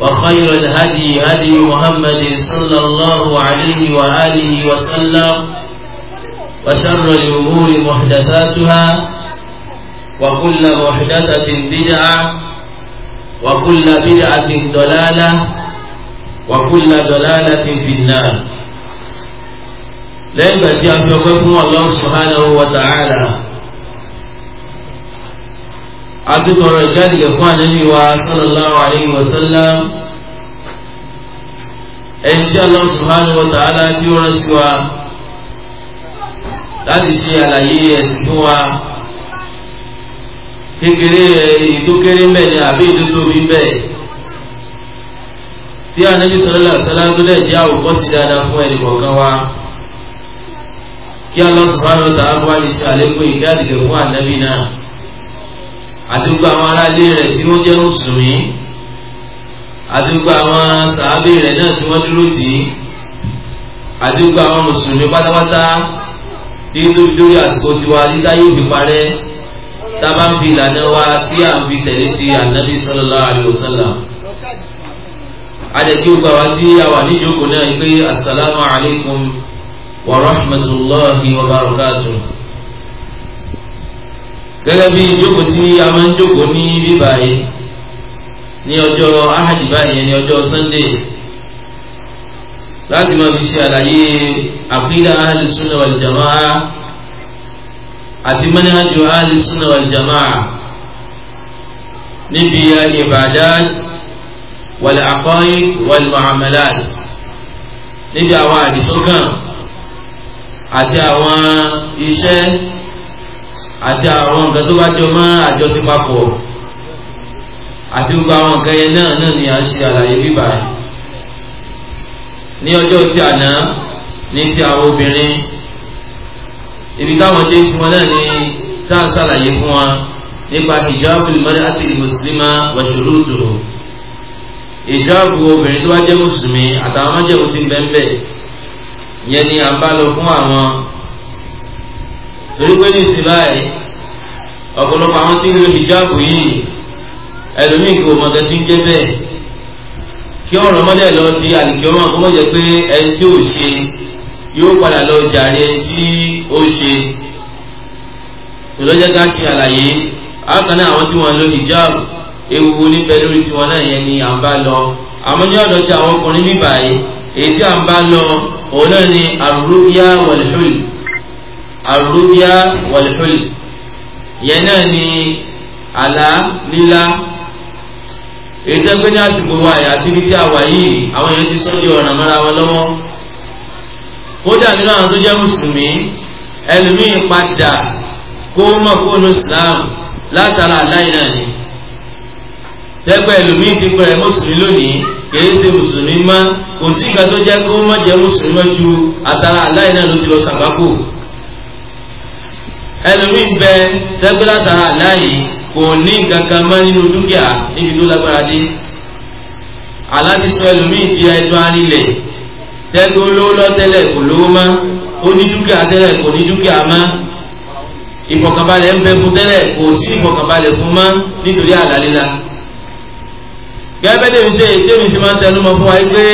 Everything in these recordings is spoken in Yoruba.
وخير الهدي هدي محمد صلى الله عليه وآله وسلم وشر الأمور محدثاتها وكل محدثة بدعة وكل بدعة ضلالة وكل ضلالة في النار لأن بدي أن يقفهم الله سبحانه وتعالى àtúntọ̀rọ̀ ìjáde fún ànábì wa sallallahu alayhi wa sallam ẹni tí Allah subhanahu wa ta'ala tí ó rán sí wa láti ṣe àlàyé ẹ̀sìn fún wa kékeré èyí tó kéré mbẹ ni àbí èyí tó tóbi tí ànábì sallallahu alayhi tó dẹ̀ jẹ́ àwòkọ́sí dáadáa fún ẹnì kọ̀ọ̀kan wa kí Allah subhanahu wa ta'ala wá lè ṣe àlékún ìjáde fún ànábì náà àti gbogbo àwọn aráalé rẹ̀ tí wọ́n jẹ́ mùsùlùmí àti gbogbo àwọn sàábé rẹ̀ náà tí wọ́n dúró tì í àti gbogbo àwọn mùsùlùmí pátápátá tí tó fi lórí àsìkò tiwa dídá yóò fi parẹ́ tá ń fi ìlànà wa tí à ń fi tẹ̀lé ti ànábì sallallahu alaihi wasallam gbogbo àwọn tí a wà níjókòó náà yìí pé asalaamualeykum wa rahmatulahi wa barakatuh gẹ́gẹ́ bí ìjókòó tí a máa ń jókòó ní bíbá yìí ní ọjọ́ ahadi báyìí ní ọjọ́ sunday láti máa fi ṣe àlàyé àkídà alìsúnà wàlìjàmáà àti mẹ́nìhàjò alìsúnà wàlìjàmáà níbi ìbàdàn wàlẹ̀ àkọ́yí wàlẹ̀ muamalat níbi àwọn àdìsọ́kàn àti àwọn iṣẹ́ àti àwọn nǹkan tó bá jọ mọ́ àjọsí papọ̀ àti gbogbo àwọn nǹkan yẹn náà náà ni à ń ṣe àlàyé bíbà yìí ní ọjọ́ ti àná ní ti àwọn obìnrin ibi táwọn dé sí wọn náà ni tá à ṣàlàyé fún wọn nípa hijabul mar'ati muslima wa shuruduhu hijabu obìnrin tó bá jẹ́ mùsùlùmí àtàwọn májẹ̀mú ti bẹ́ẹ̀ bẹ́ẹ̀ yẹn ni à ń bá lọ fún àwọn torí pé ní ìsìn báyìí ọ̀pọ̀lọpọ̀ àwọn tí ń lo hijabu yìí ẹlòmíì kò mọ̀ tẹ́tí ń jẹ́ bẹ́ẹ̀ kí ọ̀rọ̀ mọ́lẹ̀ lọ sí àlìkíọ́mọ̀ kó mọ̀ jẹ́ pé ẹni tí ò ṣe yóò padà lọ jàre ẹni tí ó ṣe tòlọ́jẹ́ ká ṣe àlàyé àkànná àwọn tí wọ́n lo hijabu ewu níbẹ̀ lórí tiwọn náà yẹn ni à ń bá lọ àmọ́ ní ọ̀dọ̀ tí àwọn ọkùnrin bíbáyé èyí tí à ń bá lọ òun náà ni àrùrù yá wọ̀lẹ́fẹ̀lì arúgbíà wọ̀lẹ́fẹ́lì yẹn náà ni àlá lílá èyí tẹ́ pé ní àsìkò wa àti ibi tí a wà yìí àwọn èèyàn ti sọ di ọ̀nà mọ́ra wọn lọ́wọ́ kódà nínú àwọn tó jẹ́ mùsùlùmí ẹlòmíì padà kó mọ̀ kó nu Islam látara aláì náà ni tẹ́gbẹ́ ẹlòmíì ti pẹ̀rẹ̀ mùsùlùmí lónìí kìí ṣe mùsùlùmí má kò sí ìgbà tó jẹ́ kó mọ̀ jẹ́ mùsùlùmí mọ́ ju àtàrà aláì náà ló ti lọ sàgbákò ẹlòmíì ń bẹ tẹ́gbẹ́láta aláyìí kò ní nǹkan kan mọ́ nínú dúkìá níbi tó lágbára dé aláti sọ ẹlòmíì di ẹjọ́ anílẹ̀ tẹ́gbẹ́ olówó lọ́tẹ́lẹ̀ kò lówó mọ́ ó ní dúkìá tẹ́lẹ̀ kò ní dúkìá mọ́ ìfọ̀kànbalẹ̀ ń bẹ fún tẹ́lẹ̀ kò sí ìfọ̀kànbalẹ̀ fún mọ́ nítorí àlàlélá gẹ́gẹ́ bí ṣe tẹ́mi máa ń tẹnu mọ́ fún wa pé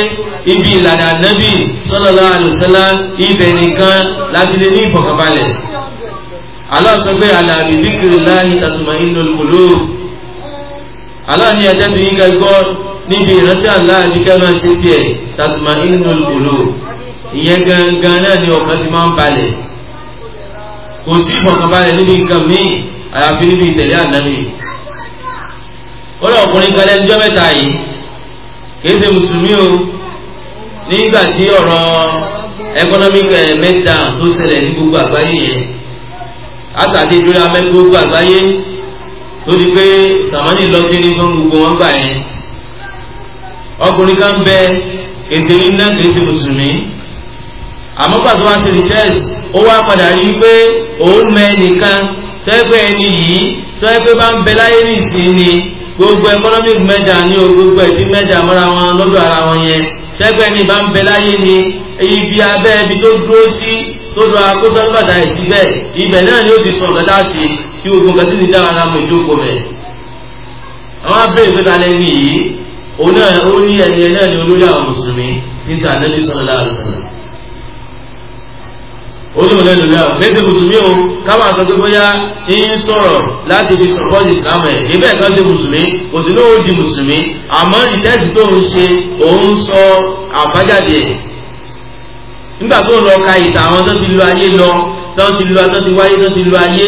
ibi ìlànà ànábì sallallahu alaihi ibẹ̀ nìkan láti lè ní ìfọ̀kànbalẹ̀ aláàsọgbé aláàbìbíkiri láàyè tàtùmọ̀ inú olùkòló aláàní ẹjẹ́ ti yíká gbọ́ níbi ìrántí aláàní kẹ́mà ṣe ti ẹ̀ tàtùmọ̀ inú olùkòló ìyẹn gangan náà ni ọkàn ti máa ń balẹ̀ kò sí ìfọ̀kànbalẹ̀ níbi nǹkan míì àyàfi níbi ìtẹ̀lé ànábì ó lọ ọkùnrin kan lẹ́nu jọ́ mẹ́ta yìí kì ṣe mùsùlùmí o nígbà tí ọ̀rọ̀ economic eh, meltdown tó ṣẹlẹ̀ ní gbogbo àgbáyé yẹn asàdé lórí amẹ́gbẹ́ gbogbo àgbáyé tó di pé sàmánì lọ́kiri fún gbogbo wọn gbà yẹn ọkùnrin kan bẹ ètò iná kìí ṣe mùsùlùmí àmọ́ pàtó wá sí richesse ó wá padà rí pé òun mẹ nìkan tẹ́fẹ́ ẹni yìí tẹ́fẹ́ bá ń bẹ láyé nìsín ni gbogbo economic measure ní o gbogbo ẹbí measure mọ́ra wọn lọ́dọ̀ ara wọn yẹn tẹ́fẹ́ ẹni bá ń bẹ láyé ni ibi abẹ́ ibi tó dúró sí tó sọ akóso gbàdá ìsí bẹ́ẹ̀ ibẹ̀ náà ni ó ti sọ ọ̀gá sí tí ogun kan títí dára ara mọ̀ ìjókòó mẹ́. àwọn abẹ́rẹ́ pé kalẹ̀ ní yìí òun náà ó ní ẹni ẹ náà ni olórí àwọn mùsùlùmí ní sàdẹ́lì sọ̀rọ̀ láàrúsùn. ó ní òun ẹlòmíà méjì mùsùlùmí o káwọn àtọ́jú bóyá ń sọ̀rọ̀ láti fi sọ̀rọ̀ ìsìlámù ẹ̀ ibẹ̀ kan di mùsùlùmí kò sí lóò di nígbà tó lọ ka ìtàn àwọn tó ti lu ayé lọ tó ti lu tó ti wáyé tó ti lu ayé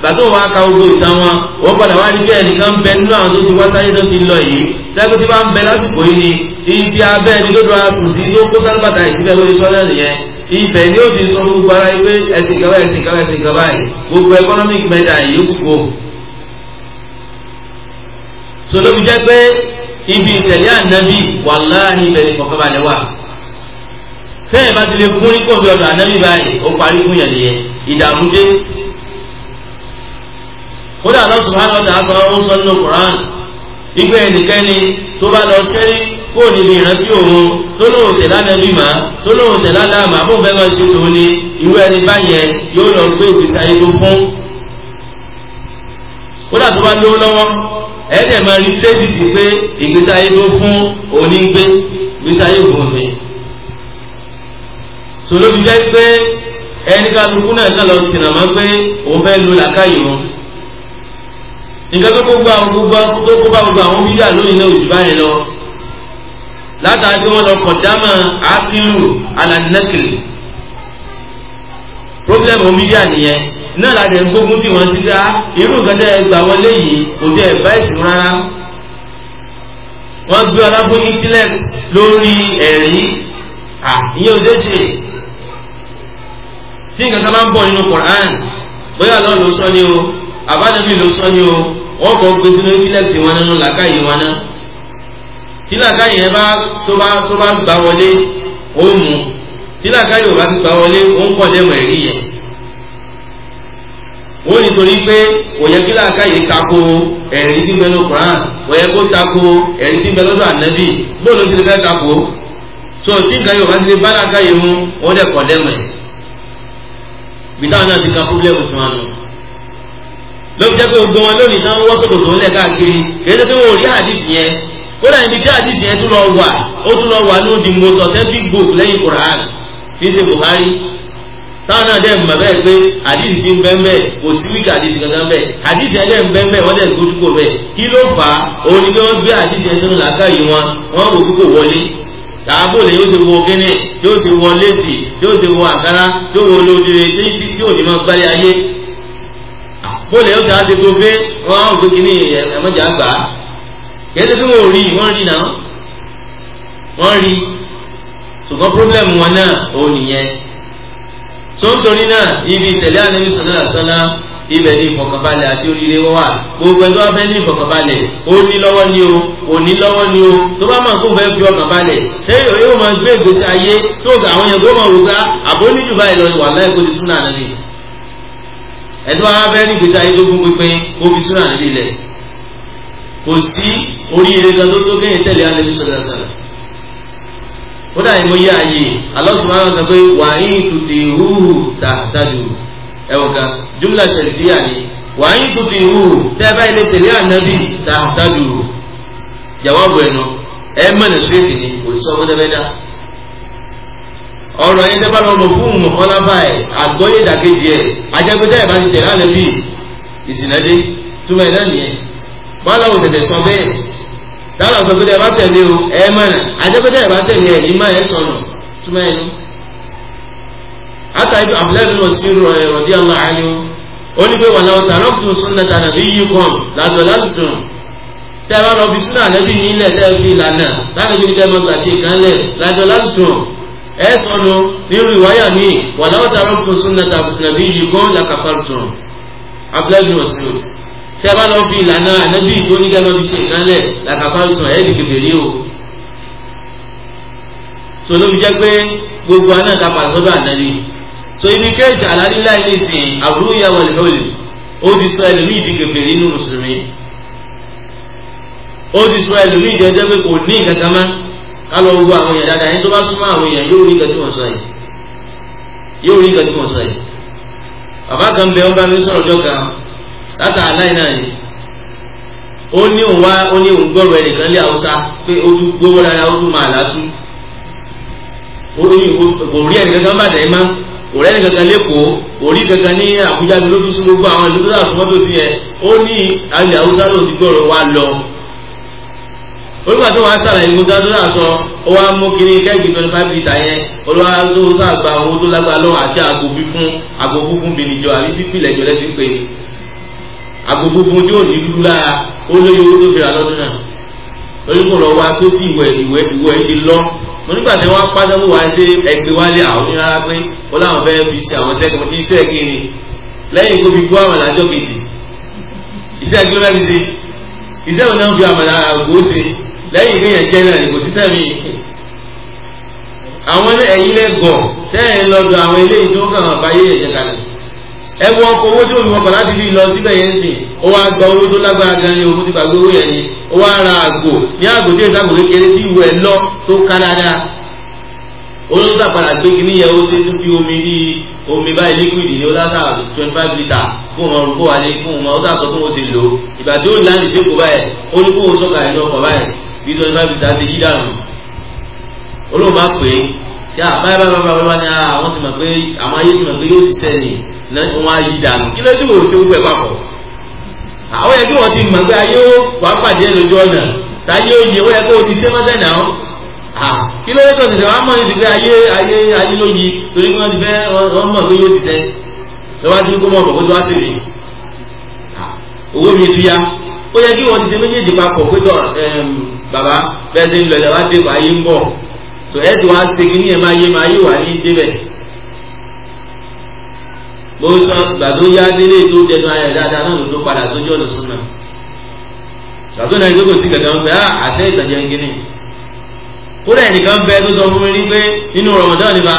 gbàtó wa ka gbogbo ìtàn wọn wọn padà wá ní bẹ́ẹ̀ nìkan bẹ nínú àwọn tó ti wá sáyé tó ti lọ yìí dágbé tí wọn bẹ lásìkò yìí ni ibi abẹ ni lódò àtúntì tó kó sálùbàtà ìsílẹ̀ lórí sọlẹ nìyẹn ibẹ̀ ni ó ti sọ gbogbo ara yìí pé ẹsìn kaba ẹsìn kaba ẹsìn kaba yìí gbogbo economic mẹ́ta yìí ó sì jẹ́ pé ibi ìtẹ̀lé ànábì wàláhì ibẹ̀ kọ̀ọ̀kan balẹ̀ wà tẹ́yìn bá ti lè gún ní kóbi ọ̀dọ̀ ànábì báyìí ó parí fún yẹn nìyẹn ìdààmú dé. kódà Allah subhanahu wa ta'ala ó sọ nínú Quran ìgbé ẹnikẹ́ni tó bá lọ sẹ́rí kó níbi ìrántí òun tó lóun tẹ̀lá nẹ́bí mà tó lóun tẹ̀lá láàmà fún bẹ́ẹ̀ lọ ṣe tòun ni irú ẹni báyẹn yóò lọ gbé ìgbésí ayé tó fún. kódà tó bá lówó lọ́wọ́ ẹ̀ẹ́dẹ̀ máa rí tẹ́bìsì pé ìgbésí ayé tó fún òun ní gbé ìgbésí ayé òun mi tó ló fi jẹ́ pé ẹni kálukú náà kálọ̀ tìǹà máa pé òun fẹ́ lo làákàyè wọn nǹkan tó kó bá gbogbo àwọn bídà lónìí náà òjì báyìí lọ látàá tí wọ́n lọ kọ̀dámà ákírù alánẹ́kìlì problem omidia nìyẹn náà la dẹ̀ ń gbógun tí wọ́n ti dá ah, irú nǹkan tẹ́ ẹ gbà wọlé yìí kò dé ẹ̀bá ẹ̀sìn rárá. wọ́n gbé ọlábó intellect lórí ẹ̀rí ah, ìyẹn ò dé ṣe tí nǹkan kan bá ń bọ̀ nínú Qur'an bóyá lọ́ọ̀ ló sọ ni o àbájáde ló sọ ni o wọ́n kàn gbé sínú intellect wọn nínú làákàyè wọn náà tí làákàyè yẹn bá tó bá tó bá gbà wọlé ó mú tí làákàyè ò bá ti gbà wọlé ó ń pọ̀ dẹ́mọ̀ ẹ̀rí yẹn wọ́n nítorí pé kò yẹ kí làákàyè tako ẹ̀rí tí bẹ nínú Qur'an kò yẹ kó tako ẹ̀rí tí bẹ lọ́dọ̀ ànábì bóòlù ti fẹ́ tako tó tí nǹkan yóò bá ti bá làákàyè mu wọ́n dẹ̀ kọ̀ dẹ́mọ̀ ẹ̀rí bìtáwọn náà ti ka pọ́blẹ́mù fún wa nù ló fi jẹ́ pé ogun wọn lónìí náà wọ́n sọ̀rọ̀ tó ń lẹ̀ káàkiri kì í ṣe pé wọn ò rí àdìsí yẹn kódà ibi tí àdìsí yẹn tún lọ wà ó tún lọ wà ní the most authentic book lẹ́yìn Quran kì í ṣe Buhari táwọn náà dẹ̀ mọ̀ bẹ́ẹ̀ pé àdìsí ti ń bẹ́ mẹ́ kò sí wíkà àdìsí kankan bẹ́ẹ̀ àdìsí yẹn dẹ̀ ń bẹ́ mẹ́ wọ́n dẹ̀ gbójúkò bẹ́ẹ̀ kí ló fà á òun ni pé wọ́n gbé àdìsí yẹn sínú làákàyè wọn wọ́n rò kókò wọlé tààbò lè yóò ṣe wọ gẹ́nì yóò ṣe wọ lẹ́sì yóò ṣe wọ àkàrà yóò wọ olóòdìrẹ tí tí ò ní máa gbálẹ̀ ayé bóòlù yóò ṣe àti tó fẹ́ wọn á gbé kínní ẹ̀mọ́jà gbà á kẹ́sẹ̀ tí wọ́n rí wọ́n rí náà wọ́n rí ṣùgbọ́n pírọ́blẹ́mù wọn náà ò nìyẹn tó ń torí náà ibi ìtẹ̀lé àlẹ́ mi sọ̀rọ̀ àṣálá ibẹ̀ ní ìfọ̀kànbalẹ̀ àti oríire wọn wà gbogbo ẹni tó bá fẹ́ ní ìfọ̀kànbalẹ̀ ó ní lọ́wọ́ ni o ò ní lọ́wọ́ ni o tó bá máa kó fẹ́ fi ọkàn balẹ̀ tẹ́yọ̀ yóò máa gbé ìgbésí ayé tó ga àwọn yẹn tó máa rògbá àbó ní jù báyìí lọ wà láì kó ti súnà nílé ẹni wàá fẹ́ ní ìgbésí ayé tó gún pínpín kó fi súnà nílé lẹ̀ kò sí oríire kan tó tó kéyìn tẹ̀lé alẹ́ tó sọ̀rọ̀ sọ̀rọ̀ ó dà ìmọ̀ yá ayé alọ́sùnmáwọ̀ sọ pé wàá yìí tùtì rúhù tàdádù ẹ̀wọ̀n jumla shartiya ni wà á yín tó fi hù tẹ́ bá ilé tẹ̀lé ànábì tá a tájú hù jawabu ẹnu ẹ mẹ́nà fèsì ni kò sọ fún tẹ́fẹ́ dá ọ̀rọ̀ yẹn tẹ́ bá lọ́mọ fún mọ̀kànláfà ẹ̀ àgbọ́yé ìdàkejì ẹ̀ ajẹ́gbẹ́dẹ́ ẹ̀ bá ti tẹ̀lé ànábì ìsìnàdé túmọ̀ ẹ̀ náà nìyẹn bá lọ́wọ́ tẹ̀tẹ̀ sọ bẹ́ẹ̀ dáhùn àgbẹ̀gbẹ́dẹ́ ẹ̀ bá tẹ̀lé o ẹ̀ ó ní pé wàlá ọ̀tà rọ́pùtù na nàbí yìí kan làdùn ládùn tẹ́ ẹ bá lọ bí súnà nàbí yìí lẹ̀ tẹ́ ẹ fi lànà lágbègbè ní tẹ́lẹ̀ mọ́tà ṣe kan lẹ̀ làdùn ládùn ẹ sọnù nínú ìwáyà mi wàlá ọ̀tà rọ́pùtù sunnata nàbí yìí kan làkàfàrùtùn abúlẹ́bí ọ̀sìn tẹ́ ẹ bá lọ bí ìlànà ànábì tó ní kẹ́ lọ bí ṣe kan lẹ̀ làkàfàrùtùn ẹ̀ tolóbi jẹ pé gbogbo aná ta pàṣẹ sọ́dọ̀ ànábì so ibi kéèjì àlálílá yìí sì àbúrò ya ẹlẹ́wọ̀lẹ́ ó ti sọ ẹlòmíì di kèfèrí nínú mùsùlùmí ó ti sọ ẹlòmíì di ẹjẹ́ pé kò ní ìkankan má ká lọ àwọn èèyàn dáadáa yẹn tó bá súnmọ́ àwọn èèyàn yóò rí nǹkan tí sọ yìí yóò rí nǹkan tí sọ yìí bàbá kan bẹ ọba mi sọ̀rọ̀ ọjọ́ kan látà aláì náà yìí ó ní òun wá ó ní òun gbọ́rọ̀ lé òrẹ́ ní kankan lẹ́kọ̀ọ́ orí kankan ní Àbújá ní olóbi sí gbogbo àwọn ìlú náà sọ́tò sí ẹ ó ní alẹ́ Haúsá ló ti gbọ́rọ̀ wá lọ. olùkọ́ tó wàá sàlàyé gbogbo àdúrà náà sọ ó wàá mú kiri kẹ́gì twenty five litre yẹn olùwà tó sàgbà owó tó lágbà lọ àti àgbo fífún àgbo fúnfún bìnìjọ àbí pípìlẹ̀ jọ lẹ́sìn pé àgbo fúnfún tí ò ní dúró lára ó lóye owó tó fi rà lọ́dún náà olùkọ́ lọ wá tó sì ìwẹ̀ ìwẹ̀ ìwẹ̀ ti lọ́ mo nígbà tí wọ́n pàṣẹ wò wá sí ẹgbẹ́ wálé àwọn onírárá pé ó láwọn fẹ́ fi ṣe àwọn sẹ́gun iṣẹ́ kiri lẹ́yìn kó fi bú àwọn ìlàjọ́ kejì iṣẹ́ kí ló ṣe iṣẹ́ òun náà fi àmàlà àgbo ṣe lẹ́yìn ìgbìyànjú jẹ́ náà kò sí sẹ́mi àwọn ẹ̀yin lẹ́gọ̀ọ́ tẹ́yìn lọ́dọ̀ àwọn eléyìí tó kàn án báyé ẹ̀jẹ̀ kalẹ̀ ẹ wọ ọkọ̀ owó tí òfin ọkọ̀ láti fi lọ síbẹ̀ yẹn sìn ó wá gba owó tó lágbára gan ni òun ti gbàgbé owó yẹn ni ó wá ra àgò ní àgò tí èsàgò kékeré tí ìwọ ẹ lọ tó ká dáadáa olóńtà padà gbé kínní yẹn ó ṣe tún fi omi ní omi báyìí liquid ni ó dáta twenty five litre fún ọmọ orúkọ wa ní fún ọmọ ó dà sọ fún òsè lò ìgbà tí ó ń láǹdì sí kò báyìí ó ní kó o sọ̀kà ẹ̀ ní báyìí bí twenty five litre ti yí dànù olóòmà pé yá báyìí báyìí báyìí báyìí ni wọn á yí dànù kí ló dé wò ó ṣe gbogbo ẹ̀ papọ̀ àwọn yẹn kí wọ́n ti mọ̀ pé ayé ó wàá pàdé ẹ̀ lójú ọ̀nà táyé ó yẹ ó yẹ kó o ti ṣe mọ́sẹ̀ náà kí ló dé tó ṣẹ̀ṣẹ̀ wàá mọ̀ ní ti pé ayé ayé ayé ló yí torí wọ́n ti fẹ́ wọ́n mọ̀ pé yóò ti ṣẹ́ lọ́wọ́ á ti kó mọ̀ pọ̀ tó wá sí mi owó mi tu ya ó yẹ kí wọ́n ti ṣe méjèèjì papọ̀ pé tọ́ bàbá bẹ́ẹ̀ ṣe ń lọ ẹ̀ wá dé ayé ń bọ̀ tó ẹ̀ ti wá ṣe ní ẹ̀ máa yé máa yé wà ní débẹ̀ bó sọ gbàdó yá délé tó dẹnu ayẹ dáadáa náà ló padà sójú ọ̀nà súnmọ́ gbàdó náà ìgbé kò sí kankan pé ah, àṣẹ ìtàjẹ ń gíní kódà ẹnìkan bẹ tó sọ fún mi ní pé nínú Ramadan nípa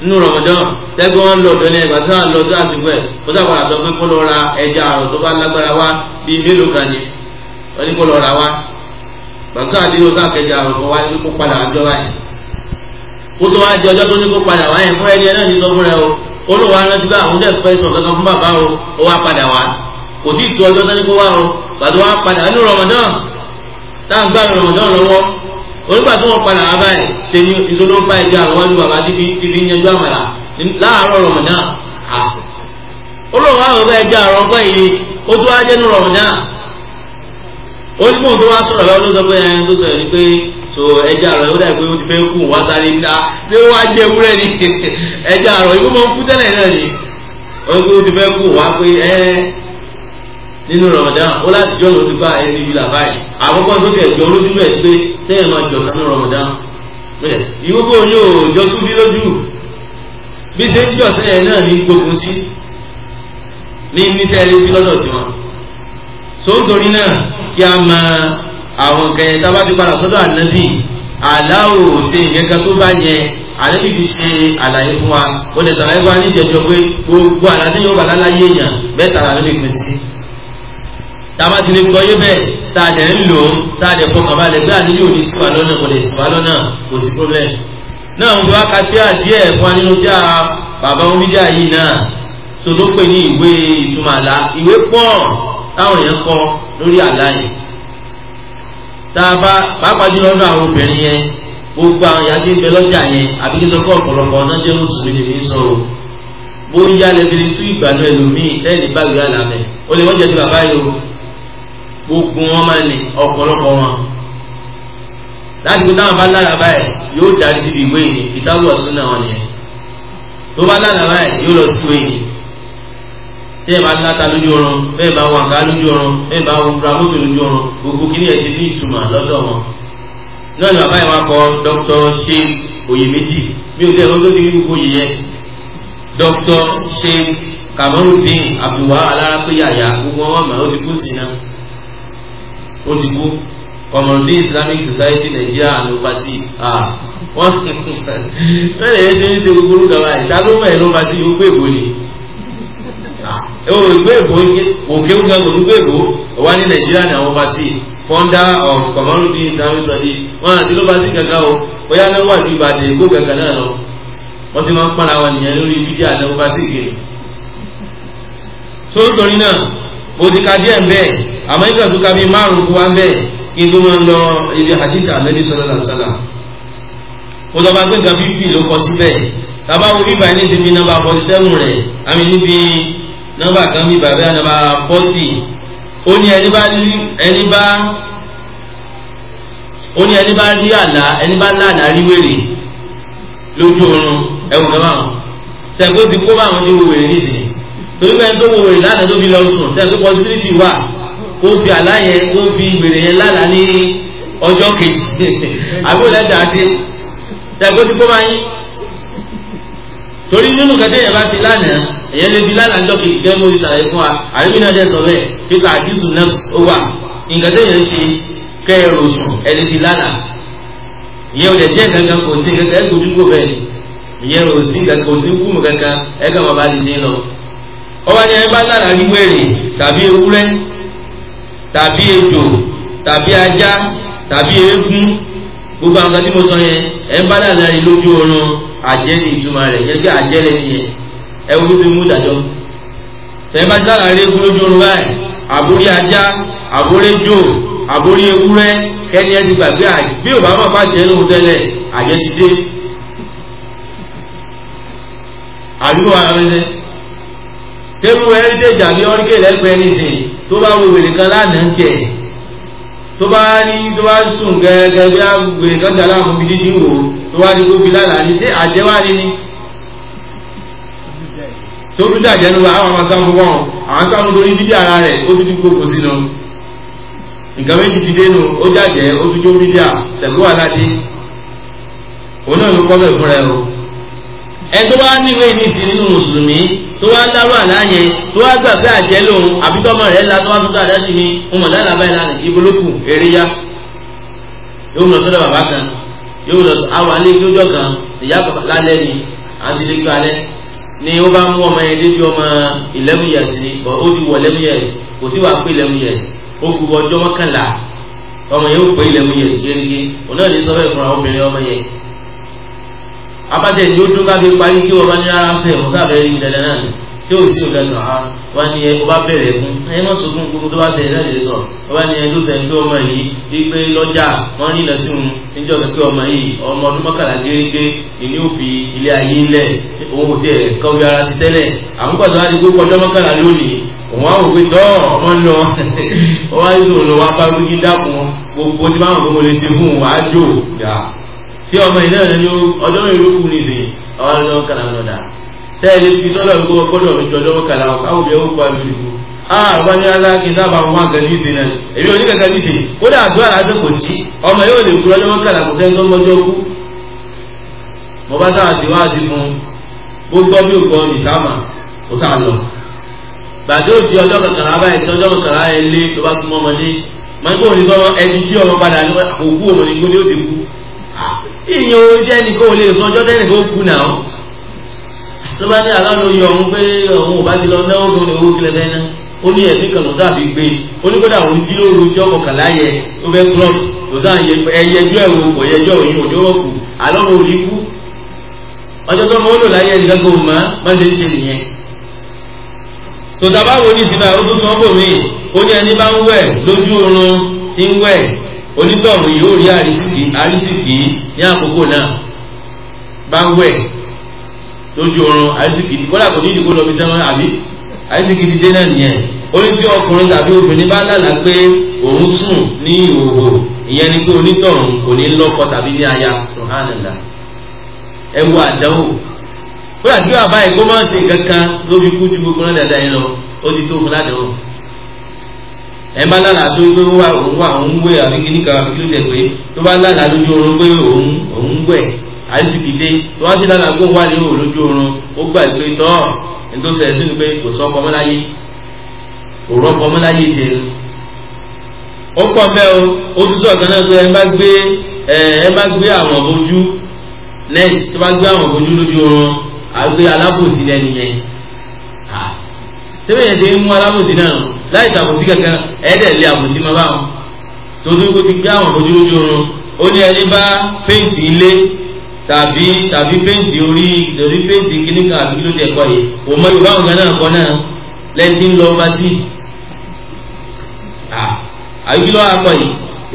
nínú Ramadan tẹ́gbọ́n wọn lọ ọ̀dọ́ ní ẹgbàá tí wọn lọ sí àsìkò ẹ̀ kó sàpàdà sọ pé kó lọ ra ẹja àrùn tó bá lágbára wá bíi mélòó kan ni wọn ní kó lọ ra wá bàtà àdéhùn sákẹjà àrùn kan wá ní kó olùwà rántí bá àwọn dẹ́kun fẹ́ sọ kankan fún bàbá o ó wá padà wá kò tí ì tu ọjọ́ sani kó wá o bàtú wá padà nínú Ramadan tá à ń gbà Ramadan lọ́wọ́ onígbà tó wọ́n padà wá báyìí ṣe ni ìdúró bá ìjà àwọn ọdún bàbá tí fi ń yanjú àmàlà láàárọ̀ Ramadan olùwà àwọn ọba ẹja àrọ̀ ọgbọ́n yìí ó tún wá jẹ́ nínú Ramadan ó tó wá sọ̀rọ̀ so ẹja àrọ̀ o dàbí pé ó ti fẹ́ kú wá sáré ní a pé wá jẹ́ ewúrẹ́ ní ẹja àrọ̀ ìbú máa ń kú tẹ́lẹ̀ náà ni ó pé ó ti fẹ́ kú wá pé ẹ nínú Ramadan ó láti jọ́ ló ti bá ẹni yìí là báyìí àkọ́kọ́ sókè ẹ̀jọ́ lójú ẹ̀ pé tẹ́yìn máa jọ sínú Ramadan ìwọ́pọ̀ yóò jọ súnbí lójú bí ṣe ń jọ sílẹ̀ náà ní gbógun sí ní níṣẹ́ ilé sí lọ́dọ̀ tiwọn tó ń torí náà kí a máa àwọn nǹkan yẹn tábàtì padà sọ́dọ̀ ànábì aláwò ṣe ìkẹ́kẹ́ tó bá yẹ ànábì fi ṣe àlàyé fún wa ó lè sàlàyé fún wa ní ìjẹjọ pé gbogbo àlàyé yóò wà láláyé èèyàn mẹ́ta ànábì pín sí. tábàtì lè gbọ́ yé bẹ́ẹ̀ tá a dẹ̀ ń lò ó tá a dẹ̀ fọkàn balẹ̀ bí ànábì ò ní sí wa lọ́nà kò lè sí wa lọ́nà kò sí problem. náà ń wá ka tí a díẹ̀ fún wa nínú tí a bàbá wọn bí díà yìí náà tó ló pè ní ìwé ìtumọ̀ ìwé pọ̀ táwọn èèyàn kọ lórí àlá tá a bá pàápàá jùlọ ọdún àwọn obìnrin yẹn gbogbo àwọn ìyá tí ń bẹ lọ́jà yẹn àbí kí n sọ fún ọ̀pọ̀lọpọ̀ ọ̀nà jẹ́ mùsùlùmí ni mi sọ o bóyá lẹ́bìrin tú ìgbàlú ẹlòmíì lẹ́yìn báyìí alàmẹ́ ó lè wọ́n jẹ́ ti bàbá yìí o gbogbo wọn máa ní ọ̀pọ̀lọpọ̀ wọn láti gbé táwọn bá lára báyìí yóò dá síbi ìwé ìtàwọ̀ sún náà wọn nìyẹn tó bá lára báyìí yóò lọ sí ìwé yìí tí ẹ bá láta lójú ọrùn bẹ́ẹ̀ bá wà ká lójú ọrùn bẹ́ẹ̀ bá wọ bravoke lójú ọrùn gbogbo kìíní ẹ̀ ti ní ìtumọ̀ lọ́dọ̀ wọn. náà ni bàbá yẹn kọ dr ṣe oyèméjì bí o tẹ́lẹ̀ lọ́dọ̀ ní gbogbo yìí yẹn dr ṣe kamarudin abdulwa alárápéyàyà gbogbo wọn mọ̀ ó ti kú sí náà ó ti kú Kamorudin Islamic Society Nigeria and overseas wọ́n sì ń sàn. bẹ́ẹ̀ ni ẹ ti ń ṣe gbogbo orúkọ wa ìta ló sí gbogbo èbó ẹ̀wọ̀n ìgbé èkó òkè ń gan òdúgbò èkó wà ní nàìjíríà ní àwọn overseas founder of community islamic study wọn àti ló bá sí kankan o bóyá náà wà ní ìbàdàn èkó kankan náà lọ wọ́n ti máa ń pàrọ̀ àwọn ènìyàn lórí fídíò àti overseas kiri. tó nítorí náà mo ti ka díẹ̀ bẹ́ẹ̀ àmọ́ ìgbà tó ka bíi márùn-ún kó wá bẹ́ẹ̀ kí n tó máa ń lọ ibi hadith amẹ́lí sallallahu alaihi wasallam ó lọ́ba gbẹ̀ngàn fífi ló kọ síbẹ̀ tàbá wo bíbá ẹni ti fi nọ́mbà forty seven rẹ̀ àmì níbi nọ́mbà kan bí bàbá yà nàmbà fọ́tì ó ní ẹni bá rí ẹni bá ó ní ẹni bá rí àlá ẹni bá lànà rí wèrè lójú oorun ẹwù kan báwọn sẹ́gbó ti kó báwọn ní wèrè nísìnyí torí bẹ́ẹ̀ tó wọ wèrè lánàá tó fi lọ sùn sẹ́gbó possibility wà kó fi àlá yẹn kó fi wèrè yẹn lánàá ní ọjọ́ kejì àbúrò lẹ́dàá sí sẹ́gbó ti kó báyìí torí nínú kẹtẹ yẹn bá ti lánàá èyẹ lè fi lánàá jọ kejì gẹ́gẹ́ mo ti ṣàlàyé fún wa àyẹ̀mí náà dẹ̀ sọ bẹ́ẹ̀ fífa àdìsù náà ó wà nǹkan tẹ̀ yẹn ṣe kẹ́ẹ̀rọ oṣù ẹ̀ lè fi lánàá ìyẹn ò lè jẹ́ kankan kò sí kankan ẹ̀ gbójú kò bẹ́ẹ̀ ìyẹn ò sí kankan kò sí kúmù kankan ẹ̀ kàn bá ti dín lọ. ọba ní ẹ bá lánàá rí wèrè tàbí ewúrẹ́ tàbí ejò tàbí ajá tàbí eégún gbogbo àwọn tí mo sọ yẹn ẹ ń bá dàda rẹ lójú oorun àjẹ́ ní ìtumọ̀ rẹ̀ yẹn gbé àjẹ́ rẹ nìyẹn ẹ wo fífi mú dájọ́ ẹ bá dàda rẹ kú lójú oorun báyìí àbórí ajá àbórí jò àbórí ewúrẹ́ kẹ́ni ẹ ti gbàgbé àjẹ́ bí ò bá mọ̀ bá jẹ́ lóhun tẹ́lẹ̀ àjẹ́ ti dé àdúgbò wa rẹ tẹ́lú ẹ ń dèjà ní ọ́ríkè lẹ́gbẹ̀ẹ́ nísìnyí tó bá wo wèrè kan lánàá ń tẹ̀ tó bá ní tó bá sùn gẹ́gẹ́ bí a gbé kọjá láàmú bí dídí wò tó wá ní tó fi lálàá ní ṣé àjẹwárí ni tó tún dàjẹ́ nu àwọn ọmọ sáwọn wọn àwọn sáwọn tó ní dídí ara rẹ̀ ó tún ti kókò sínú nǹkan méjì ti dénú ó jàjẹ́ ó tún jó mídíà tẹ̀gbọ́n wà láti òun náà ló kọ́ bẹ̀ fún rẹ o ẹ tó bá nílé ní ìsìn nínú mùsùlùmí tó wá dárú àlá yẹn tó wá gbàgbé àjẹ́ lòun àbí tọ́mọ rẹ̀ la tó wá tó dáadáa sí mi ń mọ̀ lálàá báyìí lánàá ibo ló kù eré yá yóò lọ sọ́dọ̀ bàbá kan yóò lọ sọ àwọn alẹ́ ìjọ́jọ́ kan ìyá bàbá lálẹ́ ni àti ilé kí alẹ́ ni ó bá mú ọmọ yẹn débi ọmọ eleven years ni ó ti wọ eleven years kò tí wàá pé eleven years ó kú ọjọ́ mọ́kànlá ọmọ yẹn ó pé eleven years gẹ́gẹ́ abájẹ ìdí ó dún bá fi parí kí wọn bá ní rárá sí ẹ̀wọ̀n káàbẹ̀ rí dandan náà ni tí ò sí ọ̀gá kan á wá ní ẹ ọba bẹ̀rẹ̀ fún ẹ má sọ fún gbogbo tó bá tẹ̀ náà lè sọ ọba ní ẹ lóṣẹ̀ ní ọmọ yìí wípé lọ́jà wọn ní ìlọsí òun níjọ́ pé ọmọ yìí ọmọ ọdún mọ́kànlá gérégé ìní òfin ilé ayé ńlẹ̀ òun kò tiẹ̀ kọ́ bí ara sí tẹ́lẹ̀ àmúgbàdo wá sí ọmọ yìí náà ni ọjọ́ náà yóò fún nìsín àwọn ọjọ́ kàlà ń lọ́dà sẹ́ẹ̀lì fi sọ́dọ̀ ń gbọ́ gbọ́dọ̀ mi ju ọjọ́ kàlà ọ̀ káwọn obìnrin ó pa mi dìbò ah wọn ní aláàkì sábà wọn máa gẹ̀ẹ́lì ìsìn náà èmi ò ní gẹ̀gẹ́ ní ìsìn ó dà àdúrà láti kò sí ọmọ yóò lè fún ọjọ́ kàlà kò sẹ́ńtọ́ mọ́jọ́ kú mo bá sáà sí wá sí fún gbogbo mi ò gbọ́ ní sáàmà ó sáà lọ gbàdé òdi ọjọ́ kàkàrà báyìí tí ọjọ́ kàkàrà ẹ lé tó bá tún mọ́mọdé mọ́ ní kò ní sọ́mọ́ ẹni tí ọmọ padà òkú òmò ní kó ní ó ti kú ìyẹn o ṣe ẹnìkan ò lè sọ ọjọ́ tẹ́nì kó kú náà ló bá ní aláàánú yọ ọ̀hún pé ọ̀hún ò bá ti lọ náà ó dún ní owó kílẹ̀ lẹ́nà ó ní ẹ̀sìn kan lọ́sà fi gbé oníkódà òun jí lóru ọjọ́ kọkànlá yẹ ó fẹ́ klọ́ọ̀bù lọ́sà ẹyẹjọ́ ẹ̀wò kò yẹjọ́ òyìn òjò rọ̀ kù alọ́run ò ní kú ọjọ́ tó mọ́ ó lò láyé ẹnìkan kò mọ́ má ṣe ń ṣe nìyẹn tòtàbáwo ní onítọ̀hún yóò rí àrísìkí ní àkókò náà bá ń wẹ̀ lójú oorun àrísìkí kọ́lá kò ní ìdíkó lọ fi sẹ́wọ́n àbí àrísìkí ti dé náà nìyẹn orí tí ọkùnrin tàbí obìnrin bá lálàá pé òun sùn ní ìhòòhò ìyẹn ni pé onítọ̀hún kò ní lọ́kọ tàbí ní aya sùhánàlá ẹ wo àdánwò kọ́lá kí wàá báyìí kó má ṣe kankan ló fi kú ju gbogbo náà dáadáa yẹn lọ ó ti tó fún ládàá ẹ má lálàá tó pé wà òun wà òun wẹ̀ àbí kíní kan àbí kílódé pé tó bá lálàá lójú oorun pé òun òun wẹ̀ àrísìkì dé tó wá sí lálàá pé wà ní òun lójú oorun ó gbà pé tọ́ ẹni tó sínú pé kò sọ́kọ mọ́láyé kò rọ́kọ mọ́láyé ó pọ̀ o ó tún sọ̀ kan náà tó ẹ má gbé má gbé àwọn ojú tó bá gbé àwọn ojú lójú oorun láì ṣàbòsí kankan ẹ̀ẹ́dẹ̀ lé àbòsí máa bá wọn torí kó ti gbé àwọn ojúlójú oorun ó ní ẹni bá péǹtì ilé tàbí tàbí péǹtì orí torí péǹtì kíníkà àbí kí ló ti ẹ̀kọ́ yìí òun mọ yorùbá òun náà kọ́ náà lẹ́tí ń lọ bá sí àbí kí ló wà kọ́ yìí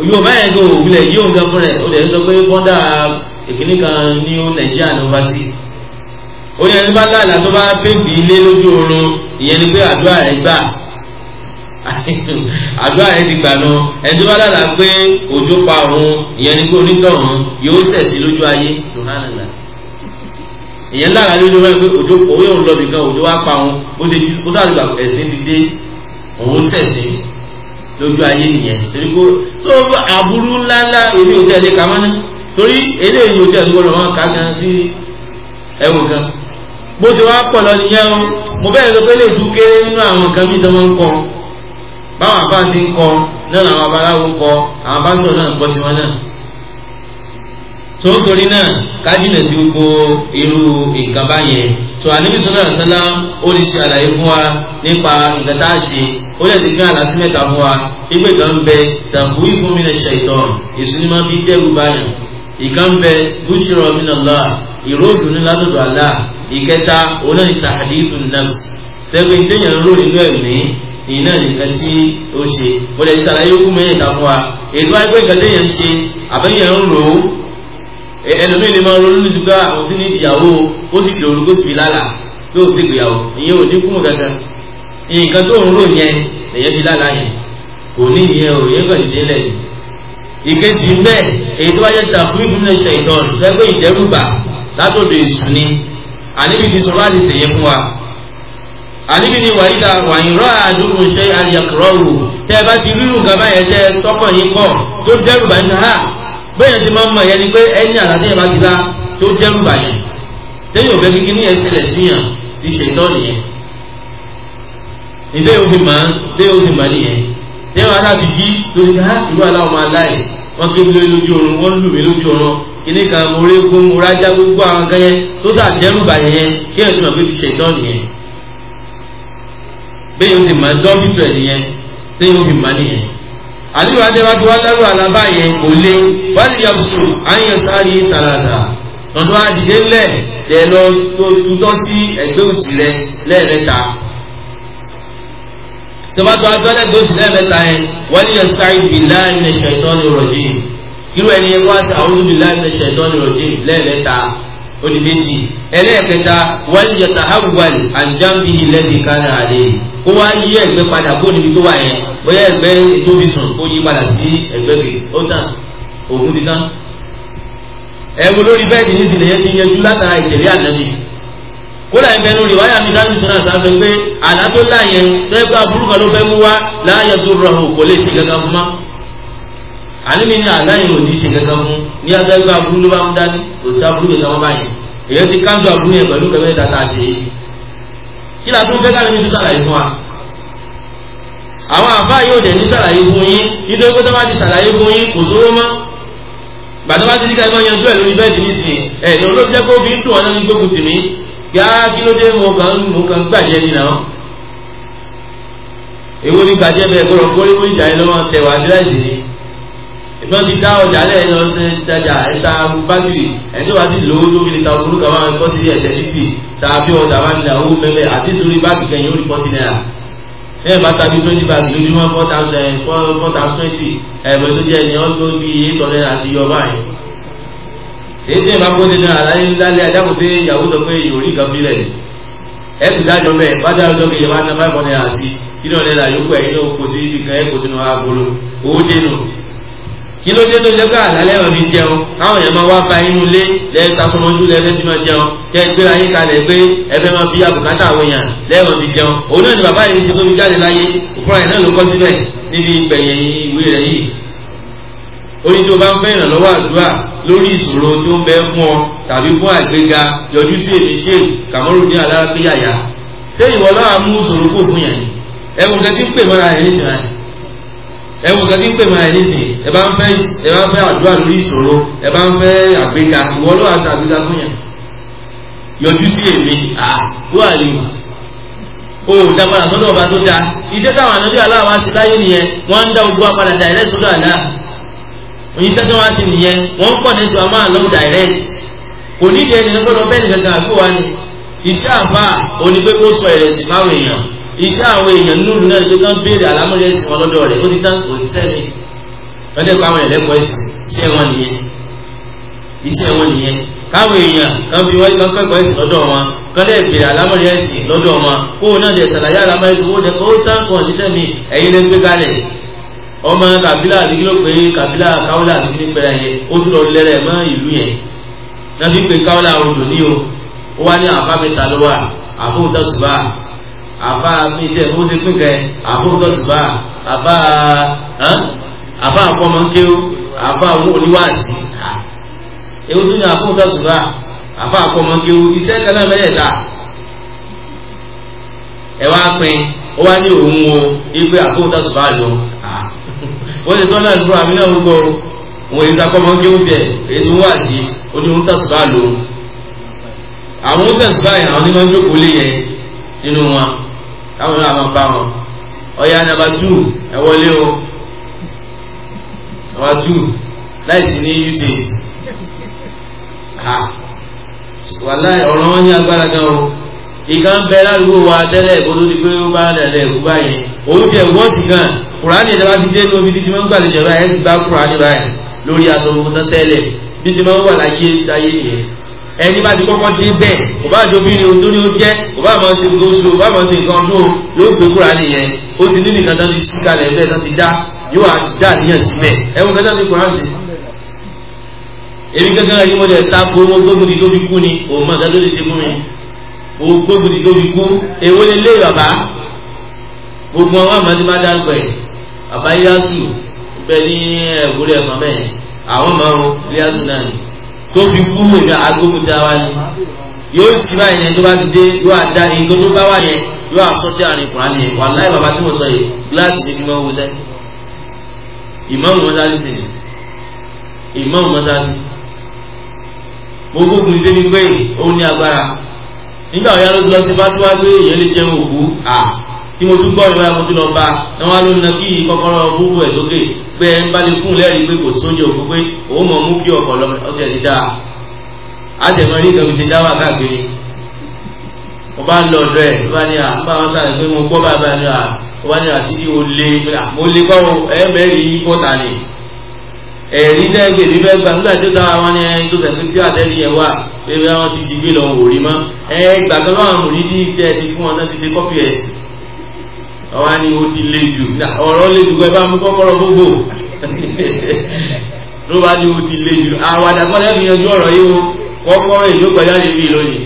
yorùbá yẹn kò wulẹ̀ yí òun kan fún rẹ̀ ó lè sọ pé bọ́dà ìkíníkan ní nàìjíríà ló bá sí ó ní ẹni bá láàlà tó bá péǹtì ilé lójú oorun ìyẹn ni pé àdúrà rẹ̀ gbà àdúrà yẹn ti gbà náà ẹjọ́ bá dàda pé òjò pa òun ìyẹn ni pé onítọ̀hún yóò sẹ̀sí lójú ayé sùhánàlá ìyẹn dára lójú rẹ pé òjò òun yóò lọ nìkan òjò wá pa òun ó ti ó sáré gbà ẹ̀sìn ti dé òun sẹ̀sí lójú ayé nìyẹn torí pé tó aburú ńláńlá èmi ò tẹ̀lé kàmá náà torí eléyìí ò tẹ̀lé gbọ́dọ̀ wọn kà gan sí ẹ̀wọ̀n kan bó ti wá pọ̀ lọ nìyẹn o mo bẹ́ẹ̀ lọ báwọn àbá ti ń kọ náà làwọn abaláwo kọ àwọn abájọ náà kọ tiwọn náà tó ń torí náà kájínà sí gbogbo irú nǹkan báyẹn tó àníbi sọ́nà àṣálá ó lè ṣe àlàyé fún wa nípa nǹkan tá a ṣe ó lè ti fi àlàsí mẹ́ta fún wa ìgbé kan bẹ tàbí ìfúnmi lè ṣàìtọ́ ìsúní dẹ́rù báyìí ìkan bẹ bùsùrọ̀ mìnàlá ìró òdùnú látọ̀dọ̀ àlá ìkẹta onáni tàhádìí iná nìkan tí ó ṣe ó lè tara yókù mẹ́rin ìta fún wa ètò àìpé nǹkan téèyàn ń ṣe àbẹ́yẹn ń rò ó ẹlòmíì lè máa ronú lùsùgbà àwọn sí ní ìyàwó ó sì fi orúkọ sí fi lálàá tó sì gbéyàwó ìyẹn ò ní kúmù kankan nǹkan tó ń rò yẹn lèyẹn fi lálàá yẹn kò ní ìyẹn ò yẹn kàn dé lẹ́yìn ìkejì ń bẹ èyí tó bá jẹ́ tàbí ìdúnlẹ̀ ṣe ìtọ́nù fẹ́ pé ìdẹ́rùbà látòdò èṣù ni àníbi ti sọ láti ṣèyẹ fún wa àníbi ni wàyí ta wàyí rọ àdúgbò ṣe àyàkùrọ̀rù tẹ́ ẹ bá ti rírù nǹkan báyẹn tẹ́ tọkàn yín tó dẹ́rù bá yín ha bẹ́ẹ̀ ti máa ń mọ̀ yẹn ni pé ẹni àlàdé yẹn bá ti la tó dẹ́rù bá yẹn tẹ́yìn òfẹ́ kíkí ní ẹsẹ̀lẹ̀ síyàn ti ṣètọ́ nìyẹn ilé òfin màá ilé òfin màá nìyẹn tẹ́wọ̀n aláàbí jí lórí ha ìlú aláwọ̀ máa láì wọ́n ké lórí lójú àgbẹ̀ ti ṣètọ́ nìyẹn bẹ́ẹ̀ yóò sì máa dán bíjọ ẹ̀ nìyẹn bẹ́ẹ̀ yóò fi máa nìyẹn. àlejò adéwájú wa lárú àlábá yẹn kò lé wálé yàgùsù àyàn sáré tààràtà lọ́dọ̀ àdìdé lẹ̀ lẹ̀ lọ tó tutọ́ sí ẹgbẹ́ òsì rẹ lẹ́ẹ̀mẹ́ta. tòmátò abẹ́lẹ́ gbé òsì lẹ́ẹ̀mẹ́ta yẹn wálé yàn sáré bìlá ẹ̀ṣẹ̀ ìtọ́ni rọ̀jì irú ẹni yẹn wá sí àwọn olùbìlá ẹ̀ṣẹ̀ ìtọ́ni rọ̀jì lẹ́ẹ̀mẹ́ta olùbẹ́sì ẹlẹ́ẹ̀kẹta wálé yàn tàhàwùwàlì àjàmbìhì lẹ́ẹ̀dẹ̀ká náà àlẹ́ yìí kó wá yí ẹgbẹ́ padà kó níbi tó wà yẹn bóyá ẹgbẹ́ tó fi sùn kó yí padà sí ẹgbẹ́ rẹ̀ ó tàn òun ti tán. ẹ̀rù lórí bẹ́ẹ̀dì ní ìsìlẹ̀ yẹn ti yẹjú látara ìtẹ̀lé ànábì kódà ẹgbẹ́ lórí wáyà mi dájú sọ̀rọ̀ àtàṣọ pé àlá tó là yẹn tẹ́gbà burúkú ló fẹ́ mú wá láàyè tó rọrùn kò lè ṣe gẹ́gẹ́ fún má. àníbi ní àlá yẹn ò ní ṣe gẹ́gẹ́ fún ní agbẹ́gbẹ́ aburú ló bá ń dání kò aburú yẹn lọ́wọ́ báyìí èyí ti kájú aburú yẹn pẹ̀lú kẹ́mẹ́ta tá a ṣe yìí kí la tún fẹ́ ká lè fi sàlàyé fún wa àwọn àfa yóò dẹ̀ ní sàlàyé fún yín nítorí pé tó bá ti sàlàyé fún yín kò sówó mọ́ bàtà bá ti ní ká ẹgbẹ́ yanjú ẹ̀ lórí bẹ́ẹ̀dì nísìnyí ẹ̀ ní olóòtú jẹ́ kó fi ń dùn wọn lórí gbógun tì mí gbá kí ló dé mo kàn mo kàn gbàjẹ́ ni nà án èwo ni gbàjẹ́ bẹ́ẹ̀ gbọ́dọ̀ gbọ́dọ̀ ìjà ẹ̀ lọ́wọ́ tẹ̀wá ìgbà ti dá ọjà lẹ́yìn lọ sí ìtajà ìta bákìrì ẹ̀jọ́ wa ti lò ó lórí ìta òkúrúkà máa ń kọ́ sí ẹ̀jẹ̀ títì tàbí ọjà máa ń owó mẹ́lẹ̀ àti sórí báàgì kẹyìn ó rí fọ́tí náírà ẹ̀ bá tàbí twenty bag lójúmọ́ four thousand four thousand twenty ẹ̀bẹ̀ tó jẹ́ ẹ̀yìn ọdún bí eight hundred àti yọ báyìí. èyí tẹ̀ máa kóde náà láyé lálẹ́ ajáko pé ìyàwó sọ pé ìyòrí kan bílẹ̀ ẹ̀ sì dájọ́ bẹ́ẹ̀ bá dájọ́ bẹ́ẹ̀ máa ná five hundred àti kí ni ọ̀rẹ́ là yóò pẹ̀ ẹ̀yìn kò sí ibì kan ẹ̀ kò sínú agolo owó dénú kí ló ṣe tó jẹ́ pé àlálẹ́ wọn fi jẹun káwọn èèyàn máa wá fa inú ilé lẹ́ẹ̀ta sọmọjú lẹ́ẹ̀fẹ́ fi máa jẹun kẹ́ ẹ gbéra yín kalẹ̀ pé ẹfẹ́ máa fi àbùkátà àwọn èèyàn lẹ́ẹ̀wọ̀n fi jẹun òun náà ni bàbá yìí ṣe tó fi jáde láyé fúnra ẹ̀ náà ló kọ́ síbẹ̀ níbi ìgbẹ̀yìn ìwé rẹ̀ yìí. orí tó bá ń fẹ́ ìrànlọ́wọ́ àdúrà lórí ìṣòro tí ó ń bẹ fún ọ tàbí fún àgbéga yọjú sí èmi ṣe kàmọ́rù ní alára pé yàyà ṣé ìwọ náà mú ìṣòro kò fún yẹn ẹ̀wọ̀n kẹ́kí pè mọ́ra ẹ̀ níṣìṣẹ́ ẹwọ kan tí ń pè máa ẹni sìn ẹ bá ń fẹ́ ẹ bá ń fẹ́ àdúrà lórí ìṣòro ẹ bá ń fẹ́ àgbéga ìwọ ló wà sí àgbéga fún yẹn yọjú sí èmi àdúrà lè wà o ò dápadà sọ́dọ̀ ọba tó dáa iṣẹ́ táwọn ànábì aláwa ṣe láyé nìyẹn wọ́n ń dá ogun apadà dàrẹ sọ́dọ̀ àlá iṣẹ́ tí wọ́n ti nìyẹn wọ́n pọ̀ nínú àmọ́ àlọ́ dàrẹ kò nídìí ẹni lọ́sọ̀rọ̀ bẹ́ẹ̀ nìkan kan àfọwọ́ ni iṣẹ́ àbá onígbé kó sọ ìrẹsì fáwọn èèyàn iṣẹ́ àwọn èèyàn nínú náà pé kán béèrè àlámọ́lẹ̀ ẹ̀sìn wọn lọ́dọ̀ rẹ̀ ó ní tán kò ní sẹ́mi wọ́n dẹ̀ kọ́ àwọn ẹ̀lẹ́kọ̀ọ́ ẹ̀sìn iṣẹ́ wọn nìyẹn iṣẹ́ wọn nìyẹn káwọn èèyàn kan fi wọ́n kan kẹ́kọ̀ọ́ ẹ̀sìn lọ́dọ̀ wọn kan lè béèrè àlámọ́lẹ̀ ẹ̀sìn lọ́dọ̀ wọn kó o náà dẹ̀ sàlàyé àlámọ́lẹ̀ ẹ̀sìn owó dẹ̀ kó o tán kọ̀ ní sẹ́mi ẹ̀yin lè gbé kalẹ̀ ọmọ kàbílà àbíkí ló pé kàbílà káwọlà àbíkí ní pẹ̀lẹ́ yẹn o ó wá ní àbámẹ́ta ló wà àbóhùn àbá mi tẹ bó ti pín kẹ àbúrò tọ́sùbà àbá àbá àkọ́mọ́kéwò àbá oníwàásì ewu tó ní àbúrò tọ́sùbà àbá àkọ́mọ́kéwò iṣẹ́ kẹlẹ́ ta. ẹ wá pín ó wá ní òun o ipe àbúrò tọ́sùbà lọ wọ́n ti tọ́lá ìdúró àmì náà gbọ́ òun èyí sakọ́mọ́kéwò bẹ̀ èyí tó wà sí oníhun tọ́sùbà lọ àwọn àwọn ní máa ń káwọn náà máa bá wọn ọ̀yà nàbà tù ẹ wọlé o nàbà tù láì sí ní usage wàláì ọ̀rọ̀ wọn ní agbára gan o ìkan bẹ ládùúgbò wa tẹ́lẹ̀ ìbòdó ni pé ó bá dẹ̀lẹ̀ ìkú báyìí òun tiẹ̀ wọ́n sì gan kùránì ìjọba ti dé ní omi títí máa ń gbàlejò báyìí ẹ ti gbá kùránì báyìí lórí àtọ̀rọ̀ tẹ́lẹ̀ bí ti máa ń wà láyé táyé nìyẹn ẹni bá ti kọ́kọ́ dé bẹ́ẹ̀ kò bá jọ bí ni o tó ní o jẹ́ kò bá máa ṣe nǹkan oṣù kò bá máa ṣe nǹkan ọdún yóò gbé kúrò á nìyẹn ó ti ní nìkan tán ti sí kalẹ̀ bẹ́ẹ̀ tán ti dá yóò á dá níyàn síbẹ̀ ẹ̀wọ̀n kẹta ti kúrò á sí. èmi kankan yìí mo lè ta kó mo gbógun di lóbi kú ni òun máa dájọ́ lè ṣe fún mi mo gbógun di lóbi kú èwo lè lé bàbá gbogbo àwọn àmọ́ má dárúkọ bàbá yíyá sùn bẹ́ẹ̀ ní tó fi kúrò ní agbókúta wa ni yóò sì báyìí yẹn tó bá ti dé yóò àdá ìgò tó bá wà yẹn yóò àsọ sí àárín kùránì yẹn wà láì bàbá tí mo sọ yìí gíláàsì ní mímọ́ wọlé ìmọ̀ọ́mù mọ́tàlísì ni ìmọ̀ọ́mù mọ́tàlísì mo gbógun dé ní pé òun ní agbára nígbà òyà ló lọ sí fásitì wá pé èèyàn lè jẹun òkú à kí mo tún gbọ́ ìwé àkótó lọ bá ẹ wọn ló na kí kọ́kọ́rọ́ fúfú ẹ̀ sókè pé ẹ ń bá lè kún lẹ́rìí pé kò sóúnjẹ òfin pé òun mọ̀ mú kí ọkọ̀ lọ ọkẹ́ ní dáa àtẹ̀mọ́ rí nǹkan fi ṣe dáwà káàkiri mo bá ń lọ ọ̀dọ̀ ẹ̀ ló bá ní à ń bá wọn sáré pé mo gbọ́ bàbá ní à mo bá ní à sí o lè mo lè bá wọn ẹ mẹ́rin yí pọ́tà ni ẹ̀rí lẹ́gbẹ̀ẹ́ mi fẹ́ gbà nígbà tó dára wọn ni ẹni tó tẹ̀sí tí àtẹ́rí yẹn wà pé wọn ti di gbé lọ wò rí mọ́ ẹ gbàgbọ́ àwọn mòrídìí tẹ́ ti fún ọwọ́ ni o ti le jù ọ̀rọ̀ le jù pẹ̀lú àmú kọ́kọ́rọ́ gbogbo ló bá ní mo ti le jù àwọn àdàkọ́lẹ́ fi yanjú ọ̀rọ̀ yìí o kọ́kọ́rọ́ èyí ó gbẹ́jà lè bí lónìí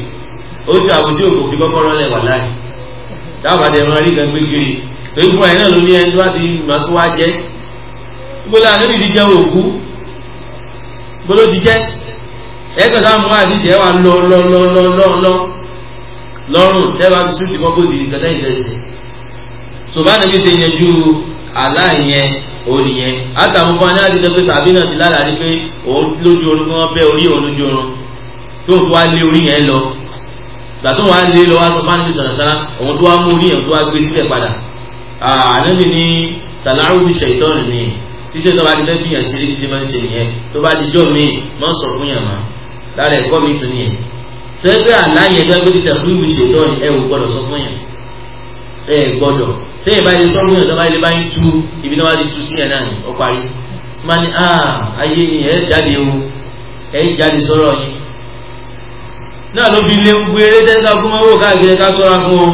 ó sì àbójú òkò fi kọ́kọ́rọ́ lẹ̀ wà láì dábàá rí náà ló ní ẹni ti tó wá àdébì ti òkú ti sáà mú sọba nàbí ṣe yanjú aláìyẹn olùyẹn àtàwọn kan náà ti sọ pé sàbí náà ti lálàá rí pé òun lójú oorun kan bẹ orí òun lójú oorun tó ń tó wá lé orí yẹn lọ gbà tó wá lé lọ wá sọ fún àníbi sọ̀rọ̀ òun tó wá mú orí yẹn tó wá gbé sílẹ̀ padà ànábì ní tàlàrú bí ṣètọ́nù ni tíṣe tó bá ti fẹ́ fìyàn sí ti máa ń ṣe nìyẹn tó bá ti jọ míì máa ń sọ fún yàn máa lára ẹ̀kọ́ mi tún nìyẹn tẹ́gbẹ́ àláyẹn tó ẹgbẹ́ tẹ́yìn bá yẹ sọ́gbọ́n ìjọba ilé bá ń tú ibi náà wá tú sí ẹ̀ náà ní ó máa ní ayé ni ẹ̀ jáde o ẹ̀ jáde sọ́rọ̀ yìí náà ló fi lé gbogbo eré tẹ́sà fún káàkiri ká sọ́ra fún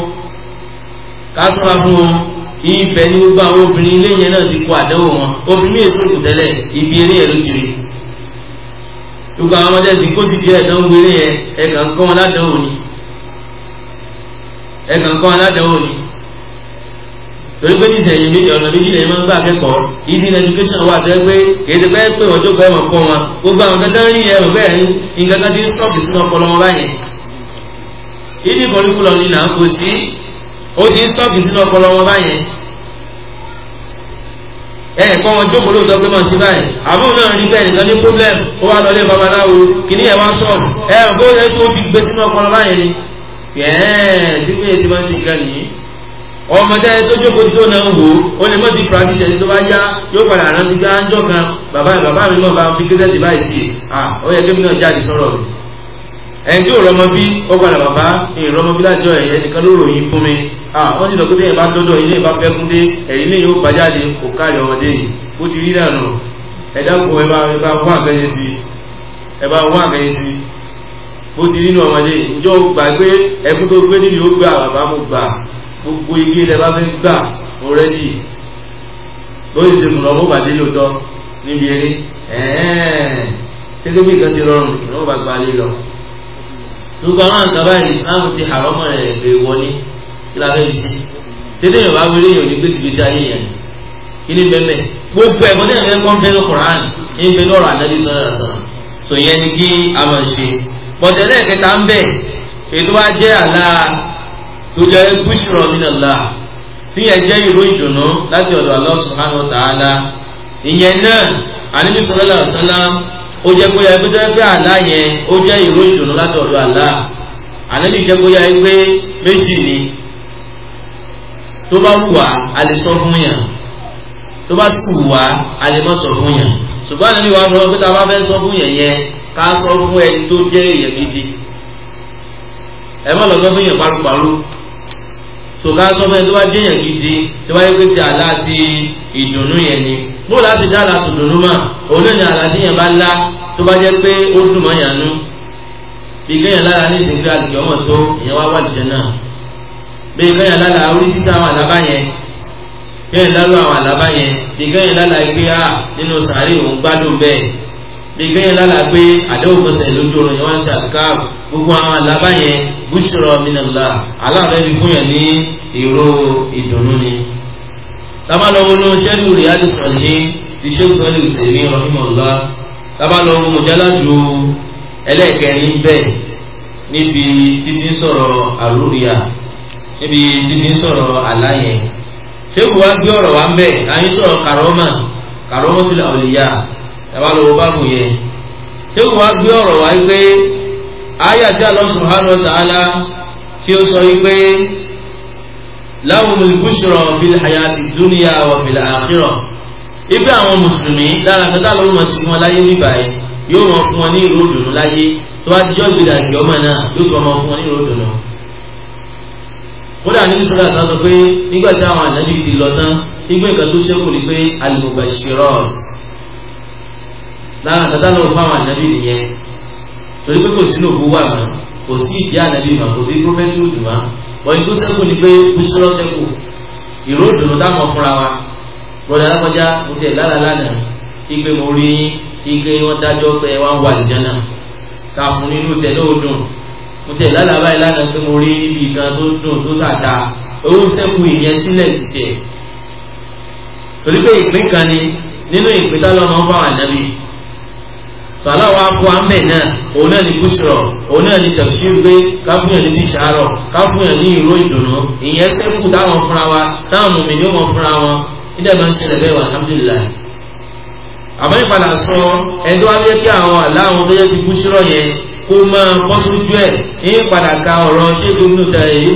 sọ́ra fún ìfẹ́ ní gbogbo àwọn obìnrin ilé yẹn náà ti kó wọn obìnrin tẹ́lẹ̀ ibi eré yẹn ló ti rí gbogbo àwọn ọmọdé ti kó di eré yẹn torí pé nísìnyí méjì ọ̀nà méjì lẹ́yìn máa ń gbà akẹ́kọ̀ọ́ easy education wà tẹ́ pé kì í ṣe pé pé ọjọ́ pé ẹ̀mọ̀ kọ́ wọn gbogbo àwọn kankan rí ẹ̀rọ bẹ́ẹ̀ ní nǹkan kan ti ń sọ́ọ̀kì sínú ọpọlọ wọn báyìí easy curriculum ni náà kò sí ó ti ń sọ́ọ̀kì sínú ọpọlọ wọn báyìí ẹ kọ́ wọn jókòó lóòótọ́ pé màá sí báyìí àbúrò náà rí bẹ́ẹ̀ nìkan ní problem ó wà lọlé babaláwo kìíní ẹ̀ wá ọmọdé tó jókòó tó náà wò ó lè mọ ti practice ẹni tó bá yá yóò padà rántí pé ah, kan bàbá bàbá mi náà bá fi kéde báyìí sí à ah, ó yẹ náà jáde sọ̀rọ̀ mi. ẹni tí ò rọmọ bàbá bí lájọ ẹ̀yẹ nìkan ló ròyìn fún mi ah, wọ́n ti pé bẹ́ẹ̀ bá tọ́jọ́ ilé ọmọdé yìí ó ti rí ẹ̀dá kò bá àgbẹ̀yẹ gbogbo igi lẹ bá fi gbà ọrẹ́dì lóyè ti mùlọ bó bàdé lòótọ́ níbi eré gẹ́gẹ́ bí nǹkan ti rọrùn lọ́wọ́ bá gba lé lọ. gbogbo àwọn nǹkan báyìí Islam ti àrọ́mọ rẹ̀ lè wọlé kí la fẹ́ fi sí. tẹ́lẹ̀ yóò bá wọlé yóò ní gbèsè gbèsè ayé yẹn kí ni bẹ́ẹ̀ bẹ́ẹ̀ gbogbo ẹ̀kọ́ tẹ́lẹ̀ fẹ́ kọ́ ń bẹ́ ní Quran ń bẹ́ ní ọ̀rọ̀ àdáyé sọ̀rọ̀ sọ̀rọ̀ tó yẹ ni kí a máa ṣe. bọ̀tẹ́lẹ̀ kẹta ń bẹ̀ ètò wa jẹ́ àlá tó jẹ́ búṣùrọ̀ minallah tí yẹn jẹ́ ìró ìdùnnú láti ọ̀dọ̀ Allah subhanahu wa ta'ala ìyẹn náà àníbi sallallahu alaihi wasallam ó jẹ́ kó yẹ kó jẹ́ pé àlá yẹn ó jẹ́ ìró ìdùnnú láti ọ̀dọ̀ Allah àníbi jẹ́ kó yẹ méjì ni tó bá wù wá a lè sọ fún yàn tó bá sì wù wá a lè má sọ fún yàn ṣùgbọ́n àníbi wàá sọ pé tá bá fẹ́ sọ fún yàn yẹn ká sọ fún ẹni tó jẹ́ èèyàn gidi ẹ má lọ sọ fún yàn paruparu tòká sọmọ ẹni tó bá jẹyàn gidi tó bá yẹ pé ti àlá ti ìdùnnú yẹn ni bó láti dá àlá tó dùnnú mà òun náà ni àlá tí yẹn bá la tó bá jẹ pé ó dùn mọ́ yàn nú bí kéèyàn lára ní ìsìnkú àlùkò ọmọ tó ìyẹn wá wà lùjẹ náà bí kéèyàn lára orí sísá àwọn àlábá yẹn kéèyàn lára àwọn àlábá yẹn bí kéèyàn lára gbé à nínú sàárè òun gbádùn bẹ́ẹ̀ bí kéèyàn lára gbé àdéhùn kọsẹ̀ lójú oorun yẹn wá ń ṣe àdúkàbù gbogbo àwọn àlábá yẹn búṣọrọ mìnàlá aláàbẹ bí fún yẹn ní ìró ìdùnnú ni. tábàlọ́wọ́ ló ṣẹ́lú rìádì sọ̀rọ̀ ní iṣẹ́ sọ́lé òṣèré ọ̀hìnmọ̀lá tábàlọ́wọ́ mọ̀jáládùú ẹlẹ́ẹ̀kẹrin bẹ́ẹ̀ níbi títí sọ̀rọ̀ àrúríà níbi títí sọ̀rọ̀ àláyẹn. ṣéwù wá gbé ọ̀rọ̀ wá ń bẹ̀ àyín sọ̀rọ̀ kàrọ́mà kàrọ́mà fìlà wá gbé ọ̀rọ̀ wá gbé ayé àti Allah subhanahu wa ta'ala tí ó sọ wípé lahumul bushra fil hayati dunya wa fil akhirah ibi àwọn mùsùlùmí lára kẹta ló mọ̀ sí wọn láyé nígbà yìí yóò mọ̀ fún wọn ní ìró ìdùnnú láyé tó bá dijọ́ gbèdà kí ọmọ náà yóò tó ọmọ fún wọn ní ìró ìdùnnú. kódà níbi sọ́dà kan sọ pé nígbà tí àwọn ànábì ti lọ tán nígbà nǹkan tó ṣẹ́kù ni pé al-mubashirat lára kẹta ló fún àwọn ànábì nìyẹn torí pé kò sí lòbó wà mọ́ kò sí ìdí ànábì mọ́ kò sí prophet hood mọ́ wọ́n ní tó sẹ́kù ni pé bísọ́rọ́ sẹ́kù ìró ìdùnnú táwọn fúnra wa bọ́dà alákọjá mo ti ẹ̀ lára lánàá igbe mo rí igbe wọn dájọ́ pé wá ń wà nìjẹ́ náà ká fún nínú tẹ̀ náà ó dùn mo ti ẹ̀ lára báyìí lánàá pé mo rí ibi kan tó dùn tó sàdá owó sẹ́kù ìyẹn sílẹ̀ ti tẹ̀ torí pé ìpín kan ni nínú ìpín tá fáwọn ànábì sọlá wa kó amẹ náà òun náà ní kúṣọ òun náà ní tẹ̀sí gbé káfíńyàn ní ti ṣàárọ̀ káfíńyàn ní ìró ìdùnnú ìyẹn sẹ́kù táwọn fúnra wa táwọn mùmí ni ó mọ fúnra wọn nídẹ̀ máa ń ṣẹlẹ̀ bẹ́ẹ̀ wà alhamdulilayi. àmọ́ ìpadà sọ ẹjọ́ wa jẹ́ kí àwọn aláwọn tó yẹ ti kúṣọ yẹn kó máa bọ́ sójú ẹ̀ ní ìpadà ka ọ̀rọ̀ ṣé gómìnà tẹ̀lé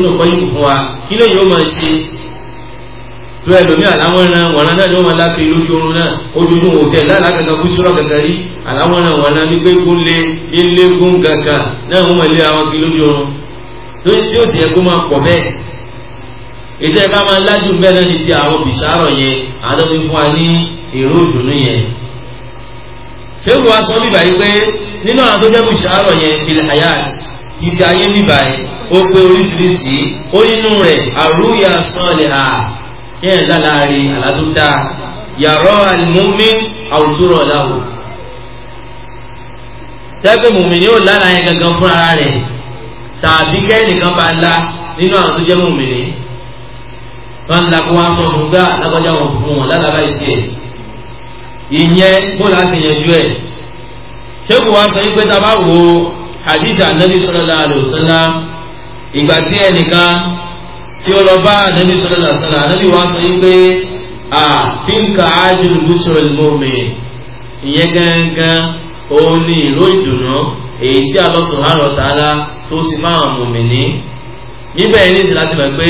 tó ẹlòmíà láwọn ẹran wọ̀nà náà ni wọ́n máa lójú oorun náà ojoojúmọ́ òtẹ̀ láàlágàgà kúṣọ́ gàgà rí àláwọn náà wọn náà ní pé kún lé ilé gún gàgà náà wọ́n mọ̀ ilé àwọn kí lójú ọrùn lóyún tí ó sì yẹ kó máa pọ̀ bẹ́ẹ̀ ètò ẹ̀ bá máa lájú bẹ́ẹ̀ náà ní ti àwọn bìsàrọ̀ yẹn àádọ́ fi fún wa ní èrò ìdùnnú yẹn. fẹ́ẹ̀kù wa sọ bíbà yìí pé nínú àwọn tó jẹ́ bìsàrọ̀ yẹn ilẹ̀ àyà ti ti ayé bíbà yìí ó pé oríṣiríṣi ó nínú rẹ̀ àrùyà sọ̀lẹ̀ à tẹ́gbẹ́ mùmìnì ò lára yẹn gangan fúnra rẹ̀ tàbí kẹ́nìkan bá la nínú àwọn tó jẹ́ mùmìnì wọn ń lakó wọn sọ fún gbà ah, lágbájá wọn fún wọn lálàbá ìsì ẹ̀ ìyẹn kó láti yẹjú ẹ̀ ṣéèkù wa sọ pé tá a bá wo hadith anabi sallallahu alaihi wasallam ìgbà tí ẹnìkan tí ó lọ bá anabi sallallahu alaihi wasallam anabi wa sọ pé à tí nǹkan ájú lùsọ̀rọ̀ lùmọ̀ọ́mì ìyẹn gangan òun ni ìró ìdùnnú èyí tí Allah subhanahu wa ta'ala tó sì máa mùmíní níbẹ̀ ní ìsìn láti mọ̀ pé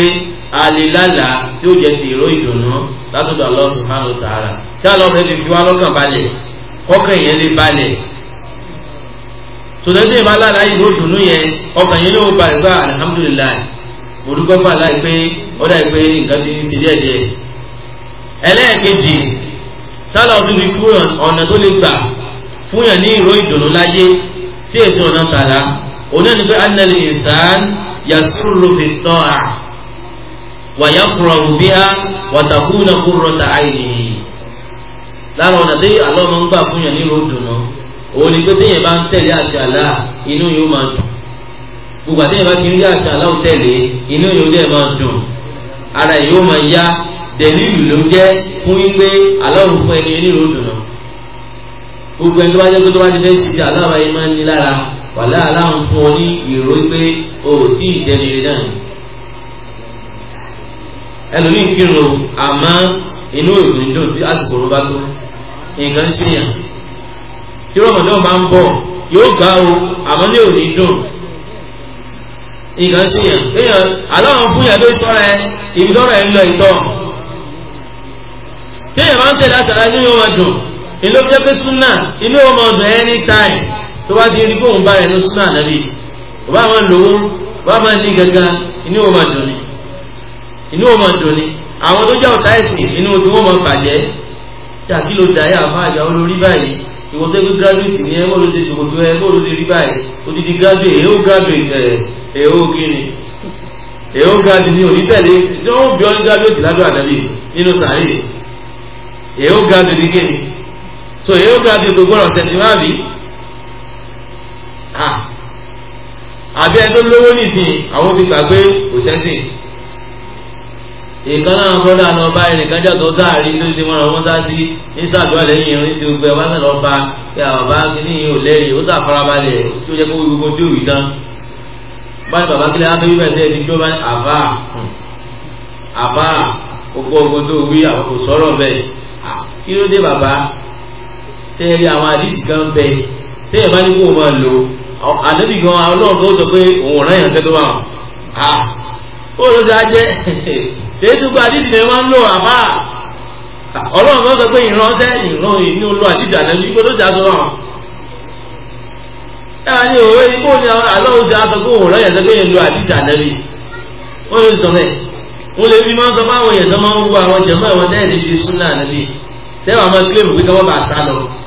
alilala tí ó jẹ́ ti ìró ìdùnnú látọ̀dọ̀ Allah subhanahu wa ta'ala tí Allah fẹ́ lè fi wá lọ́kàn balẹ̀ kọ́kàn yẹn lè balẹ̀ tòlẹ́dẹ́ ìmọ̀lára ìró ìdùnnú yẹn ọkàn yẹn yóò balẹ̀ gbà alhamdulilayi mo dúpẹ́ fún aláì pé ó dà pé nǹkan ti ń ṣe díẹ̀díẹ̀ ẹlẹ́ẹ̀kejì tálọ̀ tún fi kúrò ọ̀nà tó lè gbà fún yàn ní ìró ìdùnnú láyé tí èso ọ̀nà tààlà òun ní pé annali insan yasurru fi ta'a wa yafrahu biha wa takuna qurrata aynihi lára ọ̀nà tí Allah ń gbà fún ní ìró ìdùnnú òun ni pé téèyàn bá ń tẹ̀lé àṣà Allah inú yóò máa dùn gbogbo àtẹ̀yìn bá ti rí àṣà Allah tẹ̀lé inú yóò dẹ̀ máa dùn ara yóò máa yá dẹ̀lílù ló jẹ́ fún wípé Allah fún ẹni onírúurú dùnà gbogbo ẹni tó bá jẹ́ pé tó bá ti fẹ́ ṣiṣẹ́ aláwa yìí máa ń ní lára wàhálà aláwọn fún ọ ní ìró pé o ò tí ì dẹnire náà ni. ẹlòmíì kírun o àmọ́ inú ìròyìn dùn tí àsìkò bá tó nǹkan ṣe yàn kí rọmọdé ọba ń bọ̀ yóò ga o àmọ́ ní òní dùn nǹkan ṣe yàn kéèyàn aláwọn fún yàn ló sọ́ra ìdọ́rọ̀ ẹ ń lọ ìtọ́ kéèyàn máa ń tẹ̀lé àṣàlá ilé ó jẹ́ pé súnà ilé ọmọ ọdún ẹni táì tó bá di orí kóhùn báyìí ló súnà nàbí bàbá àwọn lòwó bàbá máa ní gangan inú wọn máa ni inú wọn máa ni àwọn tó jẹ́ ọ̀tá ẹ̀sìn inú tí wọ́n máa bàjẹ́ yà kí ló dàáyà fún àjà olórí báyìí ìwọ tó gbé graduate ní ẹ bó ló ṣe jòkòtò ẹ bó ló ṣe rí báyìí odidi graduate èyó graduate ẹ èyó kíni èyó graduate ní onítẹ̀lé tí wọ́n bí ọ́n graduate lábẹ́ àdàbí nínú sàárè èyó graduate ní kíni so yóò gba bí gbogbo ọ̀rọ̀ tẹ̀sí máa bí àbí ẹni tó lówó nìsín àwọn fi gbà pé kò sẹ́sìn ìkan náà bọ́dà lọ bá ẹnìkan jàdọ̀ sáàrí lóde wọn àwọn sá sí ní sàdúrà lẹ́yìn irun sí gbogbo ẹwà sàlọ bá yà bàbá kìíní ò lẹ́yìn ó sàfarabalẹ̀ tó jẹ́ kó gbogbo tí ò rí tán báyìí bàbá kílẹ̀ á tó yí bẹ̀rẹ̀ ní gbọ́ báyìí àbá àbá gbogbo ogun tó wí àwọn kò sọ̀rọ̀ bẹ́ẹ̀ kí ló dé bàbá ṣe rí àwọn àdìsí kan bẹ téèyàn bá ní kó o máa lò ànábì gan ọlọ́run kan ó sọ pé òun rán yàn sẹ́tọ́ báwọn ha ó ló dáa jẹ́ èsù gba àdìsí yẹn máa ń lò àbá ọlọ́run kan sọ pé ìránṣẹ́ ìran ìní olú àti ìdáná ní kó ló dáa sọ báwọn. ẹ̀ka ní òwe kó ní aláwo ṣe aṣọ pé òun rán yàn sẹ́tọ́ yẹn lo àdìsí ànábì wọ́n ló sọ bẹ́ẹ̀ wọ́n lè fi máa ń sọ fáwọn èèyàn tó máa ń wú àwọn jẹ̀mọ́ ìwọ̀n tẹ́ẹ̀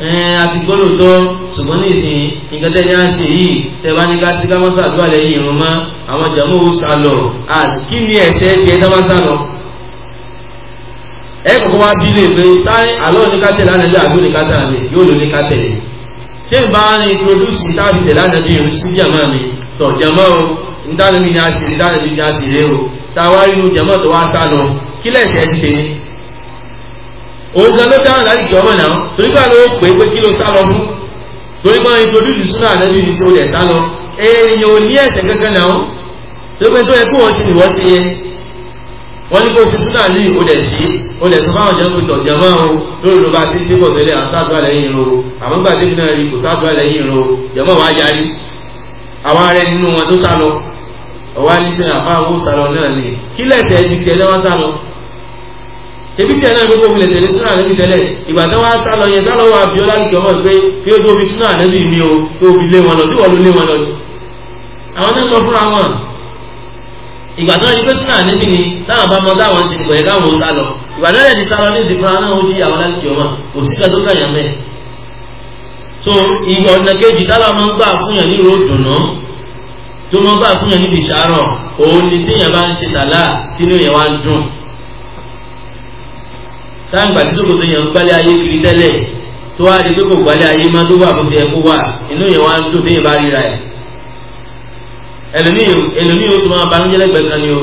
àti eh, gbọ́dọ̀ tọ́ ṣùgbọ́n nísìnyí nǹkan tẹ́lẹ̀ á ṣe yìí tẹ́wá ní ká sí ká mọ́sá àdúrà lẹ́yìn ìrún mọ́ àwọn jàmọ́ ò sá lọ kí ni ẹ̀ṣẹ̀ ti ẹ̀ sábà sá lọ. ẹ kọ̀kọ́ wá bí lè fẹ́ sáré àlọ́ ní ká tẹ̀lé ànábì àbí òní ká tẹ̀lé yóò lò ní ká tẹ̀lé. ṣé n bá ní introduce táàbì tẹ̀lé ànábì ìrún sí jàmọ́ mi tọ̀ jàmọ́ o ntánàbí ni a ṣe ntánàbí ni a ṣe rẹ o tàwa inú jàmọ́ tó wá sá lọ kílẹ̀ ṣẹ́ ti òun gan ló dáhùn láti jọ ọmọ náà torí pé àlọ́ pé pé kí ló sá lọ fún torí pé nítorí ìdùsúnà ànábì ní sí olè sá lọ èèyàn ò ní ẹ̀sẹ̀ kankan náà torí pé tó yẹ kó wọ́n ti nìwọ́ ti yẹ wọ́n ní kó ṣe súnà ní olè sí olè sọ fáwọn jẹun pé tọ̀jọ́ máa ń lórí ló bá sí sí pọ̀ tẹ́lẹ̀ àṣàdúrà lẹ́yìn ro àmọ́ gbàdé náà rí kò ṣàdúrà lẹ́yìn ro jẹ̀mọ́ wàá yarí àwọn arẹ nínú wọn tó sá lọ ọ̀wá ní sẹ́yìn àfáwọn sá lọ náà ní kílẹ̀ tẹ́ ti tiẹ̀ lẹ́wọ́n sá lọ ebi tí ẹ̀nà gbogbo ilẹ̀ tẹ̀lé súnà níbi tẹ́lẹ̀ ìgbà tí wọ́n á sá lọ yẹn sá lọ́wọ́ abiola kì ọmọ pé kí ó tó fi súnà níbi mi o kí ó fi lé wọn lọ sí wọ́n lé wọn lọ. àwọn náà lọ fúnra ìgbà tí wọ́n ti pé ni táwọn bá mọ táwọn ti gbọ̀ yẹ káwọn sá lọ ìgbà tí ti sá ní ìdí fúnra náà ó láti so ìgbà ọ̀nà kejì táwa máa ń gbà fún yàn ní ròdùnú tó máa ń gbà fún yàn táǹgbà tí sòkòtò yẹn gbálẹ̀ ayé kiri tẹ́lẹ̀ tó wá di pé kò gbálẹ̀ ayé má tó wà bó ti yẹ kó wà inú yẹn wá ń tó téyìn bá ríra ẹ̀ ẹlòmíì ẹlòmíì ó tún máa banújẹ́ lẹ́gbẹ̀ẹ́ kan ni o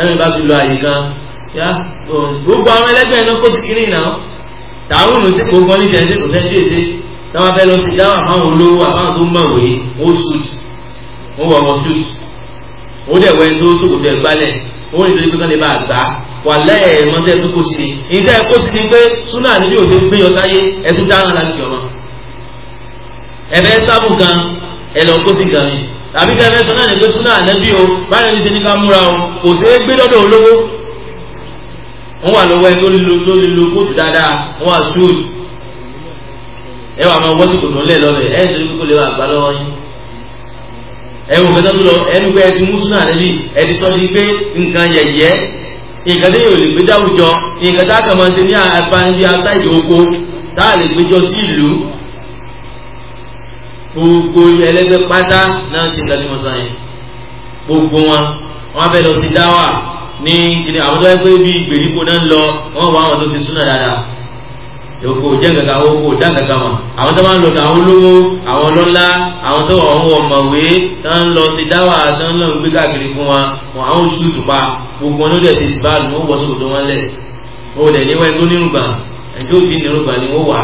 ẹni bá ti lọ àyè kan yá gbogbo àwọn ẹlẹ́gbẹ̀ẹ́ náà kó sí kiri tààrùn ló sì kó gbọ́n níbi ẹ̀sìn kò sẹ́jú èsì táwọn fẹ́ lọ sí dáhùn àfáwọn olówó àfáwọn tó mọ̀wé wà lẹ́ẹ̀ mọ́tẹ́ tó kó sí i ìdá ẹ̀kọ́ sí ni pé súnà àníbí ò ṣe gbé yọ sáyé ẹtún dáhùn láti ọmọ ẹ̀fẹ́ sábù kan ẹ̀ lọ kó sí gan ni tàbí bí ẹ̀fẹ́ sọ́nà àníbí súnà àníbí o báyọ̀ ní ṣe ní ká múra o kò ṣe é gbé lọ́dọ̀ olówó wọ́n wà lọ́wọ́ ẹ tó lílo tó lílo kóòtù dáadáa wọ́n wà súùlù ẹ wà máa wọ́sí kòtò ńlẹ̀ lọ́rẹ̀ ẹ̀ ń sọ kó lè wà gbá lọ́wọ́ yín ẹ wò fẹ́ ẹ ti mú di pé nǹkan yẹ̀yẹ́ nǹkan tí yóò lè gbé jáwùjọ nǹkan tá a kàn máa ṣe ní àpáńdí aṣáìdì oko tá a lè gbéjọ sí ìlú gbogbo ẹlẹ́gbẹ́ pátá náà ṣe ìdájọ mọsán yẹn gbogbo wọn wọn fẹ́ẹ̀ lọ sí dáwà ní kìnìún àwọn tó yẹ pé bí ìgbèríko náà ń lọ wọn wọ àwọn tó ṣe súnà dáadáa èkó jẹ́ kankan àwọn kò dá kankan mọ̀ àwọn tó máa ń lọ sí àwọn olówó àwọn ọlọ́lá àwọn tó wọ̀ wọ́n wọ̀ mọ̀wé tó ń lọ sí dáwà tó ń lọ gbé káàkiri fún wọn àwọn oṣù tó pa gbogbo wọn ló dẹ̀ ṣe ìsìbáàlù wọn wọ sókòtò wọn lẹ̀ wọn ò dẹ̀ ní wẹ́n tó nírùgbà ẹ̀jẹ̀ òbí nírùgbà ni wọ́n wà.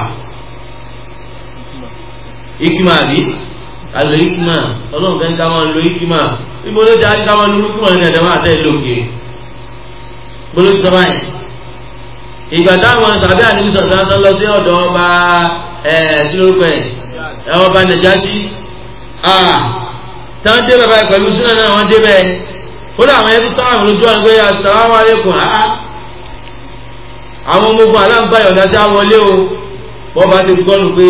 ikima àbí alo ikima ọlọ́run kan ká máa lo ikima ibo ló ti ká máa lo ikima ní ẹ̀dá máa tẹ̀ lóge ti sọ́ba yìí. ìgbà táwọn sàbẹ́ àdìmí sọ̀tàn lọ sí ọ̀dọ̀ ọba ẹ̀ẹ́dínlórúkọ ẹ̀ ọba nàjásí tán dé bàbá pẹ̀lú sínú náà wọ́n dé bẹ́ẹ̀ kódà àwọn ẹni tó sáwọn olójú wọn pé asàlámù alaykum á àwọn ọmọ ogun aláǹbá yọ̀ǹda sí àwọlé o wọ́n bá ti gbọ́nù pé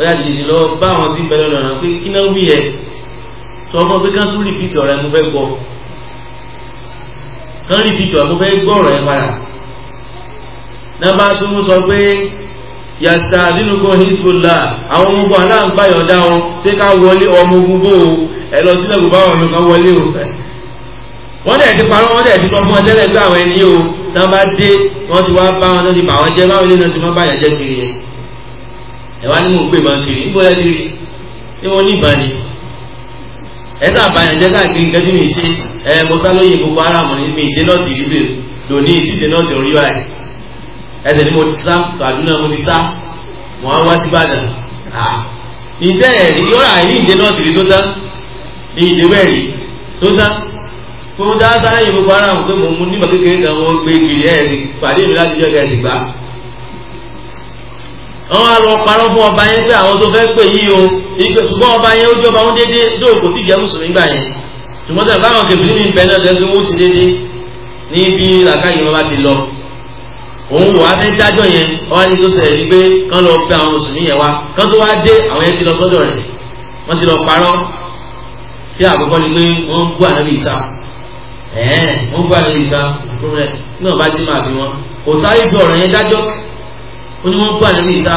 ọ̀yà dìde lọ bá àwọn tí ń bẹ lọ́nà pé kí náà wí yẹ sọ fún pé kán tún rìpítì ọ̀rẹ́ mo fẹ́ gbọ́ kán rìpítì ọ̀rẹ́ mo fẹ́ gbọ́ ọ̀rẹ́ padà náà bá tún sọ pé yàtà nínú kan hezbollah àwọn ọmọ ogun aláǹgbá yọ̀dá wọn ṣé ká wọlé ọmọ ogun bò ó ẹ lọ sílẹ̀ kó bá wọn lọ ká wọlé o wọ́n dẹ̀ ti parọ́ wọ́n dẹ̀ ti sọ fún ọtẹ́lẹ̀ pé àwọn ẹni yóò náà bá dé wọ́n ti wá bá wọn tó ti bà wọ́n jẹ́ báwọn ilé náà ti wọ́n bá yà jẹ́ kiri yẹn ẹ̀wá ni mò ń pè máa kiri níbo lẹ́ ti rí ni wọ́n ní ìbànú ẹ̀sà àbáyàn jẹ́ káàkiri nǹkan tí mi ṣe ẹ̀ mo sá lóye gbogbo ara mọ̀ ní mi ìṣe nọ́ọ̀sì ìdílé lòní ìṣiṣẹ́ nọ́ọ̀sì orí wa ẹ̀ ẹsẹ̀ ni mo ti sá Kaduna mo ti sá mo á wá sí Ìbàdàn ìṣe tó dá sáyẹn gbogbo ara hàn pé mo mú nígbà kékeré kan wọ́n gbé kiri ẹ̀ ní pàdé mi láti jọ́ kẹ́sì gbá. àwọn àlọ́ parọ́ fún ọba yẹn pé àwọn tó fẹ́ pè yí o ìgbẹ́ ṣùgbọ́n ọba yẹn ó jọba wọn déédéé dóòkò tí ìjẹ́ mùsùlùmí gbà yẹn ṣùgbọ́n sẹ́yìn báwọn kẹfì ní ìfẹ́ náà tẹ́sí wọ́n sì déédéé ní bí làkàyè wọn bá ti lọ òun wà fẹ́ dájọ́ yẹn ọba ní tó sẹ̀rẹ̀ ní pé kán lọ ẹ̀ẹ́n ó gbà lórí ìta fún rẹ̀ náà bá dé máa fi wọn kò sáré ju ọ̀rọ̀ yẹn dájọ́ ó ní wọ́n gbà lórí ìta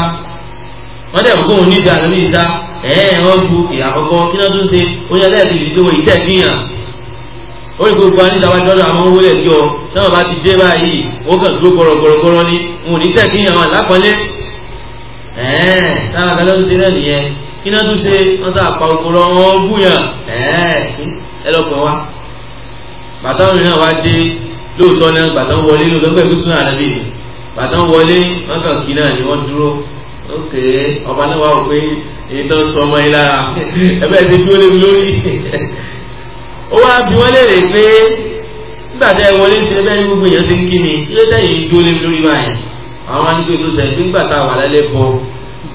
wọ́n dẹ̀ kó òun níjà lórí ìta ẹ̀ẹ́n wọ́n bu ìyá kọ̀ọ̀kan kí náà tún ṣe ó yẹ lẹ́ẹ̀kejì pé wọ́n ì ó lè gbogbo àti ìdáwà jọ́dọ̀ àwọn owó lè jọ náà bá ti dé báyìí ó kàn dúró gbọ̀rọ̀gbọ̀rọ̀gbọ̀rọ̀ ni n ò ní tẹ̀kí àwọn àlápọ̀lé ẹ̀ẹ́n táwọn akẹ́lẹ́ tó ṣe náà nìyẹn kí náà tó ṣe wọ́n tà pa òkúrọ̀ wọn ó bùyàn ẹ̀ẹ́n ẹlọ́pàá wa bàtàwọn náà wá dé lóòótọ́ náà bàtàwọn wọlé lóòótọ́ pẹ̀lú sún ànábì ni bàtàwọn wọlé wọn kàn kí náà ni wọ́n dúró ókè ọba náà wà wò pé èyí tó sọ ọmọ yìí lára ẹbẹ́ ti dúró lé mi lórí ó wá bí wọ́n léèrè pé nígbà tẹ́ wọlé ṣe bẹ́ẹ̀ ní gbogbo èèyàn ti ń kí mi ilé sẹ́yìn dúró lé mi lórí báyìí àwọn anigbe tó sẹ nígbà tá a wà lálẹ́ bọ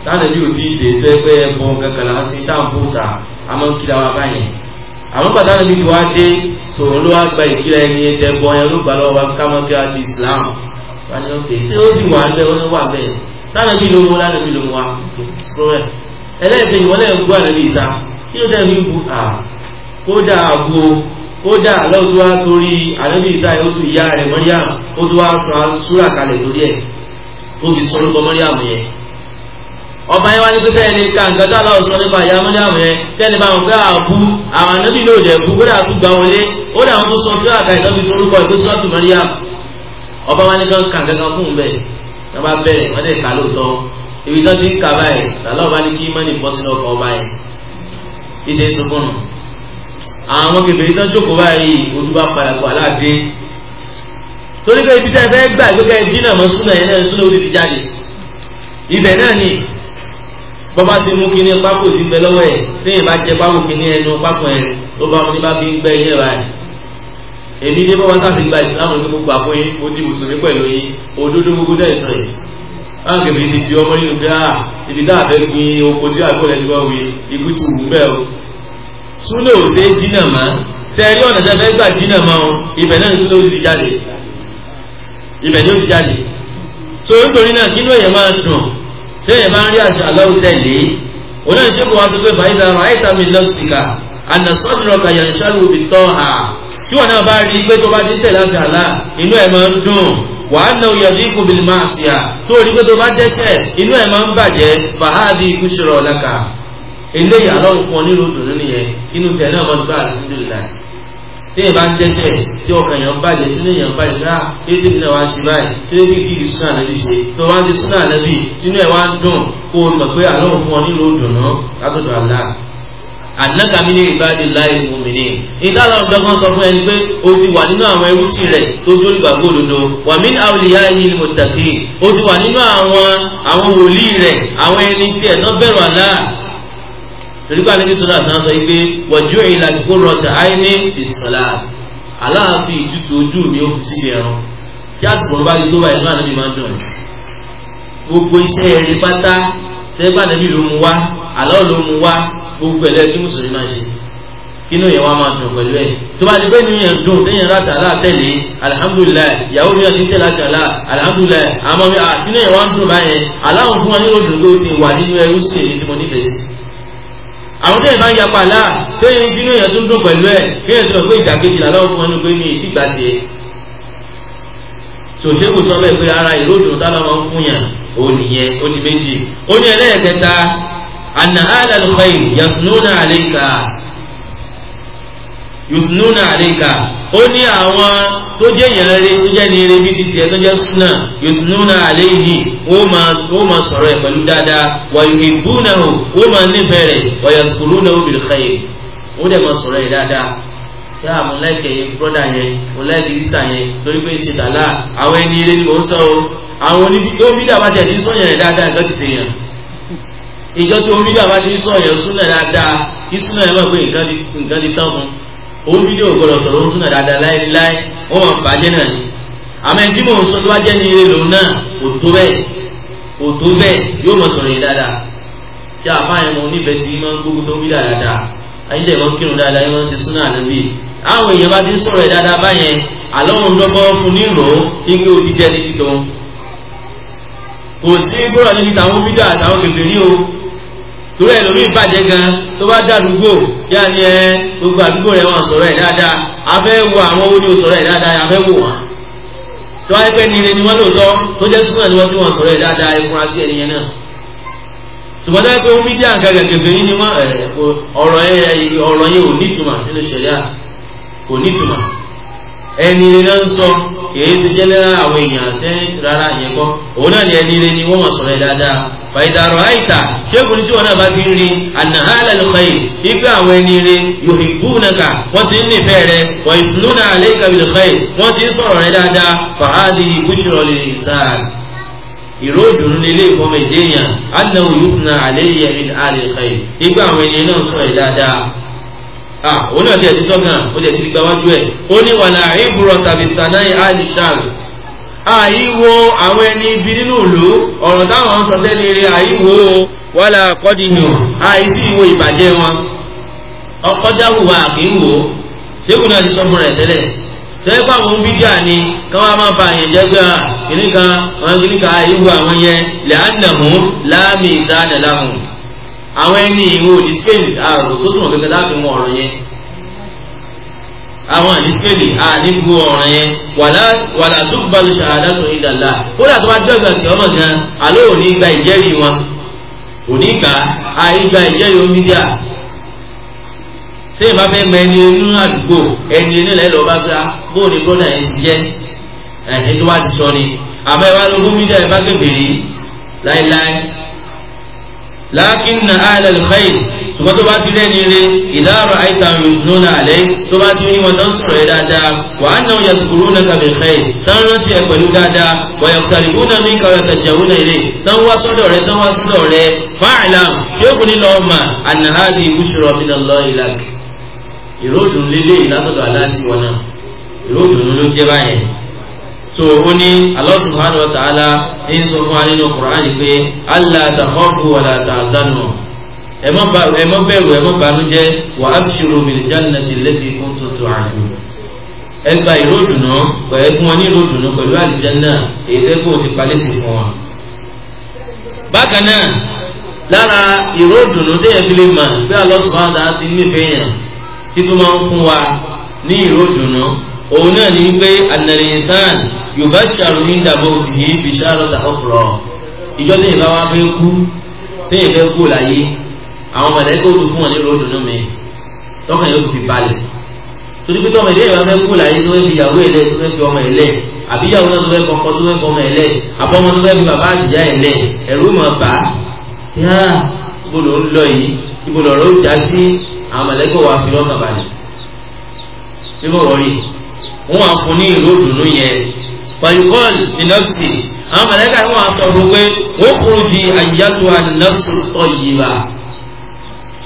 táwọn ò tí ì dé tó ẹgbẹ́ ẹbọ kankan là ń táwọn bó ta àmọ́ kí la wá báyìí àmọ́ ti wá dé so olúwa gba ìkíra ẹni ẹ̀jẹ̀ bọ ẹ olúgbà lọ́wọ́ wa ká mọ́kí wa ti islam wà ní òkè ṣé ó sì wà bẹ́ẹ̀ ó ní wà bẹ́ẹ̀ sáà bí lomo lánàá bí lomo wa sọ̀rọ̀ ẹ̀ ẹlẹ́ẹ̀kẹ́ ìwọlẹ́ ìgbó àlẹ́bí ìsá kí ló dẹ̀ ń bu à kódà àgbo kódà lọ́sùn wa torí àlẹ́bí ìsá yóò tún ìyá rẹ̀ mọ́ríà ó tún wá sọ àsúrà kalẹ̀ lórí ẹ̀ ó fi sọ lóko mọ́ríà mọ́ yẹn ọba yẹn wá ní pípẹ́ ẹni ká nǹkan tá lọ́wọ́ sọ nípa ìyá mọ́dàmù yẹn tẹ́lẹ̀ bá wọn pé àbú àwọn ànábì náà jẹ́ kú kódà tún gbà wọlé ó dà wọn tó sọ pé àga ìtọ́bi sorúkọ ìgbé sọ́ọ̀tù Mariam ọba wa ní kan kà kankan fún un bẹ́ẹ̀ ní wọn bá bẹ̀rẹ̀ wọn dẹ̀ ká lóòótọ́ ibi tó ti ń kà báyìí làlọ́ ọba ní kí mọ́nì bọ́ sínú ọkọ̀ ọba yẹn bọ́bá ti mú kíní pákó ti bẹ lọ́wọ́ ẹ̀ lẹ́yìn bá jẹ pákó kíní ẹnu pákó ẹ̀ ló bá wọn ní bá fi ń gbẹ́ ilé ra ẹ̀. èmi ní bọ́bá sáfì gba ìsìlámù ní gbogbo àpò yín ó di mùsùlùmí pẹ̀lú yín òdodo gbogbo dẹ́ ìsàn yìí. báwọn kẹfì ti fi ọmọ nínú pé à ah, ibi tá a fẹ́ gbin oko tí àgbo rẹ̀ ti wí ikú ti wù bẹ́ẹ̀ o. súnlẹ̀ ò ṣe dínà mọ́ tẹ̀rí ọ̀nà tẹ́ fẹ́ gbà dínà mọ́ o ibẹ̀ náà ti jáde ibẹ̀ ni ó ti jáde. so nítorí náà kí ló yẹ máa dùn tẹ́yẹ̀ máa ń rí àṣà aláwọ̀ tẹ̀lé oníṣègùn wa sọ pé fàyíṣà fàyíṣà mi lọ síkà àna sọ́dúnrún ọkà yànṣálù òbí tọ́ ha tí wọn náà bá rí i pé tó bá ti tẹ̀lé àṣà àlá inú ẹ̀ máa ń dùn wàá nà ó yàtí kò bí máa ṣe à tó rí pé tó bá dẹ́ṣẹ̀ inú ẹ̀ máa ń bàjẹ́ fàhádì ikú ṣòro ọ̀làkà eléyìí àlọ́ nǹkan nínú dùn nínú yẹn inú tẹ̀ náà máa ń gbà àdúgbò láì tí èèyàn ń dẹ́sẹ̀ tí ọkàn èèyàn bàjẹ́ tí èèyàn bàjẹ́ rà lédè náà wá sí báyìí tí lédè kí ìdí súnà lẹ́bí ṣe tó wá ń ṣe súnà lẹ́bí tí náà wá ń dùn kó o mọ̀ pé àlọ́ fún ọ nílò òdùnnà látọ̀dọ̀ àlá ànáka mi ní ìbáde láì mú mi ní. ìdáhùn ọ̀dọ́gbọ́n sọ fún ẹni pé o ti wà nínú àwọn ẹrúsìn rẹ̀ tó dúró ìgbàgbọ́ òdodo wà mí àwòlíyá ẹni ni mo tàkì o ti wà nínú àwọn àwọn wòlíì rẹ̀ àwọn ẹni tí ẹ̀ náà bẹ̀rù àlá torí pé alẹ́bí sọ́dọ̀ àti náà sọ wípé wọ́jú ìlà ìkó rọ̀tà àìní ìsọ̀lá aláàfin ìtutù ojú mi ó fi síbi ẹran kí àsìkò bá di tó bá ìlú ànábì máa ń dùn gbogbo iṣẹ́ ẹ̀rí pátá tẹ́gbà ànábì ló mu wá àlọ́ ló mu wá gbogbo ẹ̀lẹ́ kí mùsùlùmí máa ṣe kí inú yẹn wá máa dùn pẹ̀lú ẹ̀ tó bá di pé inú yẹn dùn téèyàn láti àlá tẹ̀lé alihamudulilayi ìyàwó mi ọ̀sìn tẹ̀lé láti àlá alihamudulilayi àmọ́ mi àtinú ah, yẹn wá ń dùn báyẹn aláwọ̀ fún wa ní oṣù tó ti wà nínú ẹrú sí èyí tí mo nífẹ̀ẹ́ sí àwọn tó yẹ bá ń yapa láà tó yẹ sínú èèyàn tó ń dùn pẹ̀lú ẹ̀ kéèyàn tó lọ pé ìdàkejì làlọ́ fún ẹnu pé ní ìsìgbà tiẹ̀ sòṣèkù sọ bẹ́ẹ̀ pé ara ìròdù tálámọ́ fún yàn ó nìyẹn ó ní méjì ó ní ẹlẹ́ẹ̀kẹta àná àdàlùkọ́ yìí yàtúnú náà àlékà yùtùnúnà àríkà ó ní àwọn tó jẹ́ ìyẹn rẹ̀ tó jẹ́ ní eré bíi ti tiẹ̀ tó jẹ́ súnà yùtùnúnà àléyìí ó máa sọ̀rọ̀ ẹ̀ pẹ̀lú dáadáa wàyùkì búnà ó ó máa nífẹ̀ẹ́ rẹ̀ wàyàkùrú náà ó bìrì kẹyì ó dẹ̀ máa sọ̀rọ̀ ẹ̀ dáadáa yá mo lẹ́kẹ̀ yẹn brọ́dà yẹn mo lẹ́kẹ̀ sísà yẹn lórí pé ṣe dàlá àwọn ẹni eré ni mò ń sọ o àwọn oníbídà bá tẹ̀ ní sọ̀yàn rẹ̀ dáadáa nǹkan ti ṣèyàn ìjọ tí oníbídà bá ti ń sọ̀yàn súnà dáadáa kí súnà yẹn mọ̀ pé nǹkan ti tán fún un òun fídíò gbọdọ̀ sọ̀rọ̀ òun súnà dáadáa láéláé wọ́n máa bàjẹ́ náà ni àmọ́ ẹni tí mò ń sọ tó bá jẹ́ ní eré lòun náà kò tó bẹ́ẹ̀ kò tó bẹ́ẹ̀ yóò máa sọ̀rọ̀ yìí dáadáa kí àfáàní mo nífẹ̀ẹ́ sí máa ń gbógun tó ń bí dáadáa ayé dẹ̀ máa ń kírun dáadáa máa ń ṣe súnà ànábì àwọn èèyàn bá ti ń sọ̀rọ̀ yìí dáadáa báyẹn àlọ́run dọ́gbọ́n fún ní ìró ike òdìjẹ́ ní títọ́ kò sí gbọ́dọ̀ níbi táwọn fídíò àtàwọn kèfèrí o torí ẹlòmíì tó bá dá àdúgbò kí á ní ẹ gbogbo àdúgbò rẹ wọn sọ̀rọ̀ ẹ̀ dáadáa afẹ́ wo àwọn owó ní o sọ̀rọ̀ ẹ̀ dáadáa afẹ́ wò wọn tó wáyé pẹ́ nílé ni wọ́n lòótọ́ tó jẹ́ súnmọ́ ni wọ́n tí wọ́n sọ̀rọ̀ ẹ̀ dáadáa ẹkùnra sí ẹnìyẹn náà ṣùgbọ́n dáa pé omi díà gàgà gẹ̀gẹ̀ yìí ni wọ́n ọ̀rọ̀ yẹn ò nítumọ̀ nínú ṣẹ̀ríà kò nítumọ̀ ẹni rẹ náà ń sọ kì í ti jẹ́ lára àwọn èèyàn tẹ́ rárá ìyẹn kọ́ òun náà ni ẹni rẹ ni wọ́n mọ̀ sọ̀rọ̀ ẹ̀ dáadáa fàìdàrọ̀ àìsà ṣégun tí wọn náà bá ti ń rí ànàhálà lùkọ́ yìí ipe àwọn ẹni rí yòhìbú nàkà wọ́n ti ń nífẹ̀ẹ́ rẹ wọ́n ìfúnná àlẹ́kà lùkọ́ yìí wọ́n ti ń sọ̀rọ̀ rẹ dáadáa fàhádì ìbúṣọ̀ lè sáà ìró ìdùnnú nílé ìfọmọ ìdéyàn àdánwò yóò fún àlẹ́ yẹ min àlẹ́kà àwọn ẹni náà sọ̀rọ̀ ah òun náà ti ẹ̀ ti sọ́gàn ó ti ẹ̀ ti gbáwájú ẹ̀ ó àyíwo àwọn ẹni ibi nínú ìlú ọ̀rọ̀ táwọn ń sọ sẹ́ni eré àyíwo wàhálà kọ́dìyàn àìsí ìwo ìbàjẹ́ wọn ọkọjá wùwà kì í wò ó dégùn náà ti sọ fún rẹ̀ tẹ́lẹ̀ tẹ́lẹ̀ pé àwọn bíjà ni káwọn máa ba àyàn jẹ́ gbà kìnnìkan àwọn kìnnìkan àyíwo àwọn yẹn lẹ́hàndàmú láàmì ìdánilàmù àwọn ẹni ìwò ìdíṣẹ́yìn àrò tó sùn ọ̀gẹ́gẹ́ láti mú ọ̀rọ̀ yẹn àwọn àdísẹ́lì àdígbò ọ̀ràn yẹn wàlá tó bá lè ṣàdátò ìdàlá ó dà tó bá jẹ́ ọ̀gbẹ̀kì ọmọ gan alẹ́ òní gba ìjẹ́rìí wọn òní gbà àìgbà ìjẹ́rìí omi díà tẹ́yìn bá fẹ́ mọ ẹni inú àdúgbò ẹni inú ilẹ̀ lọ́ba gbá bóò ní bọ́dà yẹn ti jẹ́ ẹni tó wá ti sọ ni àmọ́ ẹ wá lọ gómìn díà ẹ bá gbèbèrè láéláé lákìnnà àlẹ́ lùfẹ́yìn ṣùgbọ́n tó bá ti rẹ́ ní ire ìdáàrọ̀ àìsàn lónà àlẹ́ tó bá ti rí wọn tán sọ̀rọ̀ ẹ̀ dáadáa wà á náà yẹ kúrú náà kàbí fẹ́ ẹ̀ tán rántí ẹ̀ pẹ̀lú dáadáa wà yẹ kàrí kú náà ní kàwé kàjàwó náà ire tán wá sọ́dọ̀ rẹ tán wá sọ́dọ̀ rẹ fáàlà tí ó kù nílò ọmọ ànàhádìí ìbúṣọ̀rọ̀ mi náà lọ ìlàk ìròdùn lílé ìlàsọ̀dọ̀ aláṣìí wọn náà ìròdùn ló jẹ́ báyẹn so ó ní Allah subhanahu wa ta'ala ń sọ fún wa nínú Qur'an pé allah takhafu wa la tahzanu ẹ mọ́ bẹ̀rù ẹ mọ́ banújẹ́ wà á fi omi lè jáde náà ti lẹ́sìn fún tuntun àjò ẹ gba ìró ìdùnnú pẹ̀lú fún wọn ní ìró ìdùnnú pẹ̀lú àlìjánnà èyí tẹ́ fún òfin palẹ́ sí fún wọn. bákan náà lára ìró ìdùnnú tẹ́yẹ fi lè mà pé Allah subhanahu wa ta'ala ti nífẹ̀ẹ́ yẹn títún máa ń fún wa ní ìró òun náà ní pé ànàlẹ́ ìsán yorùbá ṣàrò ní ìdàbọ̀ òtìyí fi ṣáà lọ́ta ọ̀pọ̀rọ̀ ìjọ àwọn mọ̀lẹ́kẹ́ ó tún fún wọn ní ròdù nù mí tọkàn yóò fi balẹ̀ torí pé tọmọ ilé ìwà fẹ́ kú láyé tó fẹ́ fi ìyàwó ẹ̀lẹ́ tó fẹ́ fi ọmọ ẹ̀lẹ́ àbí ìyàwó náà tó fẹ́ kọ́kọ́ tó fẹ́ fọmọ ẹ̀lẹ́ àbọ̀mọ tó fẹ́ fi bàbá àtìyá ẹ̀lẹ́ ẹ̀rú mọ̀ bá yá ibo ń lọ yìí ibo lọ̀rọ̀ ó sí àwọn mọ̀lẹ́kẹ́ wa fi lọ́kàn balẹ̀ níbo rọrí wọn á fún ní ìlú òdùnnú yẹn pàlùkọ́ọ̀l ìnọ́fìsì àwọn mọ̀lẹ́kẹ́ wọn á sọ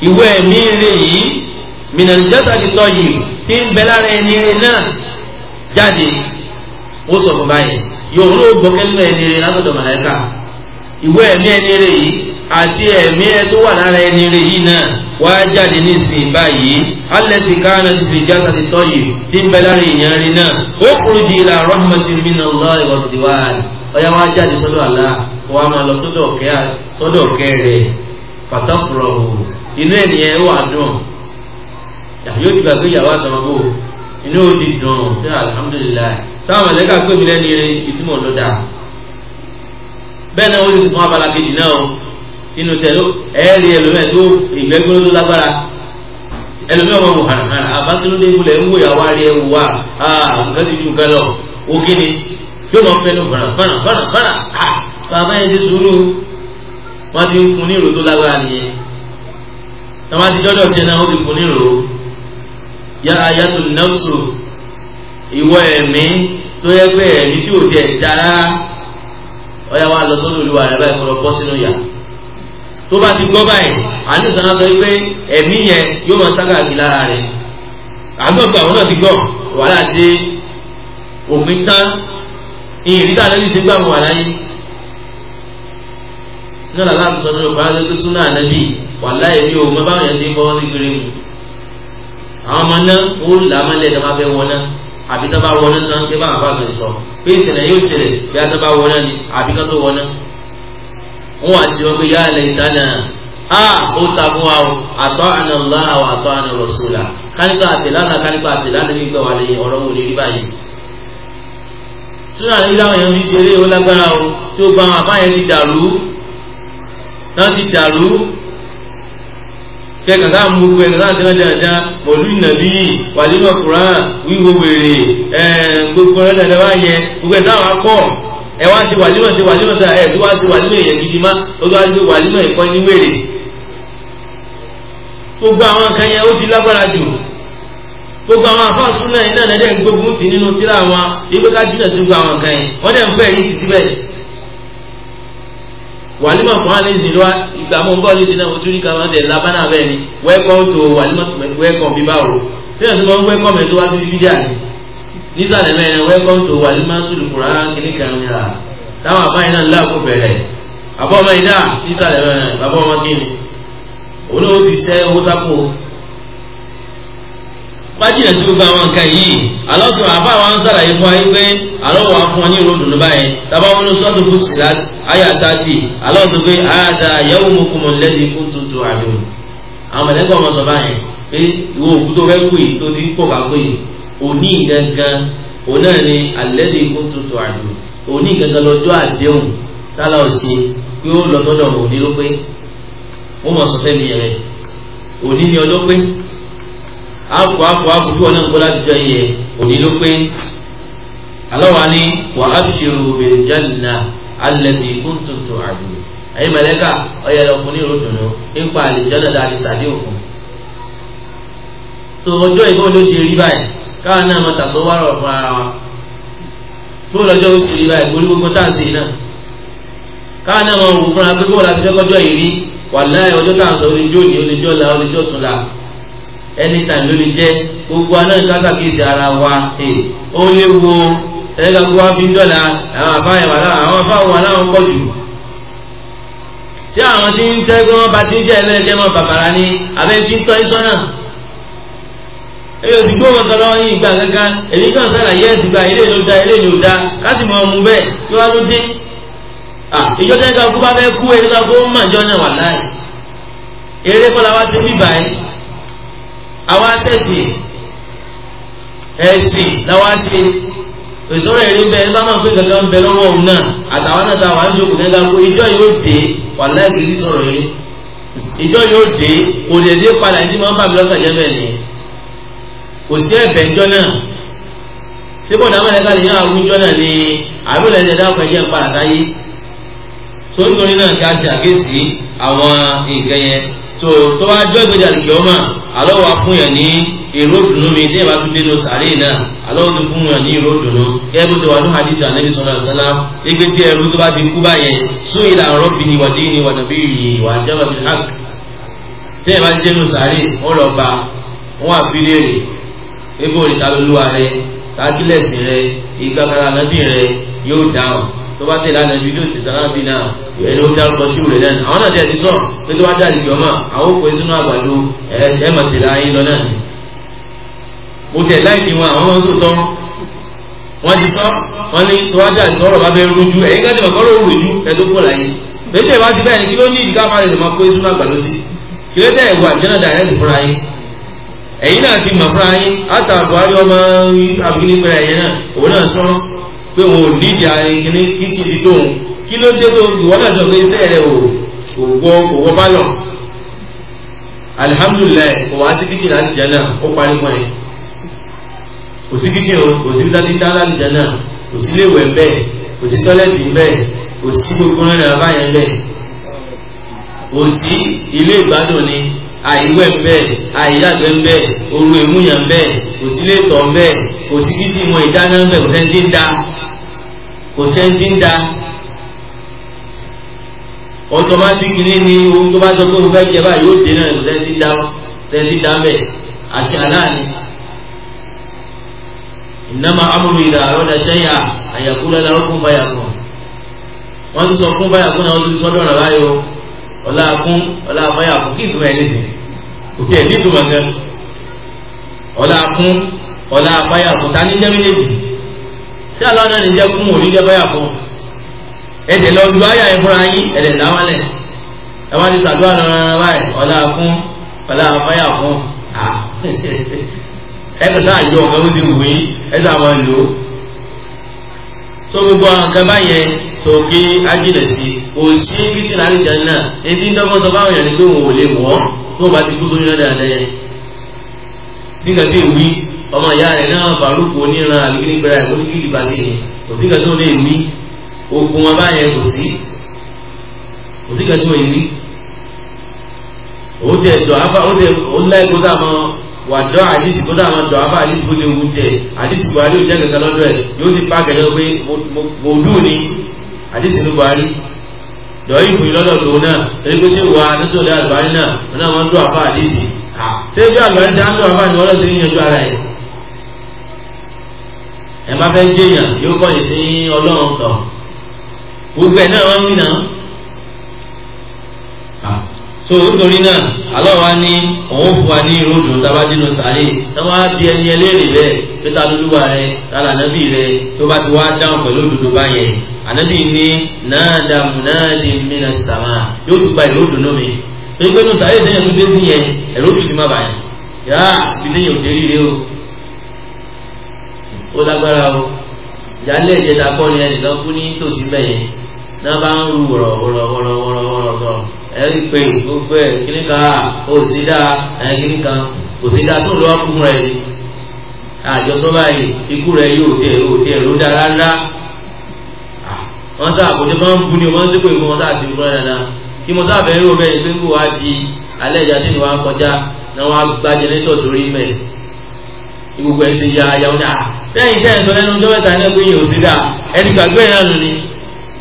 ìwé ẹ̀mí rẹ̀ yìí minal jasadi tayyib tí ń bẹ lára ẹni rẹ̀ náà jáde ó sọ fún báyìí yòówù ló gbọ́ kẹ́lú ẹni rẹ̀ látọ̀dọ̀ màláìka ìwé ẹ̀mí ẹni rẹ̀ yìí àti ẹ̀mí ẹ tó wà lára ẹni rẹ̀ yìí náà wá jáde nísìnyí báyìí allati kanat fi jasadi tayyib tí ń bẹ lára èèyàn rẹ̀ náà ó kúrò di ila rahmatin minallahi wa ridwan ọ̀yá wá jáde sọ́dọ̀ Allah wọ́n á máa lọ sọ́dọ̀ ọ̀kẹ́ rẹ̀ pàtàkùrọ̀ inú ẹnìyẹn wà dùn yóò ti gbàgbé ìyàwó àtọmọbó inú ó ti dùn ṣé alihamudulilayi sáwọn mọlẹka pé mi lẹni ìtumọ̀ ló dáa bẹ́ẹ̀ náà ó ti fún abala kejì náà o inú tẹ̀lé ẹ̀ẹ́rì ẹlòmíẹ̀ tó ìgbẹ́gbẹ́ tó lágbára ẹlòmíẹ̀ wọn mọ̀ hànàhàn àbátúndé ìmúlẹ̀ ń wò yàwó àríẹ̀ wò wá ah, nǹkan ti ju nǹkan lọ ó kéde yóò lọ fẹ́ ló fara fara fara fara bàbá yẹn ti sùúrù wọn ti ń fún ní ìrò tó lágbára nìyẹn tọ́wá ti dọ́dọ̀ tiẹ̀ náà ó ti fún nílò yá ayáto nẹ́wùsù ìwọ ẹ̀mí tó yẹ pé ẹ̀mí tí ò tiẹ̀ dára ọ̀yá wa lọ sọ́dọ̀ olúwa rẹ̀ báyìí kọ́ bọ́ sínú yà tó bá ti gbọ́ báyìí àní sọ́nà sọ pé ẹ̀mí yẹn yóò máa sága àbí lára rẹ̀ àgbọ̀gbọ̀ àwọn náà ti gbọ́ wàhálà dé òpin tán ìyìn níta lẹ́yìn ṣe gbà wọ́n wà láyé náà làlá àti sọ́dọ̀ olùkọ́ wàhálà èmi ò mọ báwọn yẹn ti fọwọ́ sí kiri mu àwọn ọmọ náà ó là mọ́lẹ̀ tó bá fẹ́ wọn náà àbí tó bá wọn náà tán kí báwọn bá sọ sọ pé ìṣẹ̀lẹ̀ yóò ṣẹlẹ̀ bí a tó bá wọn náà ni àbí tó tó wọn náà wọn wà ti wọn pé yá ilẹ̀ ìdáná a ó ta fún wa o àtọ́ àna ńlá àwọn àtọ́ àna rọ̀ṣùlà kánípa àtẹ̀lá náà kánípa àtẹ̀lá náà nígbà wà lẹ́yìn ọ̀rọ̀ wò lè báyìí sínú àyè láwọn èèyàn fi ṣeré ó lágbára o tí ó gba àwọn àbáyẹn ti dàrú náà ti dàrú kẹ́kàn sáà mú pé ẹ̀kàn sáà ti rán dáadáa pẹ̀lú ìnàbí wàlímọ̀ kùrán wíwo wèrè gbogbo ẹ̀rọ ẹ̀rọ bá yẹ gbogbo ẹ̀ sáà wá pọ̀ ẹ̀ wá ti wàlímọ̀ ṣe wàlímọ̀ sáà ẹ̀ tó wá ti wàlímọ̀ èèyàn gidi má ó tó wá ti wàlímọ̀ ẹ̀kọ́ ní wèrè. gbogbo àwọn nǹkan yẹn ó ti lágbára jù gbogbo àwọn afọ súnmọ́ náà lẹ́dẹ̀ẹ́ gbógun ti nínú tíra wọn ìgbéga jìnnà sí gbogbo àwọn nǹkan yẹn wọ́n dẹ̀ ń fẹ́ yìí ti síbẹ̀ wàlímọ̀ fún àlejò lọ́wọ́ ìgbà mọ́ bọ́ọ̀lù ti náà ojú níka máa ń tẹ̀ lábánà bẹ́ẹ̀ ni welcome to wàlímọ̀ welcome bíbá o fíjọ́ tí wọ́n welcome ẹ̀ tó wá sí fídíà ni nísàlẹ̀ mẹ́rin welcome to wàlímọ̀ tó lùkùrá kìnnìkan ni ra táwọn àbáyé náà láàkó bẹ̀rẹ̀ àbọ̀ ọmọ ìdá nísàlẹ̀ mẹ́rin bàbá ọmọ kí ni olówó ti sẹ́ owó sápò fájìlẹ̀ sí gbogbo àwọn nǹkan yìí alọ́sọ àbá wa ń sàlàyé fún ayé pé alọ́wọ́ afún ọ ní ìró dùnú báyìí tábà wọn sọ́dún fún sílá ayà tààtì alọ́sọ pé àádá yẹ́wò mú kùmọ̀ lẹ́dí fún tuntun àdéhùn. àwọn mẹ̀lẹ́kọ̀ ọmọ sọ báyìí pé ìwọ òkú tó fẹ́ pè tó ní pọ̀ bá pè òní ìgangan òun náà ni fún tuntun àdéhùn òní ìgangan lọ́jọ́ àdéhùn tálà òsì yóò lọ àpò àpò àpò tí wọn náà ń kó láti jọ iye òní ló pé aláwa ni wà á bìṣirò bil janna allati kuntum tu'adun ẹ̀yin mẹ̀lẹ́kà ọ̀yẹ̀ lọ́kùn ní ìròdùnú nípa àlìjọ́nà dáa ní sàdé òkun. tó ọjọ́ ìbọn ló ṣe rí báyìí káwọn náà mọ tàṣọ wà rọ̀ fún ara wa tó lọ́jọ́ ó sì rí báyìí gbórí gbogbo tá à ń ṣe náà káwọn náà mọ òkú fúnra pé kó o láti fẹ́ kọjọ́ yìí rí wàláyé ọjọ́ tá à ń sọ oníjó ní oníjó la oníjó tún la anytime ló lè jẹ́ gbogbo anáà kákà kí ìsì ara wa eh, ó léwu ẹ̀ẹ́dẹ́gbà gbogbo wa fi ń dọ̀la àwọn àfáàyàn wà láwọn àwọn àfáàwọn wà láwọn pọ̀ jù tí àwọn tí ń tẹ́ gbọ́n bá ti jẹ́ ẹlẹ́jẹ́ mọ́ bàbàrà ni abẹ́ ti ń tọ́ ìsọ́nà èyí òdìgbò wọn tọ́lọ́ yín ìgbà kankan èyí kan sàlàyé ẹ̀sìn gba ilé ìlú da ilé ìlú da kásì mọ́ ọmú bẹ́ẹ̀ kí wọ́n ló dé ìjọ tẹ́ka kú bá fẹ́ kú ẹ̀ka kó mọ̀ ìjọ náà wà láì eré kọ́lá wá sí bíbá yìí àwọn asẹ́tì ẹ̀sìn làwọn aṣe òṣèré ẹ̀rí ń bẹ ẹ bá máa pé kankan ń bẹ lọ́wọ́ òun náà àtàwọn náà ta wàá jókòó nígbà pé ìjọ yóò dé wà láìkiri sọ̀rọ̀ yìí ìjọ yóò dé kò lè dé padà ní máa ń bàbí lọ́kàn jẹ́ bẹ́ẹ̀ ni kò sí ẹ̀bẹ̀ ńjọ náà ṣé kò dáhùn ẹ̀ka lè yàn àwùjọ náà ni àbúlẹ̀ ẹ̀dẹ̀ dáhùn ẹ̀jẹ̀ ń padà táyé tó ń torí náà ká jà kéèsì àwọn nǹkan yẹn so tó bá jọ ìgbéjà lè kí ọmọ àlọ́ wa fún yẹn ní èrò dùnú mi tí ẹ bá tún dé lọ sàárè náà àlọ́ tó fún yẹn ní èrò dùnú kẹ́ẹ́ bó ti wà ní hadith anabi sallallahu alaihi wasallam ẹgbẹ́ tí ẹrú tó bá ti kú báyẹn sún ìlà ọ̀rọ̀ bìíní wà dínní ni nàbí yìí wà jẹ́ wà ní hàk tí ẹ bá ti dé lọ sàárè wọ́n lọ bá wọ́n wà fi léèrè ebó ìtàlólúwa rẹ tágílẹ̀sì rẹ ìgbàkàrà tó bá tẹ̀lé àná ibi tó ti sàrà bí náà ẹni ó dárúkọ sí ìwúrẹ̀ náà àwọn náà tẹ̀lé sọ pé tó bá dà lè jọmọ àwọn òkú ẹsùn náà àgbàdo ẹ mà tẹ̀lé ayé lọ náà mo tẹ̀ láìpẹ́ wọn àwọn ọmọ sòtọ́ wọ́n ti sọ wọ́n ní tó bá dà sọ̀rọ̀ bá bẹ́ẹ̀ rújú ẹ̀yin ká tẹ̀mọ̀ kọ́rọ̀ rújú ẹ tó láyé ni kí ló ní ìdíkà máa lè máa kó ẹsùn e náà àgbàdo sí kí ló tẹ̀ ìwà jẹ́nà dàrẹ́ẹ̀tì fúnra yín pé òun ò ní ìdí ayé kíní kí ti di tóun kí ló dé tó ìwọ náà sọ pé iṣẹ́ rẹ ò wọ kò wọ báyọ̀ alihamudulilayi kò wá sí kíchìn láti jẹ náà ó parí mọ́ ẹ kò sí kíchìn o kò sí títà láti jẹ náà kò sí léwẹ̀ bẹ́ẹ̀ kò sí tọ́lẹ́tì bẹ́ẹ̀ kò sí gbogbo rẹ̀ báyẹn bẹ́ẹ̀ kò sí ilé ìgbádùn ni àìwẹ̀ ń bẹ́ẹ̀ àìyàgbẹ́ ń bẹ́ẹ̀ oru èmúyàn ń bẹ́ẹ̀ kò sí lè tọ̀ ń bẹ́ẹ̀ kò sí títí mọ ìdáná ń bẹ́ẹ̀ kò sẹ́ńtì ń da kò sẹ́ńtì ń da ọtọmátìkì ní ni ohun tó bá sọ pé mo fẹ́ jẹ báyìí yóò dé náà kò sẹ́ńtì ń da sẹ́ńtì ń da bẹ́ẹ̀ àṣà náà ni. ìnáma amúlù ìdá àrọ́dà sẹ́yà àyàkú lọ́dà ọkùnrin báyà kan wọ́n ti sọ fún báyà kan náà wọ́n ti sọ́dọ̀ ọlá akún ọlá afọyà kò kí ìtumọ̀ ẹni sìn kò tí ẹ̀ ní ìtumọ̀ kan ọlá akún ọlá afọyà kò tá ní jẹ́ méjèèjì tí aláwọ̀ náà ní jẹ́ kún òní jẹ́ fọyà kún ẹ̀jẹ̀ lọ ju ayà yẹn fúnra yín ẹ̀jẹ̀ dáwọ́lẹ̀ ẹ wá ní sàdúrà lọ́rọ́ báyìí ọlá akún ọlá afọyà kún ẹ kò sáà yọ ọ̀gá ó ti wù yín ẹ sáà máa lò ó tó gbogbo àwọn kan báyẹn tòkè ajínà sí kò sí fìtì láti jẹ náà ebi dọ́gbọ́n sọ fáwọn èèyàn ni pé wọn ò lè wọ́ tó bá ti kú sórí náà dáadáa yẹn tí nǹkan tí èwì ọmọ ìyá rẹ̀ náà balùkù oníran àlùkí nígbàrá ìwọ́n kí ìdìbà sí ni kò sí nǹkan tí wọn lè wí ogun wọn báyẹn kò sí kò sí nǹkan tí wọn lè wí òun tẹ dọ̀ abá òun tẹ òun láì kó dáa mọ́ wà dọ́ àdìsí kó dáa mọ́ dọ̀ abá àdìsí kó lè wù tẹ àdìsí buhari ò jẹ́ kankan lọ́dọ̀ ẹ̀ yóò ti pa kẹ̀kẹ́ pé mo dùn ni àdìsí ní buhari dọ̀yìn ìfòyìn lọ́dọ̀ tó náà erékó tí wà nítorí àlùbáyé náà wọn náà wọn dún àfa àdìsí ṣé bí àlùbáyé ti á dún àfa ni wọn lọ sí yíyanjú ara yẹn ẹ má fẹ́ jẹyàn yóò kọyìn sí ọlọ́run tọ̀ gbogbo ẹ̀ náà wọ́n ń nà so nítorí náà aláwa ní òun fún wa ní ìròdù tábàdínú sáré táwa bí ẹni ẹlẹ́rìí rẹ pété alólùwà rẹ tálànàbí rẹ tó bá ti wá dáhùn pẹ̀lú òdòdó báyẹn ànábì ní náàdà múnáàdì mìíràn sàmà yóò tún gba ìlú òdùnnú mi torí pé nùsà yóò dẹ́yẹ̀ nígbè sí yẹn ẹ̀rọ òtútù má bàa yá ìdílé yóò dé rírẹ o ó lágbára o ìyálẹ̀ ìjẹta kọ́ ni ẹnìkan kú ní tòsí bẹ́yẹn náà bá ń ru wọ̀rọ̀ wọ̀rọ̀ wọ̀rọ̀ wọ̀rọ̀ wọ̀rọ̀ ẹ̀rí pé gbogbo ẹ̀ kíní kan ó sì dá ẹ̀ kíní kan kò sí dá tó lọ́ọ́ kú rẹ̀ àjọsọ́ báyìí ikú rẹ̀ yóò tẹ̀ yóò tẹ̀ ló wọ́n sáà kò ní máa ń bu ni wọ́n sì pé fún wọn sáà sí fúnra dáadáa kí mo sáà bẹ̀rù bẹ́ẹ̀ ni pé ń bò wá di alẹ́ ìjà tí ìwà kọjá náà wọ́n á gba jẹnẹtọ̀ sórí mẹ́ gbogbo ẹ̀ ya ya wọn dà lẹ́yìn iṣẹ́ ìsọ lẹ́nu ọjọ́ mẹ́ta náà pé yìí ò sí dà ẹni gbàgbé náà nù ni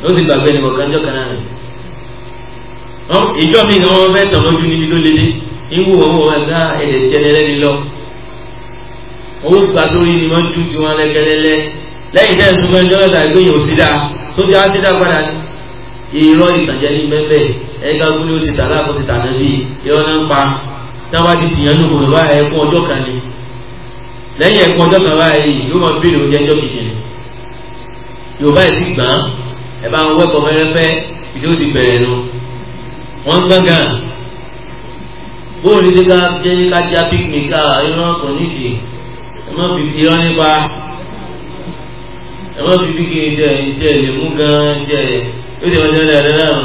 ó ti gbàgbé ni kọ̀ọ̀kan jọ́ kan náà nù ìjọ mi ni fẹ́ tàn lójú níbi tó ni wọn dún tiwọn lẹkẹlẹlẹ lẹ́yìn tẹ ẹsùn fẹjọ lọta ẹgbẹ́ dáa sóbi àṣírí àgbàdà ni irọ́ ìtànjẹ ní bẹ́ẹ̀ ẹ̀ka fún ní ó sì tà láàbò ti tà nàbí irọ́ náà ń pa táwa ti tìyàn ní òkòlò báyà ẹ̀kún ọjọ́ kan ni lẹ́yìn ẹ̀kún ọjọ́ kan báyà yìí yóò máa bèèrè oúnjẹ ẹjọ́ kìíní ni yorùbá ẹ̀ sì gbà ẹ̀ bá ń wẹ́kọ̀ọ́ fẹ́rẹ́fẹ́ ìdí ó ti bẹ̀rẹ̀ nu wọ́n gbọ́ngàn bóòlù ti ká jẹ́ ká já píkìnì ká irọ́ kò nídìí ẹ má fi irọ́ nípa ẹ má fi bíkì iṣẹ́ iṣẹ́ lè mú gan iṣẹ́ rẹ̀ yóò dé ọjọ́ rẹ̀ náà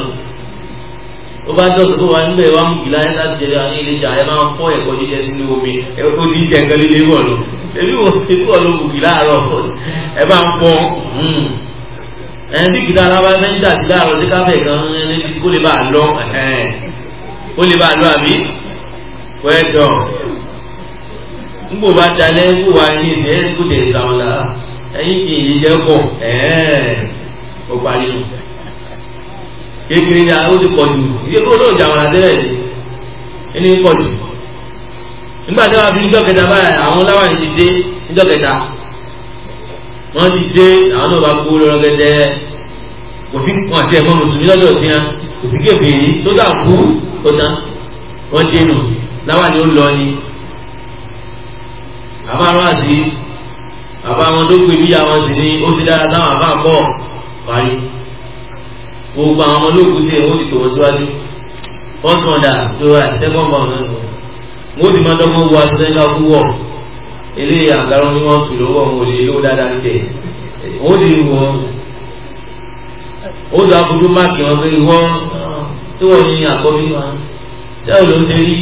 ó bá tọ́sọ̀ tó wà níbẹ̀ wá mú kìlá ẹ̀ láti jẹrẹ àwọn ilé ìjà ẹ máa ń fọ́ ẹ̀kọ́ jíjẹ sínú omi ẹ ó ti jẹ nǹkan líle wọ̀ lọ èmi wò ó ti wọ̀ ló mú kìlá àárọ̀ ẹ máa ń fọ́ hmm. ẹ̀ bí kìlá ara bá fẹ́ẹ́ dà sí sí káfẹ́ kan ẹni kó lè bá a lọ ó lè bá a lọ àbí wẹ́ẹ̀dọ̀ ń bò bá dalẹ́ ń bò ẹ̀yin kì í jẹ́ pọ̀ ẹ̀ẹ́ ó parí o kékeré ni ó ti pọ̀ jù ìdílé kó lóòjà wọn àtẹ́rẹ́ ẹni pọ̀ jù nígbà tí wọn fi níjọ́ kẹta báyìí àwọn láwàní ti dé níjọ́ kẹta wọn ti dé àwọn náà bá kú lọ́rọ́ gẹ́gẹ́ kò sí wọn àti ẹ̀fọn mùsùlùmí lọ́dọ̀ sí wọn kò sí kébìrì tó dà kú tó tán wọn dé nù láwàní ó lọ ni àmọ́ àrùn bàbá wọn tó pè bíyà wọn sì ni ó ti dára táwọn àbá bọ̀ parí gbogbo àwọn ọmọlóògùn sí ẹ̀wọ́n ti tò wọ́n síwájú first mother tó wà second mother wọ́n ti máa dọ́gbọ́n wọ aṣọ sẹ́ńkà kú wọ̀ eléyìí àgbàrá ni wọ́n fi lọ́wọ́ wọn ò lè lówó dáadáa tiẹ̀ wọ́n ti wọ̀ ó dọ̀ àkójú máàkì wọn pé wọ́n tí wọ́n ní àkọ́bí wọn sẹ́wọ̀n ló ti rí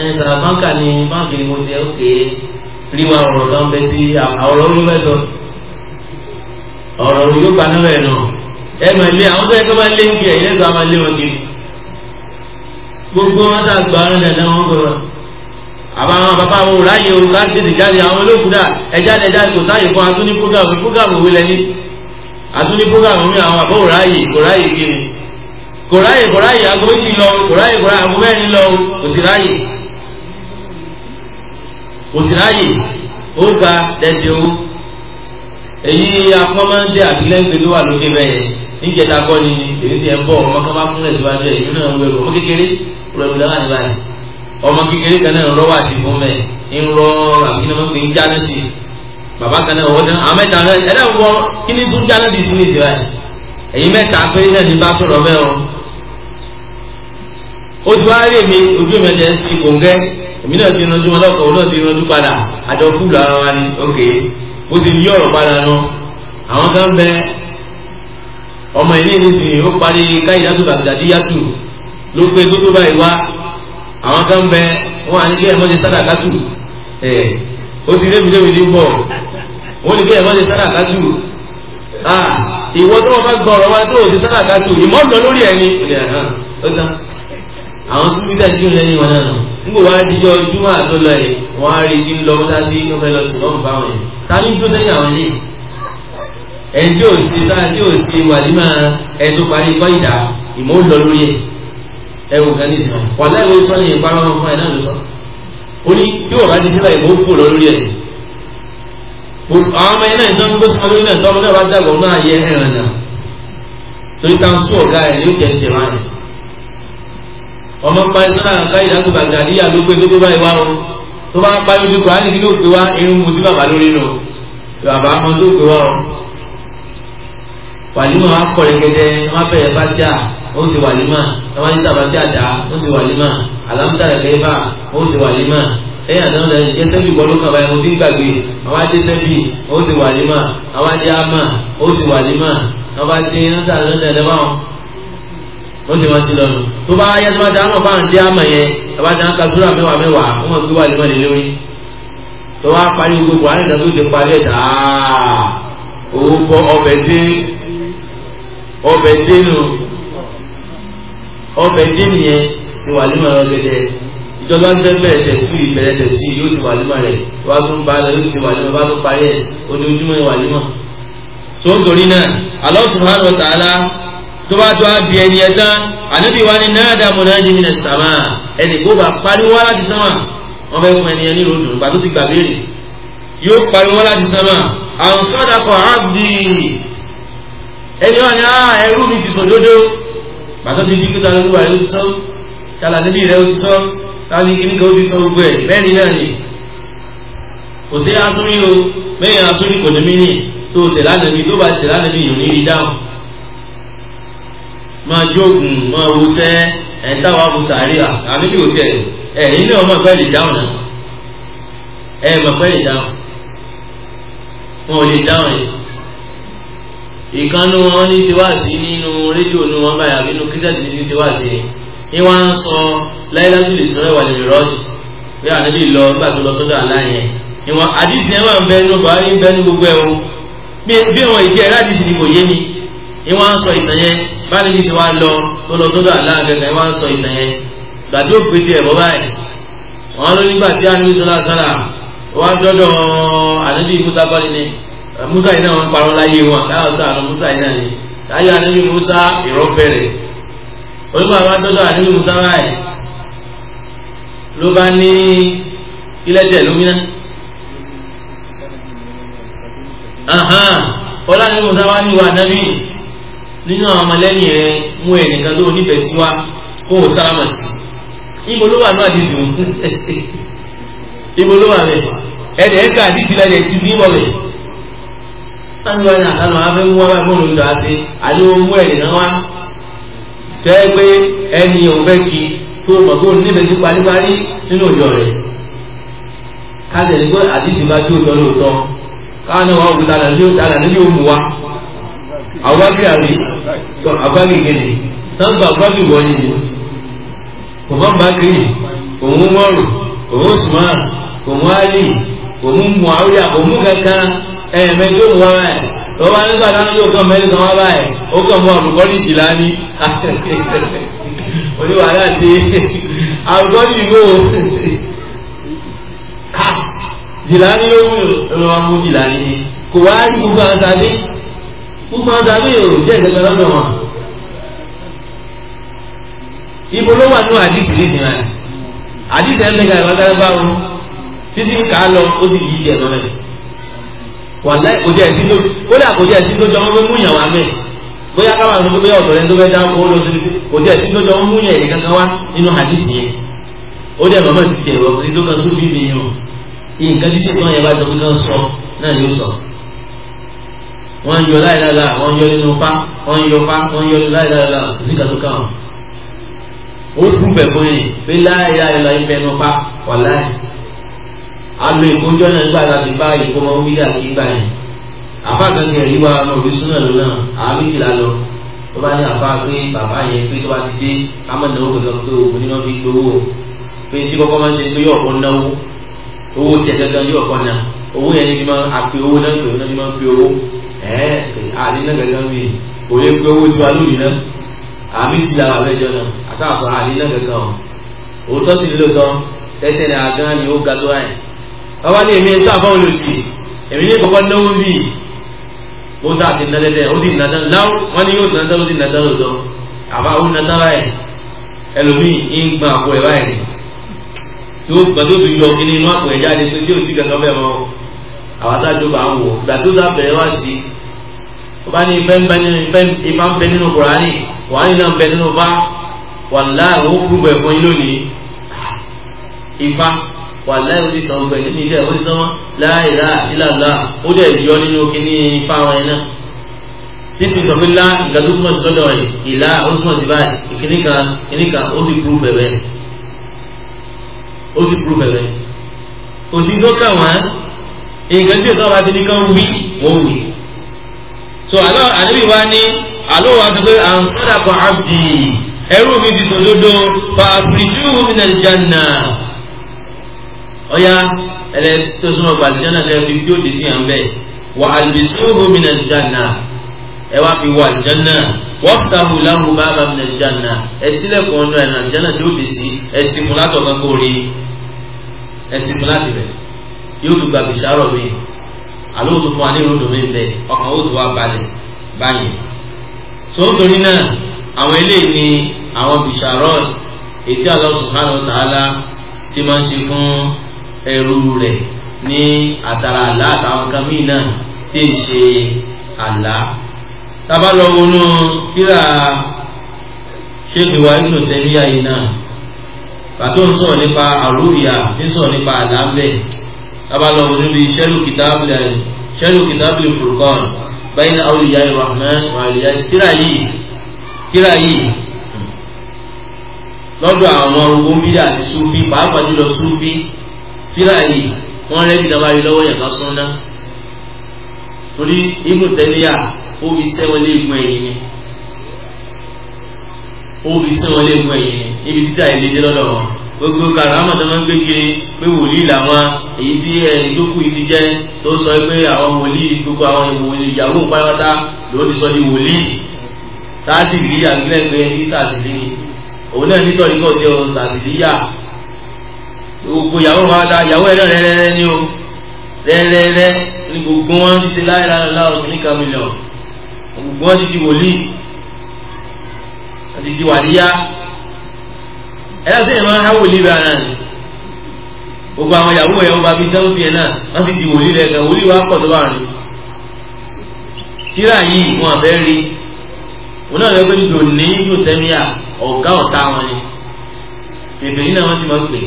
ẹ̀ sàràmáǹkà ni báńkì ni mo ti ẹ̀ ó kéé rí wọn ọ̀rọ̀ kan bẹ tí ọ̀rọ̀ ló bẹ sọ ọ̀rọ̀ yóò gba náà bẹ́ẹ̀ náà ẹ máa lé àwọn tó yẹ kó máa lé ń kí ẹ̀yìn ẹ̀sọ́ máa lé wọn kiri gbogbo wọn tá a gbọ́ àrùn dandan wọn kọ́ àbá àwọn bàbá wọn ò ráyè òrùka tètè jáde àwọn olókùdà ẹjáde ẹjáde kò sáàyè fún atúní fúgàmù fúgàmù wí lẹ́ni atúní fúgàmù mi àwọn àbọ̀ òráyè kò ráyè kiri kò ráyè kò ráyè agbóyè lọ kò ráyè kò ráyè agbóyè lọ kò sì ráyè òsìráyè ó gba dẹ́sẹ̀ owó èyí akọ́mọ́dé àtìlẹ́gbẹ̀ẹ́ tó wà lókè bẹ́ẹ̀ níjẹta kọ́ ni èyí ti ẹ̀ ń bọ̀ ọmọ kan bá fún ẹ̀síwájú ẹ̀ ìlú náà ń wẹ̀rù ọmọ kékeré rẹ̀rù lẹ́wà ní báyìí ọmọ kékeré kan náà ń rọ́ fún mẹ́ ń rọ́ àfihàn pé ń jáde sí i bàbá kan náà ọwọ́ náà àmẹ́ta náà ẹ̀dá wọ kí ni tún jáde sí ní ìsìlá yìí èyí ẹ̀ èmi náà ti ranjú wọn lọ́kọ̀ọ́ náà ti ranjú padà àjọ kúlù ara wa ni ok bó ti yí ọ̀rọ̀ padà nù àwọn kan bẹ ọmọ ilé nísìnyí ó parí káyidátù tàbídàdíyàtù ló pé tó tó báyìí wá àwọn kan bẹ wọn à ní kí ẹ mọ́ ṣe sádàkátù ẹ ó ti lébi lébi ní bọ̀ wọn ní kí ẹ mọ́ ṣe sádàkátù ah ìwọ tó wọn bá gbọ́ ọ̀rọ̀ wa tó o ti sádàkátù ìmọ̀ ọ̀dọ́ lórí ẹni ó dà àwọn súnmítà tí ó lẹ́yìn wọn náà nígbò wá jíjọ júmọ̀ tó lọ yìí wọ́n á rí sí lọ mọ́tá sí tó fẹ́ lọ sí wọ́n bá wọn ta ní tó sẹ́yìn àwọn yìí ẹni tí ò sí sáà tí ò sí wàlímà ẹni tó parí ikọ́ ìdá ìmọ̀ ó lọ lórí ẹ̀ ẹ̀wù kan ní ìsìn wà láìwé sọ ní ìpa ọmọ fún ẹ̀ náà ló sọ ó ní tí ò bá ti sílẹ̀ ìmọ̀ ó fò lọ lórí ẹ̀ àwọn ọmọ ẹ̀ náà ìtọ́ ní bó sọ lórí náà tọ́ ọmọ ń parí sọ́nà àǹká ìdáàbò bàgà níyà ló pé tó tó báyìí wá o tó bá ń parí ojú kùránì kí ló pé wá irun mu sí bàbá lórí nù bàbá mọ tó pé wá o wàlímọ̀ wá kọ̀ ẹ̀gẹ́dẹ́ wọ́n fẹ̀yẹ̀ bá jà ó sì wàlímọ̀ wọ́n yí tàbá jà dá ó sì wàlímọ̀ àlámúdàrẹ̀ lẹ́fà ó sì wàlímọ̀ ẹ̀yà náà lẹ́yìn jẹ́sẹ́bì kọ́ ló kàn báyìí mo fi ń gbàgbé àwọn ajẹ́sẹ́bì ó ó sì wàlímọ̀ àwọn ó ní wọn ti lọ nù tó bá yẹ tó bá dáná bá ń dé àmọ̀ yẹn ẹ bá dáná ka súrà mẹ́wàá mẹ́wàá ó mọ̀ gbé wà lé mọ́lẹ̀ lórí tó wá parí gbogbo àlẹ́ ìdá tó ti parí ẹ̀ dá owó bọ́ ọbẹ̀ dé ọbẹ̀ dé nù ọbẹ̀ dé nìyẹn ti wà lé mọ́lẹ̀ ọ̀gẹ̀dẹ̀ ìjọba ń bẹ́ẹ̀ tẹ̀ sí ìbẹ̀rẹ̀ tẹ̀ sí yóò ti wà lé mọ́lẹ̀ wá tó ń ba lọ yóò ti wà lé mọ́ bá tó parí ẹ̀ Allah subhanahu tó bá tó àbí ẹni ẹ tán ànábì wa ni náàdà mọ̀nàdì mi nà sàmà ẹnì kó bá pariwo láti sánmà wọn fẹ́ fún ẹni ẹni ròdùn gbà tó ti gbà béèrè yóò pariwo láti sánmà àwọn sọ́dà kọ̀ ábì ẹni wọn ni ah, ẹrú mi ti sọ dodo bàtọ́ ti di pé tani olúwa rẹ ti sọ tala níbi rẹ ti sọ tani kíníkà ó ti sọ gbogbo ẹ bẹ́ẹ̀ ni náà ni kò sí asúnmí o bẹ́ẹ̀ asúnmí kò ní mí nì tó tẹ̀lá nàbí tó bá tẹ̀lá nàbí yòó ní ma jókun ma wusẹ́ ẹ̀ táwa bu sàárè àmì bí o ọmọ ìfẹ́ lè dáhùn náà ẹ̀ mọ̀ fẹ́ lè dáhùn wọn ò lè dáhùn yìí ìkànnì wọn ní tiwáàsí nínú rédíò ní wọn báyà nínú ní ni wọn sọ láyélájú lè gbogbo ẹ̀ bí ìṣe ẹ̀ láti sì mi ni wọ́n á sọ ìtàn yẹn báyìí níbi tí wọ́n lọ tó lọ sódò àlá àgàgà ni wọ́n á sọ ìtàn yẹn gbàdúrà pété ẹ̀bọ báyìí wọ́n á lọ nígbà tí a ní sọlá sọlá wọ́n á dọ́dọ̀ ànábì Musa kọ́ni ni Musa yìí náà wọ́n parọ́ láyé wọn káyọ̀ sọ àná Musa yìí náà ni káyọ̀ ànábì Musa ìrọ́ bẹ̀rẹ̀ onígbà wọ́n á ànábì Musa báyìí ló bá ní ilẹ̀jẹ̀ lómìnà ọlá Musa wá ní ìwà ànábì nínú àwọn ọmọlẹ́yìn ẹ mú ẹnìkan tó nífẹ̀ẹ́ sí wa kó o sálámà sí ibo ló wà náà di dùn ibo ló wà bẹ ẹdẹ ẹka àdìsí lẹdẹ ti sí wọlé láti wáyé àtàlù afẹ́ mú wa bá gbọ́n àti àdéhùn mú ẹnìkan wá tẹ́ pé ẹni òun fẹ́ kí tó mọ̀ kó nífẹ̀ẹ́ sí paríparí nínú òjò rẹ̀ pé àdìsí bá tó lóòótọ́ káwọn náà wà ali, àwákìárì tó àbákìkejì táǹgbà àbákìwọ̀ yìí òun àbákìrì òun mọ́rù òun Usman òun Ali òun Muawiya òun kankan ẹ̀ẹ̀mẹ́ tó wọ́ ẹ̀ lọ́wọ́ nígbà náà yóò kàn mẹ́rin kan wá báyìí ó kàn mọ́ àbùkọ́lì ìjìlá ní oníwàhálà ti àbùkọ́lì ìgbò jìlá ní ó rọrùn jìlá ní kò wá ní gbogbo àwọn sáà gbogbo àwọn sábẹ́ yòó jẹ́ ìdẹ́gbẹ́ lọ́dọ̀ wọn. ibo ló wà ní àdìsí ní ìsìn rẹ̀ àdìsí ẹ̀ ń lẹ́gàá ìwádàá bá wọn títí ká lọ ó sì yí tiẹ̀ lọ́rẹ̀. wàlá kò jẹ́ ẹ̀sìn tó kódà kò jẹ́ ẹ̀sìn tó jọ wọn mú yàn wá mẹ́ bóyá káwọn àwọn ọmọdé ọ̀dọ́ rẹ̀ tó fẹ́ dá owó lọ sí kò jẹ́ ẹ̀sìn tó jọ wọn mú yàn ẹ̀ kankan wá nínú àdìsí yẹn ó dẹ̀ mọ́mọ́ ti tiẹ̀ wọ́n kò ní tó kan sóbì mi yàn wọ́n ń yọ láìláìlá wọ́n ń yọ nínú pa wọ́n ń yọ pa wọ́n ń yọ láìláìlá sí ìgbà tó kàn án. ó kú bẹ̀ fún yìí pé láìláìlá ibẹ̀ nù pa wà láì. a lo ìkójọ́ náà gbà láti bá ìkómọ wíyà kí gbà yẹn. àfa kan ti ẹ̀rí wa ọmọ òbí súnà ló náà àá méjìlá lọ. tó bá ní àfa pé bàbá yẹn pé tó bá ti dé amọ̀nàwó kankan pé òun ní wọ́n fi gbowó pé tí kọ́kọ́ máa ń ṣe pé yóò kọ́ náwó owó tiẹ̀ gangan yóò kọ́ náà owó yẹn ni fi máa ń àpè owó náà pè é náà fi máa ń pè owó ẹ̀ẹ́ àdínà gẹ̀gẹ́ mi kò lè pé owó tiwa lónìí náà àmì ti la wàá lẹ́jọ́ náà àtàwọn àdínà gẹ̀gẹ́ ọ̀ òótọ́ sì nílò tán tẹ́tẹ́ ní agán ni ó ga tó ráyìn bàbá ní èmi ẹ̀sọ́ àbáwọn olùsì èmi ní kọ́kọ́ náwó bì mo ta àti nà tẹ́tẹ́ ó sì nà tán láwọn wọn ni yóò nà tán ó sì nà tán lọ́tọ́ àbá ó nà tán ráyìn ẹlòmíì ń gbọn àpò ẹ̀ ráyìn yóò gbà tó tún yọ kíní inú àpò ẹ̀ jáde pé tí ò sí kankan bẹ́ẹ̀ mọ́ àwọn aṣáájú ń wò gbà tó wá sí i ọba ní ìfẹ́ ń bẹ nínú ìfẹ́ ìfà ń bẹ náà ń bẹ nínú bá wàláì ó kúrú ẹ̀ fún yín lónìí ìfà wàláì ó ti sọ ọgbẹ nínú ilé ẹ̀ ó ti sọ ìlàlá ó dẹ̀ yọ nínú kíní ìfà wọn yẹn náà nísì sọ pé lá ìgbàdúgbò sọdọ ìlà osùnmọ̀ ti báyìí ìkíníkà ìkíníkà ó ti burú bẹ̀rẹ̀ ó ti burú bẹ̀rẹ̀ òsì tó kà wọ́n nǹkan tí ìtọ́ ti ní kán wí wọ́n wí so àlọ́ àdébí wa ní àlọ́ wa sọ kan abdi ẹrú mi ti sòdodo fàbíjú nàìjánà ọ̀yá ẹlẹ́ tó súnmọ́ gbàlejànà lẹ́nu tí ó dé sí à ń bẹ̀ wà àlùbíṣòro mi nàìjánà ẹ wá fi wà àlùjánà wọ́n sàmù láhù bàbá mi nàìjánà ẹ sílẹ̀kùn ọ̀nà ẹ̀ nàìjánà tí ó dé sí ẹ sìnkú látọ̀ kankan rí ẹ sìnkú láti bẹ̀ yóò tún gbàgbé sàárọ̀ mi àlọ́ òtún fún wa ní ìròdò mi bẹ ọkàn ó tún wá balẹ̀ báyìí. sòwòtòrí náà àwọn eléyìí ni àwọn bisharot ètí Allah subhanahu wa ta'ala ti máa ń ṣe fún ẹrú rẹ̀ ní àtàrà àlá àtàwọn kan míì náà tí ì ṣe àlá. tábà lọ wọnú kíra ṣéèkì wa inú tẹ́lẹ̀ náà pàtó ń sọ̀rọ̀ nípa àrùyà ń sọ̀rọ̀ nípa àlá bẹ́ẹ̀ tabalọ wọn níbi sẹ́lù kìtàbù dání eh, sẹ́lù kìtàbù furqan báyìí náà awùlíyá rahman wàlíyá tíra yìí tíra yìí lọ́dọ̀ àwọn ogun bídà àti súfí pàápàá jùlọ súfí tíra yìí wọ́n rẹ́ẹ̀dì náà wáyé lọ́wọ́ yàtọ̀ sọ́nà torí ibùn tẹ́lẹ̀yà ó fi sẹ́wọ́n lé gun ẹ̀yìn ni ó fi sẹ́wọ́n lé gun ẹ̀yìn ni níbi títà ìlédè lọ́dọ̀ wọn gbogbo karama tó máa ń gbé pé wòlíì làwọn èyí tí ìdókù eh, yìí ti jẹ́ tó sọ pé àwọn wòlíì gbogbo àwọn ìwòlíì ìyàwó pátápátá ló ti sọ di wòlíì sáàtì rí àgbẹ̀gbẹ̀ ní sàtìlì ni òun náà nítorí nítorí ọ̀sẹ̀ ọ̀hún sàtìlì yà gbogbo ìyàwó pátápátá ìyàwó ẹ̀ náà rẹ́rẹ́rẹ́ ní o rẹ́rẹ́rẹ́ ní gbogbo wọn ti ṣe láìláìláà ọ̀sùn ní kàmílíọ̀n gbogbo wọn ti di wòlíì ẹ̀rọ sí ìmọ̀ aráwò lè ra náà gbogbo àwọn ìyàwó ẹ̀ wọn bá fi sẹ́wọ́n fi ẹ̀ náà wọ́n fi di wòlí rẹ̀ gan wòlí wa pọ̀ tó bá rìn tíra yìí wọn àbẹ́ rí wọn náà lọ́gbẹ́ ní dòní yóò tẹ́míà ọ̀gá ọ̀tá wọn ni kèfèrí náà wọ́n sì máa ń pè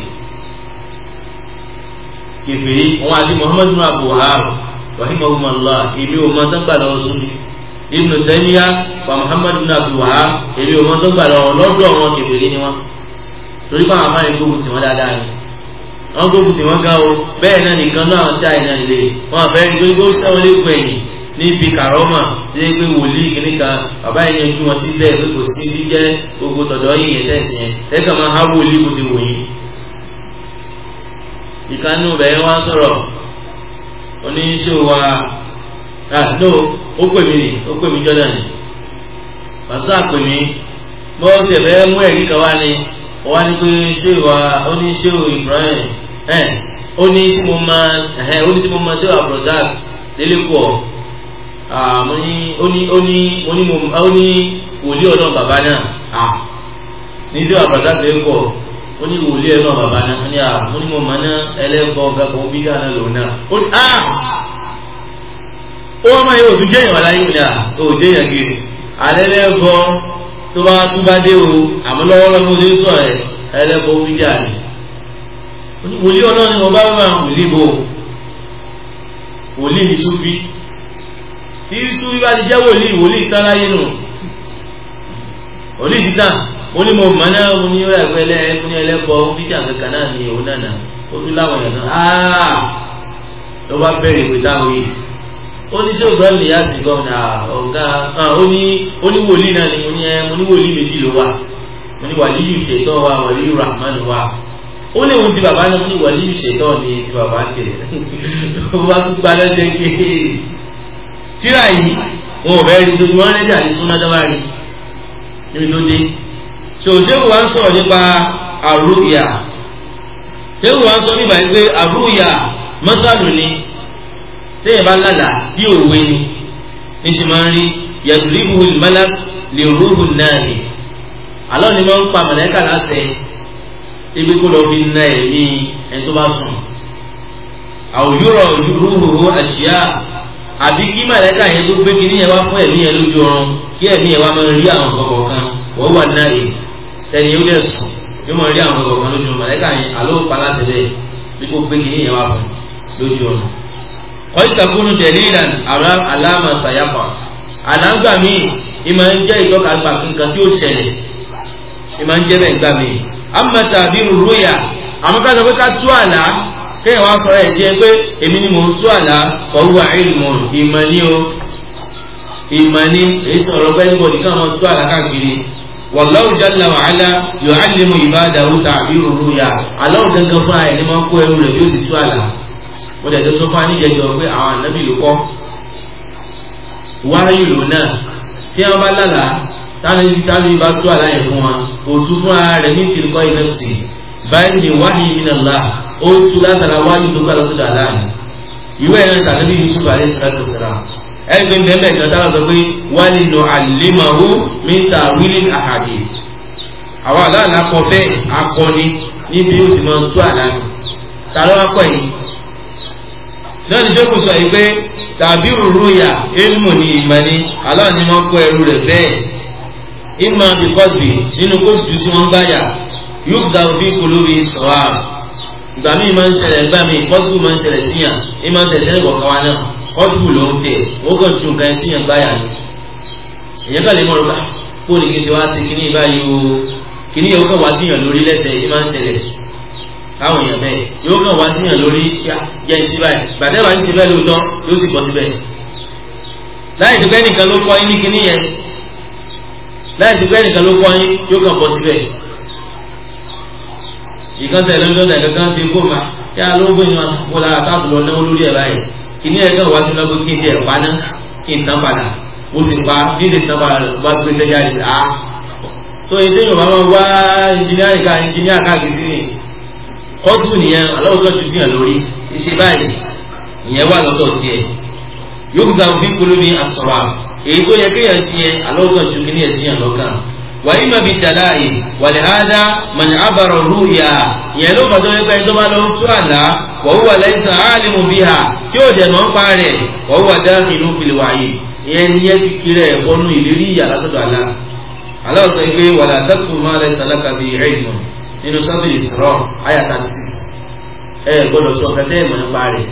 kèfèrí wọn àti Muhammadu Buhari rahimahumullah èmi ò máa dọ́gba lọ́wọ́ sunni Ibn Taymiyyah wa Muhammadu Buhari èmi ò máa dọ́gba lọ́wọ́ lọ́dọ̀ wọn kèfèrí ni wọn torí pé àwọn afáàní gbógun tì wọ́n dáadáa ni wọ́n gbógun tì wọ́n ga o bẹ́ẹ̀ náà nìkan náà tí àìní náà lè wọ́n àfẹ́ gbogbo sẹ́wọ́n lè gbẹ̀yìn níbi kàrọ́mà tí ó gbé wòlíì kìníkà bàbá yìí yanjú wọn síbẹ̀ pé kò sí jíjẹ́ gbogbo tọ̀dọ̀ yìí yẹn tẹ̀sí yẹn tẹ́kà máa há wòlíì kò ti wò yìí. ìkànnì bẹ̀rẹ̀ wá sọ̀rọ̀ oníṣòwò wa ah no ó pè mí ni ó pè mí jọ́dá ni bàtà pè mí bọ́ọ̀sì ẹ̀fẹ́ mú ẹ̀rí kan wá ni wá ní pé ṣé ìwà ó o Ibrahim ẹ ó ní tí mo máa ẹ ó ní tí mo máa ṣé o Abdulrasaq lélẹ́kọ̀ ó ní ó ní ó ní ó ní mo ó ní wòlíì ọ̀dọ̀ bàbá náà ní ṣé o Abdulrasaq lélẹ́kọ̀ ó ní wòlíì ẹ̀ náà bàbá náà ó ní à ó ní mo máa ná ẹlẹ́gbọ̀n gbàgbọ́ bíbí àná lòun náà ó ní à ó wá máa yẹ òtún jẹ́yìn ọ̀la yìí ní à ó jẹ́yìn àgbè àlẹ́lẹ́gbọ̀n tó bá túbá dé o àmọ́ lọ́wọ́lọ́wọ́ ó lè sọ ẹ ẹlẹ́bọ wíjà ni wòlíì ọlọ́run ni wọ́n bá wà wòlíì bò wòlíì ní súbí tí súbí bá ti jẹ́ wòlíì wòlíì tán láyé nù wòlíì títà ó ní mo mọ̀ náà mo ní ọ̀rẹ́ ẹ̀kọ́ ẹlẹ́ ẹ̀kọ́ ní ẹlẹ́bọ wíjà kankan náà ni òun náà nà ó tún láwọn èèyàn náà ló bá bẹ̀rẹ̀ ìpè táwọn yìí ó ní ṣé ògbọ́n lè yá sí gọ́ọ̀nà ah, ọ̀gá oníwòlí ah, náà ni eh, mo ní ẹ mo ní wòlí méjì ló wà mo ní wàlíyù ṣètọ́ wa wàlíyù rahman wa ó lè wọ́n ti bàbá náà mo ní wàlíyù ṣètọ́ ni ti bàbá ń tẹ̀ wọ́n tún gba lọ́jọ́ pé tíra yìí wọn ò bẹ́ẹ̀ ní tuntun wọn lẹ́jà ní súnmọ́ dábàárì níbi tó dé ṣe òṣèlú wa ń sọ̀rọ̀ nípa àrùyà ṣé òṣèlú wa ń sọ nípa yìí pé àrùyà téèyàn bá lálàá bí òwe ni èsì máa ń rí yàtúrìbù malak lè rúhù náà ni àlọ́ ni máa ń pa mọ̀lẹ́kà láṣẹ ibi kó lọ fi na ẹ̀mí ẹni tó bá sùn àwòyúrọ̀ rúhùhù àṣìyá àbí kí mọ̀lẹ́kà yẹn tó gbé kínní yẹn wá fún ẹ̀mí yẹn lójú ọrùn kí ẹ̀mí yẹn wá máa rí àwọn kọ̀ọ̀kan kan wọ́n wà náà yìí tẹ̀lé yóò dẹ̀ sùn yóò máa rí àwọn kọ̀ọ̀kan lójú mọ̀lẹ́kà yẹn àlọ́ pa láṣẹ bẹ́ẹ̀ bí kò ọ̀yìntàkùnú dẹ̀lílan aláàmà sàyàfà àlágbà míì ìmọ̀ ń jẹ́ ìtọ́ka àgbà kankan tí ó ṣẹlẹ̀ ìmọ̀ ń jẹ́ bẹ́ẹ̀ gbà míì amata bíi rúyà àmọ́ ká sọ pé ká tú àlá kéèyàn wá sọ ẹ̀ jẹ́ pé èmi ni mò ń tú àlá fọwọ́ àìlùmọ̀ ìmọ̀ ni o ìmọ̀ ni èyí sọ̀rọ̀ pé níbo nìkan wọn tú àlá káàkiri wàláwù jalla wà ala yóò á lè mú ìbáàdà ó tàbí rúyà aláwù gangan fún àyẹ̀ ni wọ́n kó ẹrú rẹ̀ yóò sì tú àlá mo dẹ̀ tó fún aníjẹjọ pé àwọn ànábì ló kọ́ wáyù ló náà tí wọ́n bá lálàá táwọn táwọn ibà tó àlàyé fún wa òtú fúnra rẹ̀ ní tìrìkọ́ ìfẹ́sì báyìí ni wáyù min Allah ó tú látara wáyù tó kálọ̀ tó dàlá ìwé ẹ̀rọ tàbí Yusuf alẹ́ sọ́dọ̀ sọ́dọ̀ ẹgbẹ́ bẹ́ẹ̀ kan táwọn sọ pé wálé nù àlèmọ̀wó mẹ́ta wílé àhàdì àwọn àlọ́ àlàkọ bẹ́ẹ̀ akọni níbi ó sì máa tú àlàyé tàlọ́ akọ yìí náà ní sẹ́kù sọ yìí pé tàbí òrùyà ilmu ni ìmọ̀ ni Allah ni wọ́n kó ẹrú rẹ̀ bẹ́ẹ̀ ìmọ̀ bíkọ́sì nínú kó jù sí wọn báyà yóò gba òbí kolóbi sọ̀rọ̀ ìgbà míì máa ń ṣẹlẹ̀ ìgbà míì kọ́sù máa ń ṣẹlẹ̀ síyàn ìmọ̀ máa ń ṣẹlẹ̀ sẹ́lẹ̀ kọ̀ọ̀kan wa náà kọ́sù ló ń tẹ̀ ó tún nǹkan síyàn báyà ni èyàn kàlẹ́ mọ́ ọ̀rọ̀ bá kó táwọn èèyàn bẹ́ẹ̀ yóò kàn wá síyàn lórí yẹ ìṣí báyìí gbàdẹ́wà ń ṣe bẹ́ẹ̀ lóòótọ́ yóò sì bọ́ síbẹ̀ láì ti pẹ́ nìkan ló kọ́ yín ní kinní yẹn láì ti pẹ́ nìkan ló kọ́ yín yóò kàn bọ́ síbẹ̀ ìkànsẹ̀ lọ́dọ̀dọ̀ kankan ṣe kó ma yá ló gbé wọn mo la káàtó lọ náwó lórí ẹ̀ báyìí kinní yẹn kàn wá sí lọ́gbọ́n kí n ti ẹ̀ pa ná kí n tán padà mo sì pa bí lè tán padà bá gbé sẹ́jà rẹ̀ á. tó ètò Yorùbá máa wá ìjìnìá ìka ìjìnìá káàkiri sí ni kọ́sùn nìyẹn aláwùjọ ju sí yàn lórí ṣe báyìí ìyẹn wà lọ́dọ̀ tiẹ̀ yóò gba òfin kolomi asọ̀rọ̀ èyí tó yẹ kéèyàn sí yẹn aláwùjọ ju kí ni yẹn sí yàn lọ́kàn wàyí ma bi tala yìí wàlẹ̀ hada màní abarọ̀ rúùyà ìyẹn ló kọ́ sọ́yẹ́ pé tó bá lọ tó àlá wọ́n wà lẹ́sà áàlìmù bí ha tí ó dẹ̀ náà pa rẹ̀ wọ́n wà dáhùn inú fìlẹ̀ wáyé ìyẹn ni yẹn ti kiri ẹ̀ bọ́nú ìlérí ìyà látọ̀dọ̀ àlá aláwọ̀ sọ pé wàlẹ̀ àtàkùn máa lẹ́sà lákàbí ẹ̀yìn náà nínú sọ́tò ìṣòro àyà thirty six ẹ gbọ́dọ̀ sọ kẹtẹ́ ìmọ̀ nípa rẹ̀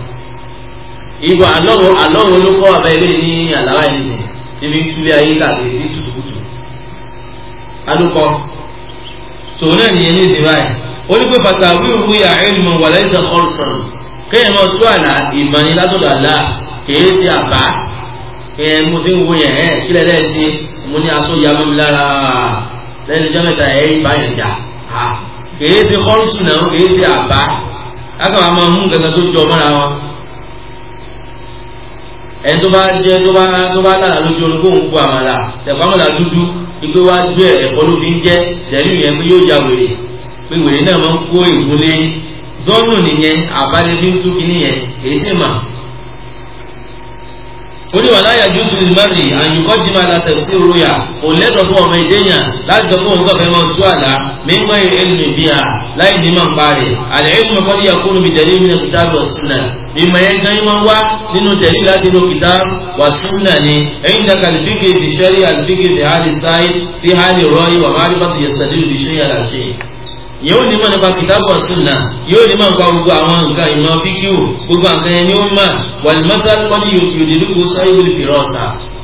ìgbà alọ́wọ́ alọ́wọ́ ló kọ́ abẹ́ ilé ní àlàrà ìsìn níbi ìtúlẹ̀ ayé káàkiri ní tùtùkùtù alùpọ̀ tòun náà nìyẹn ní ìsìn báyìí ó ní pé pàtàkì wíwú yà ẹ̀rìmọ̀ wà lẹ́yìn tó kọ́ sọ̀rọ̀ kéèyàn máa tó àlà ìmọ̀ ní látọ̀dọ̀ àlà kèé sí àbá ẹ mo ti ń wo yẹn ẹ kílẹ̀ lẹ́ẹ̀sì mo ní aṣọ ìyá mọ́mi lára lẹ́yìn ìjọ́ mẹ́ta ẹ̀ ìbá jà á kèé ṣe kọ́rùsù náà kèé ṣe àbá lásán àwọn máa mú gẹ́gẹ́ tó jọ mọ́ra wọn ẹni tó bá jẹ tó bá tó bá lára lójú oorun kó ń kó àmàlà tẹ̀kọ́ àmàlà dúdú ìgbé wá gbé ẹ̀kọ́ ló fi ń jẹ́ tẹ̀lé yẹn pé yóò ja wèrè pé wèrè náà máa ń kó ìwúlé dọ́nù nìyẹn àbálẹ́ fi ń tú kínní yẹn èyí sì mà ó ní wàlá yàjú fún ìmọ̀rì àyùkọ́ jìmọ̀ aláṣẹ sí oróyà kò lẹ́tọ̀ọ́ fún ọmọ ìdẹ́yàn láti sọ fún òǹkọ̀fẹ́ wọn tú àlá mímọ́ ìrẹ́lùmí bí a láì ní máa ń parí àlẹ́ ìmọ̀ kọ́ ní yàkúrú mi tẹ̀lé nínú kìtàbù ọ̀sùnà ìmọ̀ yẹn gan yín máa ń wá nínú tẹ̀lé láti inú kìtà wà súnà ni ẹ̀yìn dàkà lùfíkè fi ṣẹ́rí àlùfíkè fi hálì sáì fi hálì rọ́ọ̀yì wà má yóò ní mọ̀ nípa kìtàbọ̀ sunna yóò ní mọ̀ nípa gbogbo àwọn nǹkan ìmọ̀ fíkíù gbogbo àǹkan ẹni ó mà wàlúmọ́tà kọ́ni yòdìdúkú sáyéwìlì fìrọ́ọ̀sà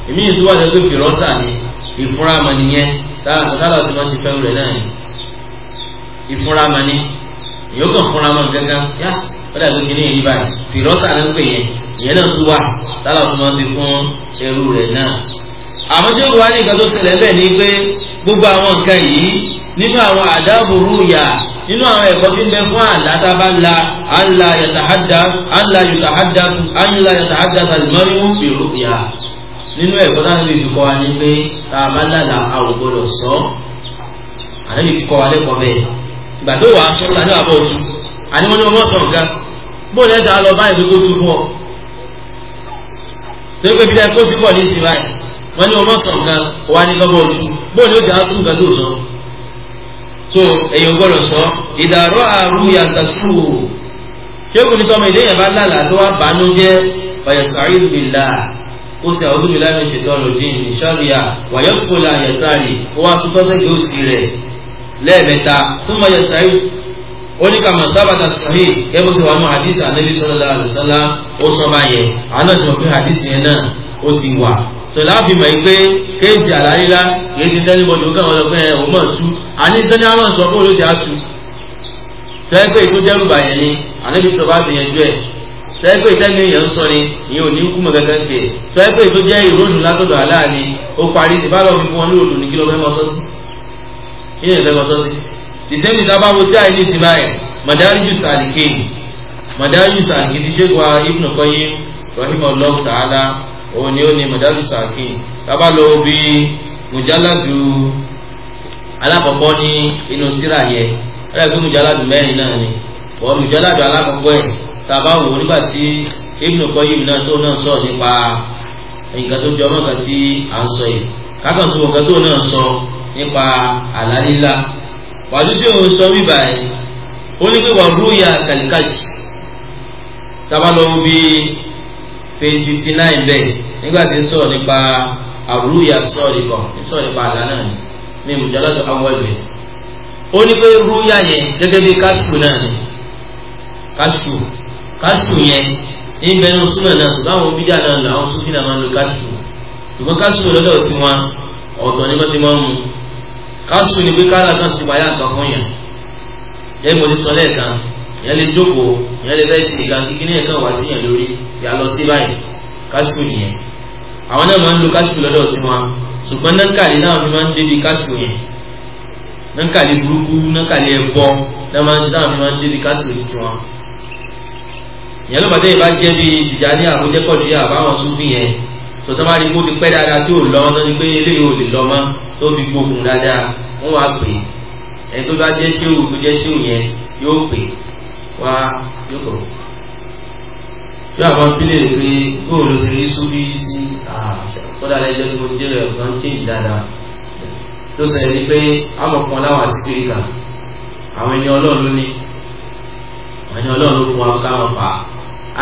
èmi yìí tó wà lẹ́gbẹ́ fìrọ́ọ̀sà ni ìfúnra mọ̀ nìyẹn táàtàlà tó máa ti fẹ́ rẹ̀ náà ni ìfúnra mọ̀ ni yóò kàn fúnra mọ̀ gángan yá wọ́n dàgbé kí ní èyí báyìí fìrọ́sà ló ń pè yẹn ìyẹn náà tún wà tálà tó máa ti fún ẹrú rẹ̀ náà. àmọ́ tí ó wà ní nǹkan tó ṣẹlẹ̀ bẹ́ẹ̀ ni pé gbogbo àwọn nǹkan yìí nínú àwọn àdáàbò rúùyà nínú àwọn ẹ̀kọ́ tí ń bẹ fún àdátábá ńlá àńlá yàtàhádà àńlá yàtàhádà àńlá yàtàhádà tàlímọ́rí wọn fi rúùyà nínú ẹ̀kọ́ náà lè fi kọ́ wa ní pé tá a bá lálà a ò gbọdọ̀ fi kọ́ wa lẹ́kọ̀ọ́ bẹ́ẹ̀ ìgbà tó wàá sọ ta ní àbọ̀ oṣù àní wọn ní ọmọ sọ nǹkan bó lẹ́ sà lọ báyìí tó tó fún ọ tó gbé bíi ẹ̀kọ́ sí pọ̀ ní ìsìn báyìí wọn ní ọmọ sọ nǹkan wà ní lọ́wọ́ oṣù bó lẹ́ sà tún nǹkan tó sọ so èyàn gbọ́dọ̀ sọ ìdàrọ́ àrùn yàtọ̀ sùn o ṣéèkù ní tọ́mọ ìdẹ́yìn bá lálàá tó wá bàánú jẹ́ ọ̀yẹ̀sàrí ìbìlà ó sì àwọn olùmìlá ní ìṣètò ọlọ́dún ìṣàlùyà wàyẹ̀ fúnra yẹ̀sàrí ó wá tún tọ́sẹ̀ kí ó sì rẹ̀ lẹ́ẹ̀mẹ́ta tó mọ yẹ̀sàrí oníkàmọ̀ tábàtà sọ̀rí ẹ̀bùn tí wàá mọ hadith anabi sallallahu alaihi wasallam ó sọ báyẹn àánà tí wọ́n fi hadith yẹn náà ó ti wà sọláàfin mọ̀ pé kéèjì àlàyélá kìí ti tẹ́lẹ̀ bọ̀dù ó kàwọn ọlọ́pẹ́ ẹ̀ ọmọ tú àní tẹ́lẹ̀ àwọn sọ fún olóṣè àtú tẹ́ẹ̀pẹ́ tó jẹ́rù bàyẹ̀ ni ànábi sọ bá ti yẹn jù ẹ̀ tẹ́ẹ̀pẹ́ tẹ́lẹ̀ èèyàn ń sọ ni ìyẹn ò ní kú mọ̀ gẹ́gẹ́ tiẹ̀ tẹ́ẹ̀pẹ́ tó jẹ́ ìrònú látọ̀dọ̀ àlá ni ó parí ti bá lọ fún wọn lóòdù ní kílọ̀ mẹ́mọ́ sọ́sí ìyẹn fẹ́ mọ́ sọ́sí ìsẹ́ni tábàbò tí àìní ti báyẹ̀ mọ̀dáyù sàlìkè mọ̀dáyù sàlìkè ti ṣe kọ́ òun ni ó ní mọ̀jálù sàkè bàbá lọ bí mọ̀jálàdù alákọ̀ọ́kọ́ ní inú tíra yẹ ẹ̀rọ ìpín mọ̀jálàdù mẹ́rin náà ni wọ́n mọ̀jálàdù alákọ̀ọ́kọ́ ẹ̀ tàbá wò nígbà tí Ibn Qayyim náà tó náà sọ̀rọ̀ nípa nǹkan tó jọ mọ́ nǹkan tí à ń sọ yìí kákan tó nǹkan tó náà sọ nípa àlá lílá wàdúsí òun sọ bíbà yìí ó ní pé wàá rúùyà kàlíkàjì tàbá lọ bí page fifty nine bẹ́ẹ̀ nígbà tí ń sọ̀rọ̀ nípa àrùyà sọ̀rọ̀ kan ń sọ̀rọ̀ nípa àlá náà ni mi mùjálá tó àwọn ẹgbẹ́ ó ní pé rúyà yẹn gẹ́gẹ́ bí káṣù náà ni káṣù káṣù yẹn ń bẹ nínú súnà náà ṣùgbọ́n àwọn bídíà náà là àwọn súnfì náà máa ń lo káṣù ṣùgbọ́n káṣù lọ́dọ̀ tí wọn ọ̀tọ̀ ni wọ́n ti máa ń mu káṣù ni pé káàlà kan sì wáyà kan fún yàn ẹ̀ mo ti sọ lẹ́ẹ̀kan yẹn lè jókòó ìyẹn lè fẹ́ ṣe ìgbà kíkí náà náà wá síyàn lórí ìyá lọ sí báyìí káṣù nìyẹn àwọn náà máa ń lo káṣù lọ́dọ̀ sí wọn ṣùgbọ́n nánkàlí náà fi máa ń débi káṣù yẹn nánkàlí burúkú nánkàlí ẹ̀bọ náà máa ń ṣe náà fi máa ń débi káṣù yẹn ti wọn. ìyẹn lọ́pàá tẹ́yìn bá jẹ́ bí ìjà ní àkójẹ́pọ̀ sí àbáwọn súnfì yẹn tòtọ́ bá rí kó ti pẹ́ dáadáa tí ò lọ wa yóò yóò àbọ̀ pílẹ̀ pé bóòlù sí súbí sí àkọ́dà lẹ́jọ́ tí mo ń jẹ́rẹ̀ ọ̀gbọ́n change dáadáa tó sẹ́yìn ni pé amọ̀kan láwọn àsìkiri kan àwọn ẹni ọlọ́run ní àwọn ẹni ọlọ́run fún wọn ká wọn fà á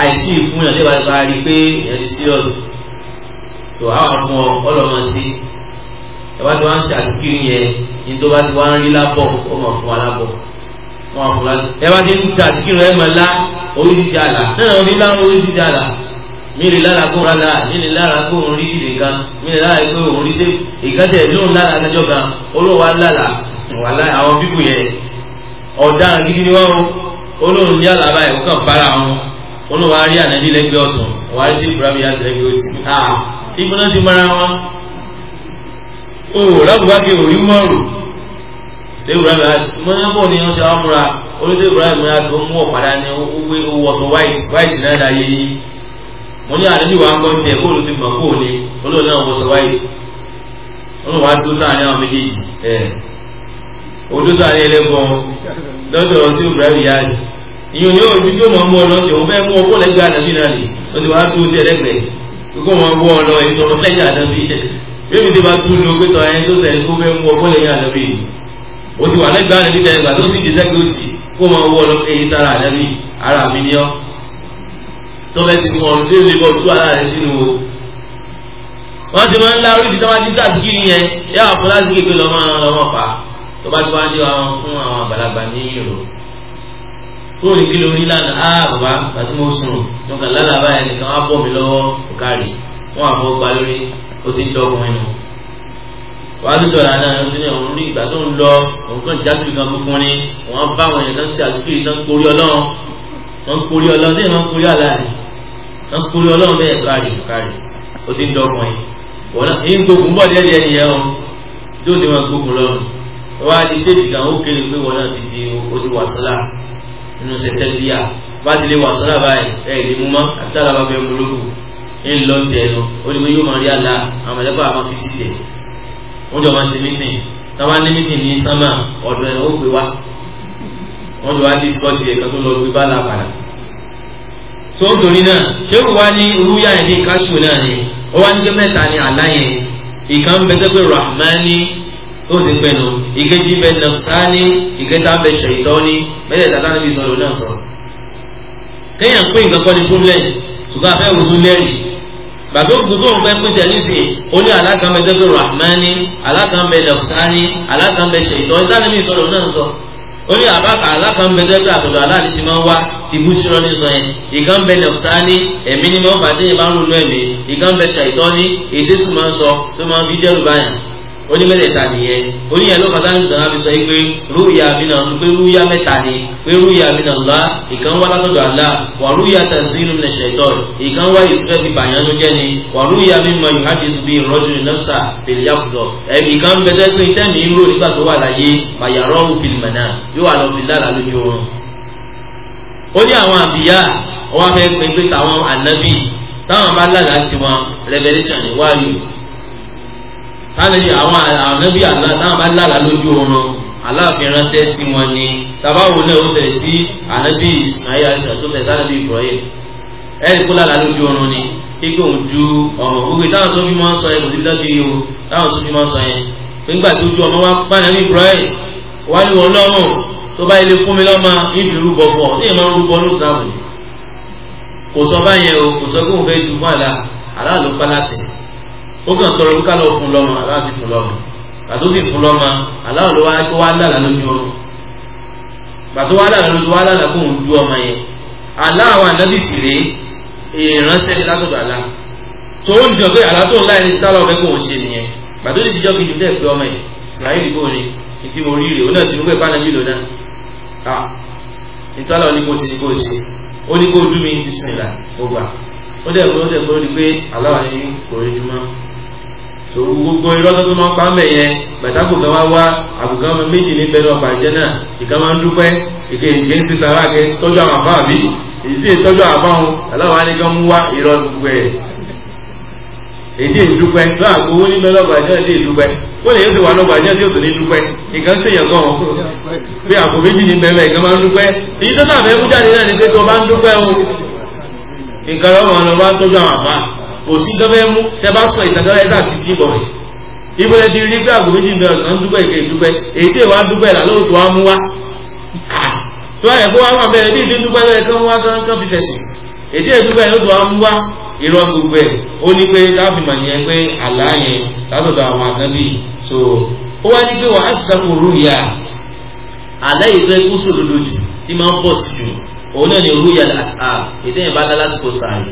àìsí ìfún yàn lébàá gba rí pé èèyàn ti serious tó àwọn fún ọlọ́run sí ẹ bá ti wá ń ṣe àsìkiri yẹn ní tó bá ti wá ń rí lábọ̀ ó mọ̀ fún wa lábọ̀ ẹ bá ti ń ta sí rẹ mọ oríṣiríṣi àlà náà wọn ní oríṣiríṣi àlà mi lè lára kó ra láà mi lè lára kó òun rí ìdè kan mi lè lára kó òun rí sé ìkẹsẹ̀ lóun lára adájọ́ kan olóòwà lára wà láà àwọn pípò yẹn ọ̀daràn gidi ni wọ́n olóòrùn ní àlàbà ẹ̀ kàn bára wọn olóòwà rí ànábì lẹ́gbẹ̀ẹ́ ọ̀tún wà á sí ìbúra mi òsì ah ìgbóná ti mara wọn ibrahim as mo ní bò ní ọsẹ ọmúra oríṣi ibrahim as ó mú ọ̀padà ní wíwé wọ́tò white white náà dá yé yín mo ìwà ńkọ́ tiẹ̀ kó olùsí mọ̀ kó ní olóòtú náà wọ́tò white olóòtú wa dúró sáà ní àwọn méjèèjì ẹ̀ odó sáà ní ẹlẹ́gbọ̀n lọ́sọ̀ ọtí ibrahim yáàdì ìyọ̀n ní òbí tí ó mọ̀ ń bọ̀ lọ́sẹ̀ òun fẹ́ mú ọkọ lẹ́gbẹ̀ẹ́ àdàbí náà ni ó ti tó ti ẹlẹ́gbẹ̀ẹ́ kókó mọ̀ ń bọ̀ lọ ìtọ́ lẹ́yìn àdàbí bébí ti ó ti wà lẹ́gbẹ̀ẹ́ àná nígbà ẹgbà tó sì dé sẹ́gbẹ̀ẹ́ òsì kó máa wọ lọ pé sára àdáni ara mi ni ọ́ tó fẹ́ ti mọ̀ ní ìlú ìbọn tó ara rẹ̀ sínú o. wọ́n ṣe máa ń lá orí ìdíjọba ní sàkíyì yẹn yá àpò láti kékeré lọ́mọ lọ́mọ pa tó bá ti wá dé wọn fún àwọn àgbàlagbà ní ìrò. kúrò ní kí ló rí lánàá á bàbá àti mo sùn nǹkan lálàbá ẹnìkan á bọ̀ mí lọ́wọ́ òkàrí wọn àfọwọ́ gba lórí ó ti dọ́kùnrin nù wàá bí sọ̀rọ̀ àná ẹ̀rọ ní òun rí ìgbà tó ń lọ òun kàn já síbi kan fúnfun ni wọ́n bá àwọn èèyàn sí àdúgbò náà ń korí ọlọ́run wọ́n ń korí ọlọ́run bẹ́ẹ̀ wọ́n ń korí àlàyé wọ́n ń korí ọlọ́run bẹ́ẹ̀ káàrí káàrí ó ti ń dọ́gbọ̀n yìí wọ́n náà èyí ń bọ̀ díẹ̀ díẹ̀ nìyẹn o tí ó ti máa gbógun lọ́rùn wọ́n á di stéèjì kan ó kéde pé wọ́n náà ti di ó ti wà nínú sẹ́tẹ́líà bá ti lè wà wọ́n jọ máa ṣe mítìn táwa ní mítìn ní sánmà ọ̀dọ̀ ẹ̀ ó gbé wá wọ́n jọ wá discuss yẹ kan tó lọ gbé bàlá padà. tó ń náà ṣé wá ní orúyà ẹ̀ ní káṣù náà ni ó wá ní pé mẹ́ta ni àlá yẹn ìkan bẹ tẹ́gbẹ́ rahmani ó ti pẹ̀lú ìkejì bẹ nafsani ìkẹta bẹ ṣèyítọ́ni mẹ́tẹ̀ẹ̀ta tá kéèyàn pé nǹkan kọ́ ni problem ṣùgbọ́n afẹ́ òun tún lẹ́rìí gbàgbé gbogbo òun fẹ́ pín tẹ̀lé sí ó ní alákàmẹ́tẹ́gbẹ̀ rahmani alákàmẹ́tẹ́ ọ̀sánì alákàmẹ́tẹ́ ṣèyítọ́ ìdáni mi sọ̀rọ̀ náà sọ ó ní alákàmẹ́tẹ́gbẹ̀ àtọ̀dọ̀ aláàlí ti máa ń wá ti bú sí lọ́ní sọ yẹn ìkan bẹ nẹ̀fúsánì ẹ̀mí ni mọ́ bàtẹ́yìn bá ń ronú ẹ̀mí ìkan bẹ ṣèyítọ́ ní èdè sì máa ń sọ tó máa ń fi dẹ́rù báyà onímẹ̀lẹ́ta nìyẹn oníyẹn ló kàtà nìyẹn sọ̀rọ̀ àfi sọ pé rúùyà mìíràn pé rúùyà mẹ́ta ni pé rúùyà mìíràn lá ìkan wá látọ̀dọ̀ àlá wà rúùyà tẹ̀síìrù ní ṣẹ̀tọ̀ ìkan wá ìṣúfẹ́ fi bàyàn ló jẹ́ ni wà rúùyà mímọ ìhádìí tó bí ìrọ́jú ní nọ́ọ̀sà pèlè yàgùdọ̀ ẹ̀mí kan bẹ tẹ́sí tẹ́mi ń rò nígbà tó wà láyé bàyàrọ́ òfìlìmọ̀nà yóò wà lọ́ fi lára lójú oorun ó ní àwọn àbíyá wọn fẹ́ pé pé táwọn ànábì táwọn bá lálàá tiwọn revelation wáyé tánàbí àwọn ànábì àlá táwọn bá lálàá lójú oorun aláàfin ránṣẹ́ sí wọn ni tabawo náà ó fẹ́ sí ànábì Ismail alisa tó fẹ́ sànábì Ibrahim ẹ̀rí kó lálàá lójú oorun ni kíkó ń ju ọ̀rọ̀ òwe táwọn sọ́fí máa ń sọ yẹn kò sí lọ́ọ́ kiri o táwọn sọ́fí máa ń sọ yẹn nígbà tó ju ọmọ wa pànábì Ibrahim wá ní wọn lọ́rùn tó bá ilé fún mi lọ́mọ ìfi rúbọ bọ̀ ní ìmọ̀ rúbọ ní ìsàmù kò sọ báyẹn o kò sọ pé òun fẹ́ ju fún àlá àlá ló pa láṣẹ ó kàn tọrọ wípé káàlọ́ fún lọ́mọ aláà ti fún lọ́mọ pàtó sì fún lọ́mọ aláà ló wá tó wá lálàá lójú oorun pàtó wá lálàá lójú wá lálàá kó ń du ọmọ yẹn aláà àwọn ànábì sì rèé ìránṣẹ́ ni látọ̀dọ̀ àlá tó ń jọ pé àlá tó ń láì ní sálọ̀ fẹ́ kó ń ṣe nìyẹn pàtó ti dijọ́ kejì dẹ́ pé ọmọ yìí Ismail bò ní ìtì mo rí rè ó náà ti rúgbẹ́ pàdé mi lónà à ìtọ́lọ̀ ní kò sí kò sí ó ní kó dú mi ní sinmi là ó gbà ó dẹ̀ kó ó dẹ̀ kó ó di pé aláwọ̀ ni kò rí jùmọ́. gbogbo irọ́ tó tó máa pa mẹ́ yẹn bàtàkù kan wá wá àgùkàn ọmọ méjì ní bẹnu ọgbà ìjẹ náà ìkan máa ń dúpẹ́ ìkan ìjẹ ń ti sàrà kẹ tọ́jú àwọn àbá àbí èyí àbá wọn ni mú wá irọ́ gbogbo ẹ̀ èyí ìdúpẹ́ ní ọgbà ìdúpẹ́ lè wà lọ́gbà tí ní dúpẹ́ pé àpò méjì ní bẹ̀rẹ̀ ìkan máa ń dúpẹ́ èyí tó náà fẹ́ mú kò sí dọ́fẹ́ mú tẹ bá sọ ìtàkàrà ẹ̀dá àti tí bọ̀ ìbọ̀lẹ̀ ti rí pé àgbò méjì ń bẹ ọ̀nà ń dúpẹ́ ìkẹ́ ìdúpẹ́ èyí tí ìwà dúpẹ́ là lóòótọ́ wá mú wá tó àyẹ̀ kó wá wà bẹ́ẹ̀ ní ìdí dúpẹ́ lọ́yẹ̀ kán wá kán kán fi fẹ̀sìn èdè ìdúpẹ́ lóòótọ́ wá mú wá ìrọ̀ gbogbo ẹ̀ ó ní pé láàbìmọ̀ yẹn pé àlá yẹn látọ̀dọ̀ àwọn àgbẹ̀bí so ó wá ní pé wàá sàkóró yà àlẹ́ ìfẹ́ kúsòlódòdì tí máa ń pọ̀ sí ju òun náà ni rúyà àṣà èdè yẹn bá lálásìkò sàárè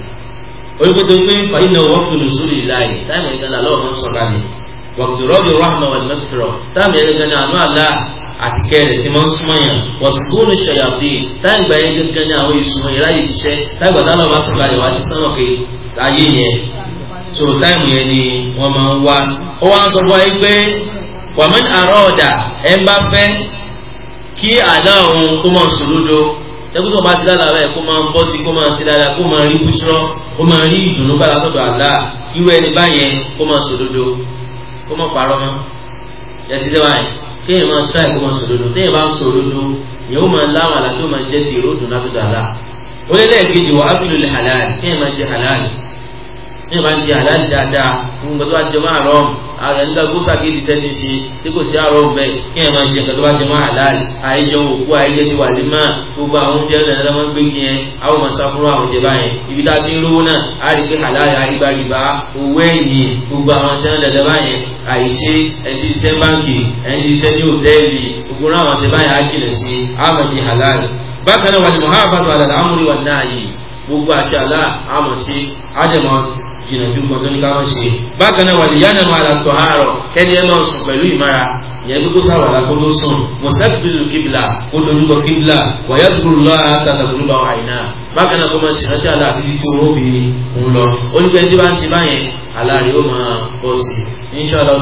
oríkòtò pé fàyínà wọ́pù nùsùlù láàyè táìmù yẹn gánà lọ́wọ́ fún sọ̀kalẹ̀ wọ́pù rọ́bì rahma wà lẹ́fẹ̀rọ̀ táìmù yẹn gánà àánú àlá àti kẹrẹ tí wọ́n súnmọ́ yàn wọ́n sùkúrù ṣàyàfi táìgbà yẹn gánà àwọn ìsúnmọ́ yẹn láyè ṣiṣẹ́ táìgbà táwọn bá sọ̀kalẹ̀ wá ti sánmọ̀ pé ayé yẹn tó táìmù yẹn ni wọ́n máa ń wá. ó wá ń sọ fún ẹ pé wàmí àrọ́ ọ̀dà ẹ kí àdá kó mọ̀ sùlúdo ẹkú tó máa ṣe dáadáa báyìí kó máa ń bọ́ sí kó máa ṣe dáadáa kó máa rí búṣọ́ kó máa rí ìdùnnú bá látọ̀dọ̀ àlá irú ẹni báyẹn kó máa ṣòdodo kó máa parọ́ mọ́ yàtí sẹ́wà yìí kéèyàn máa tíráì kó máa ṣòdodo téèyàn bá ń ṣòdodo yẹn ó máa láwọn àlá tó máa jẹ́ sí ìròdùn látọ̀dọ̀ àlá. ó lẹ́ẹ̀kejì wà á fi lulẹ̀ halal kéèyàn máa jẹ halal ní ìbá ń di àdáàdì dáadáa gbogbo tó bá jẹ máa rọ ààrẹ nígbà gúúsà kí ìdí sẹ́ni ṣe tí kò sí àárọ̀ bẹ́ẹ̀ kí ẹ̀ máa jẹ nǹkan tó bá jẹ máa àdáàdì àìjọ òkú àìjẹ ti wà lémà gbogbo àwọn oúnjẹ náà lọ́mọ ń gbé kí ẹ àwọn ọmọ sáfúrú àwọn ìjẹba yẹn ibi tá a ti ń rówó náà a rí pé àdáàdì àrígbàrígbà owó ẹ̀yìn gbogbo àwọn iṣẹ́ báńkì ẹni tí ní òtẹ́ẹ̀lì gbogbo náà wà ní mọ̀hábàtò gbogbo àṣà àlá àmọ̀ sí àjẹmọ́ jìnà sí nǹkan tó ní káwọn ṣe bákan náà wàlẹ̀ yánà máa làtọ̀ àárọ̀ kẹ́ni ẹ máa sùn pẹ̀lú ìmára ìyẹn gbogbo sáwàlá kó ló sùn mọ̀sẹ́kìlù kíbla kó lójúkọ kíbla wàyà dúró lọ́ àtàkùrú bá wà àyìnà bákan náà kó máa ṣe rántí àlá àbíbí tí owó bìí ń lọ onígbẹ́ tí bá ń ṣe báyẹn aláàrí ó máa pọ̀ sí inṣọ́lá wa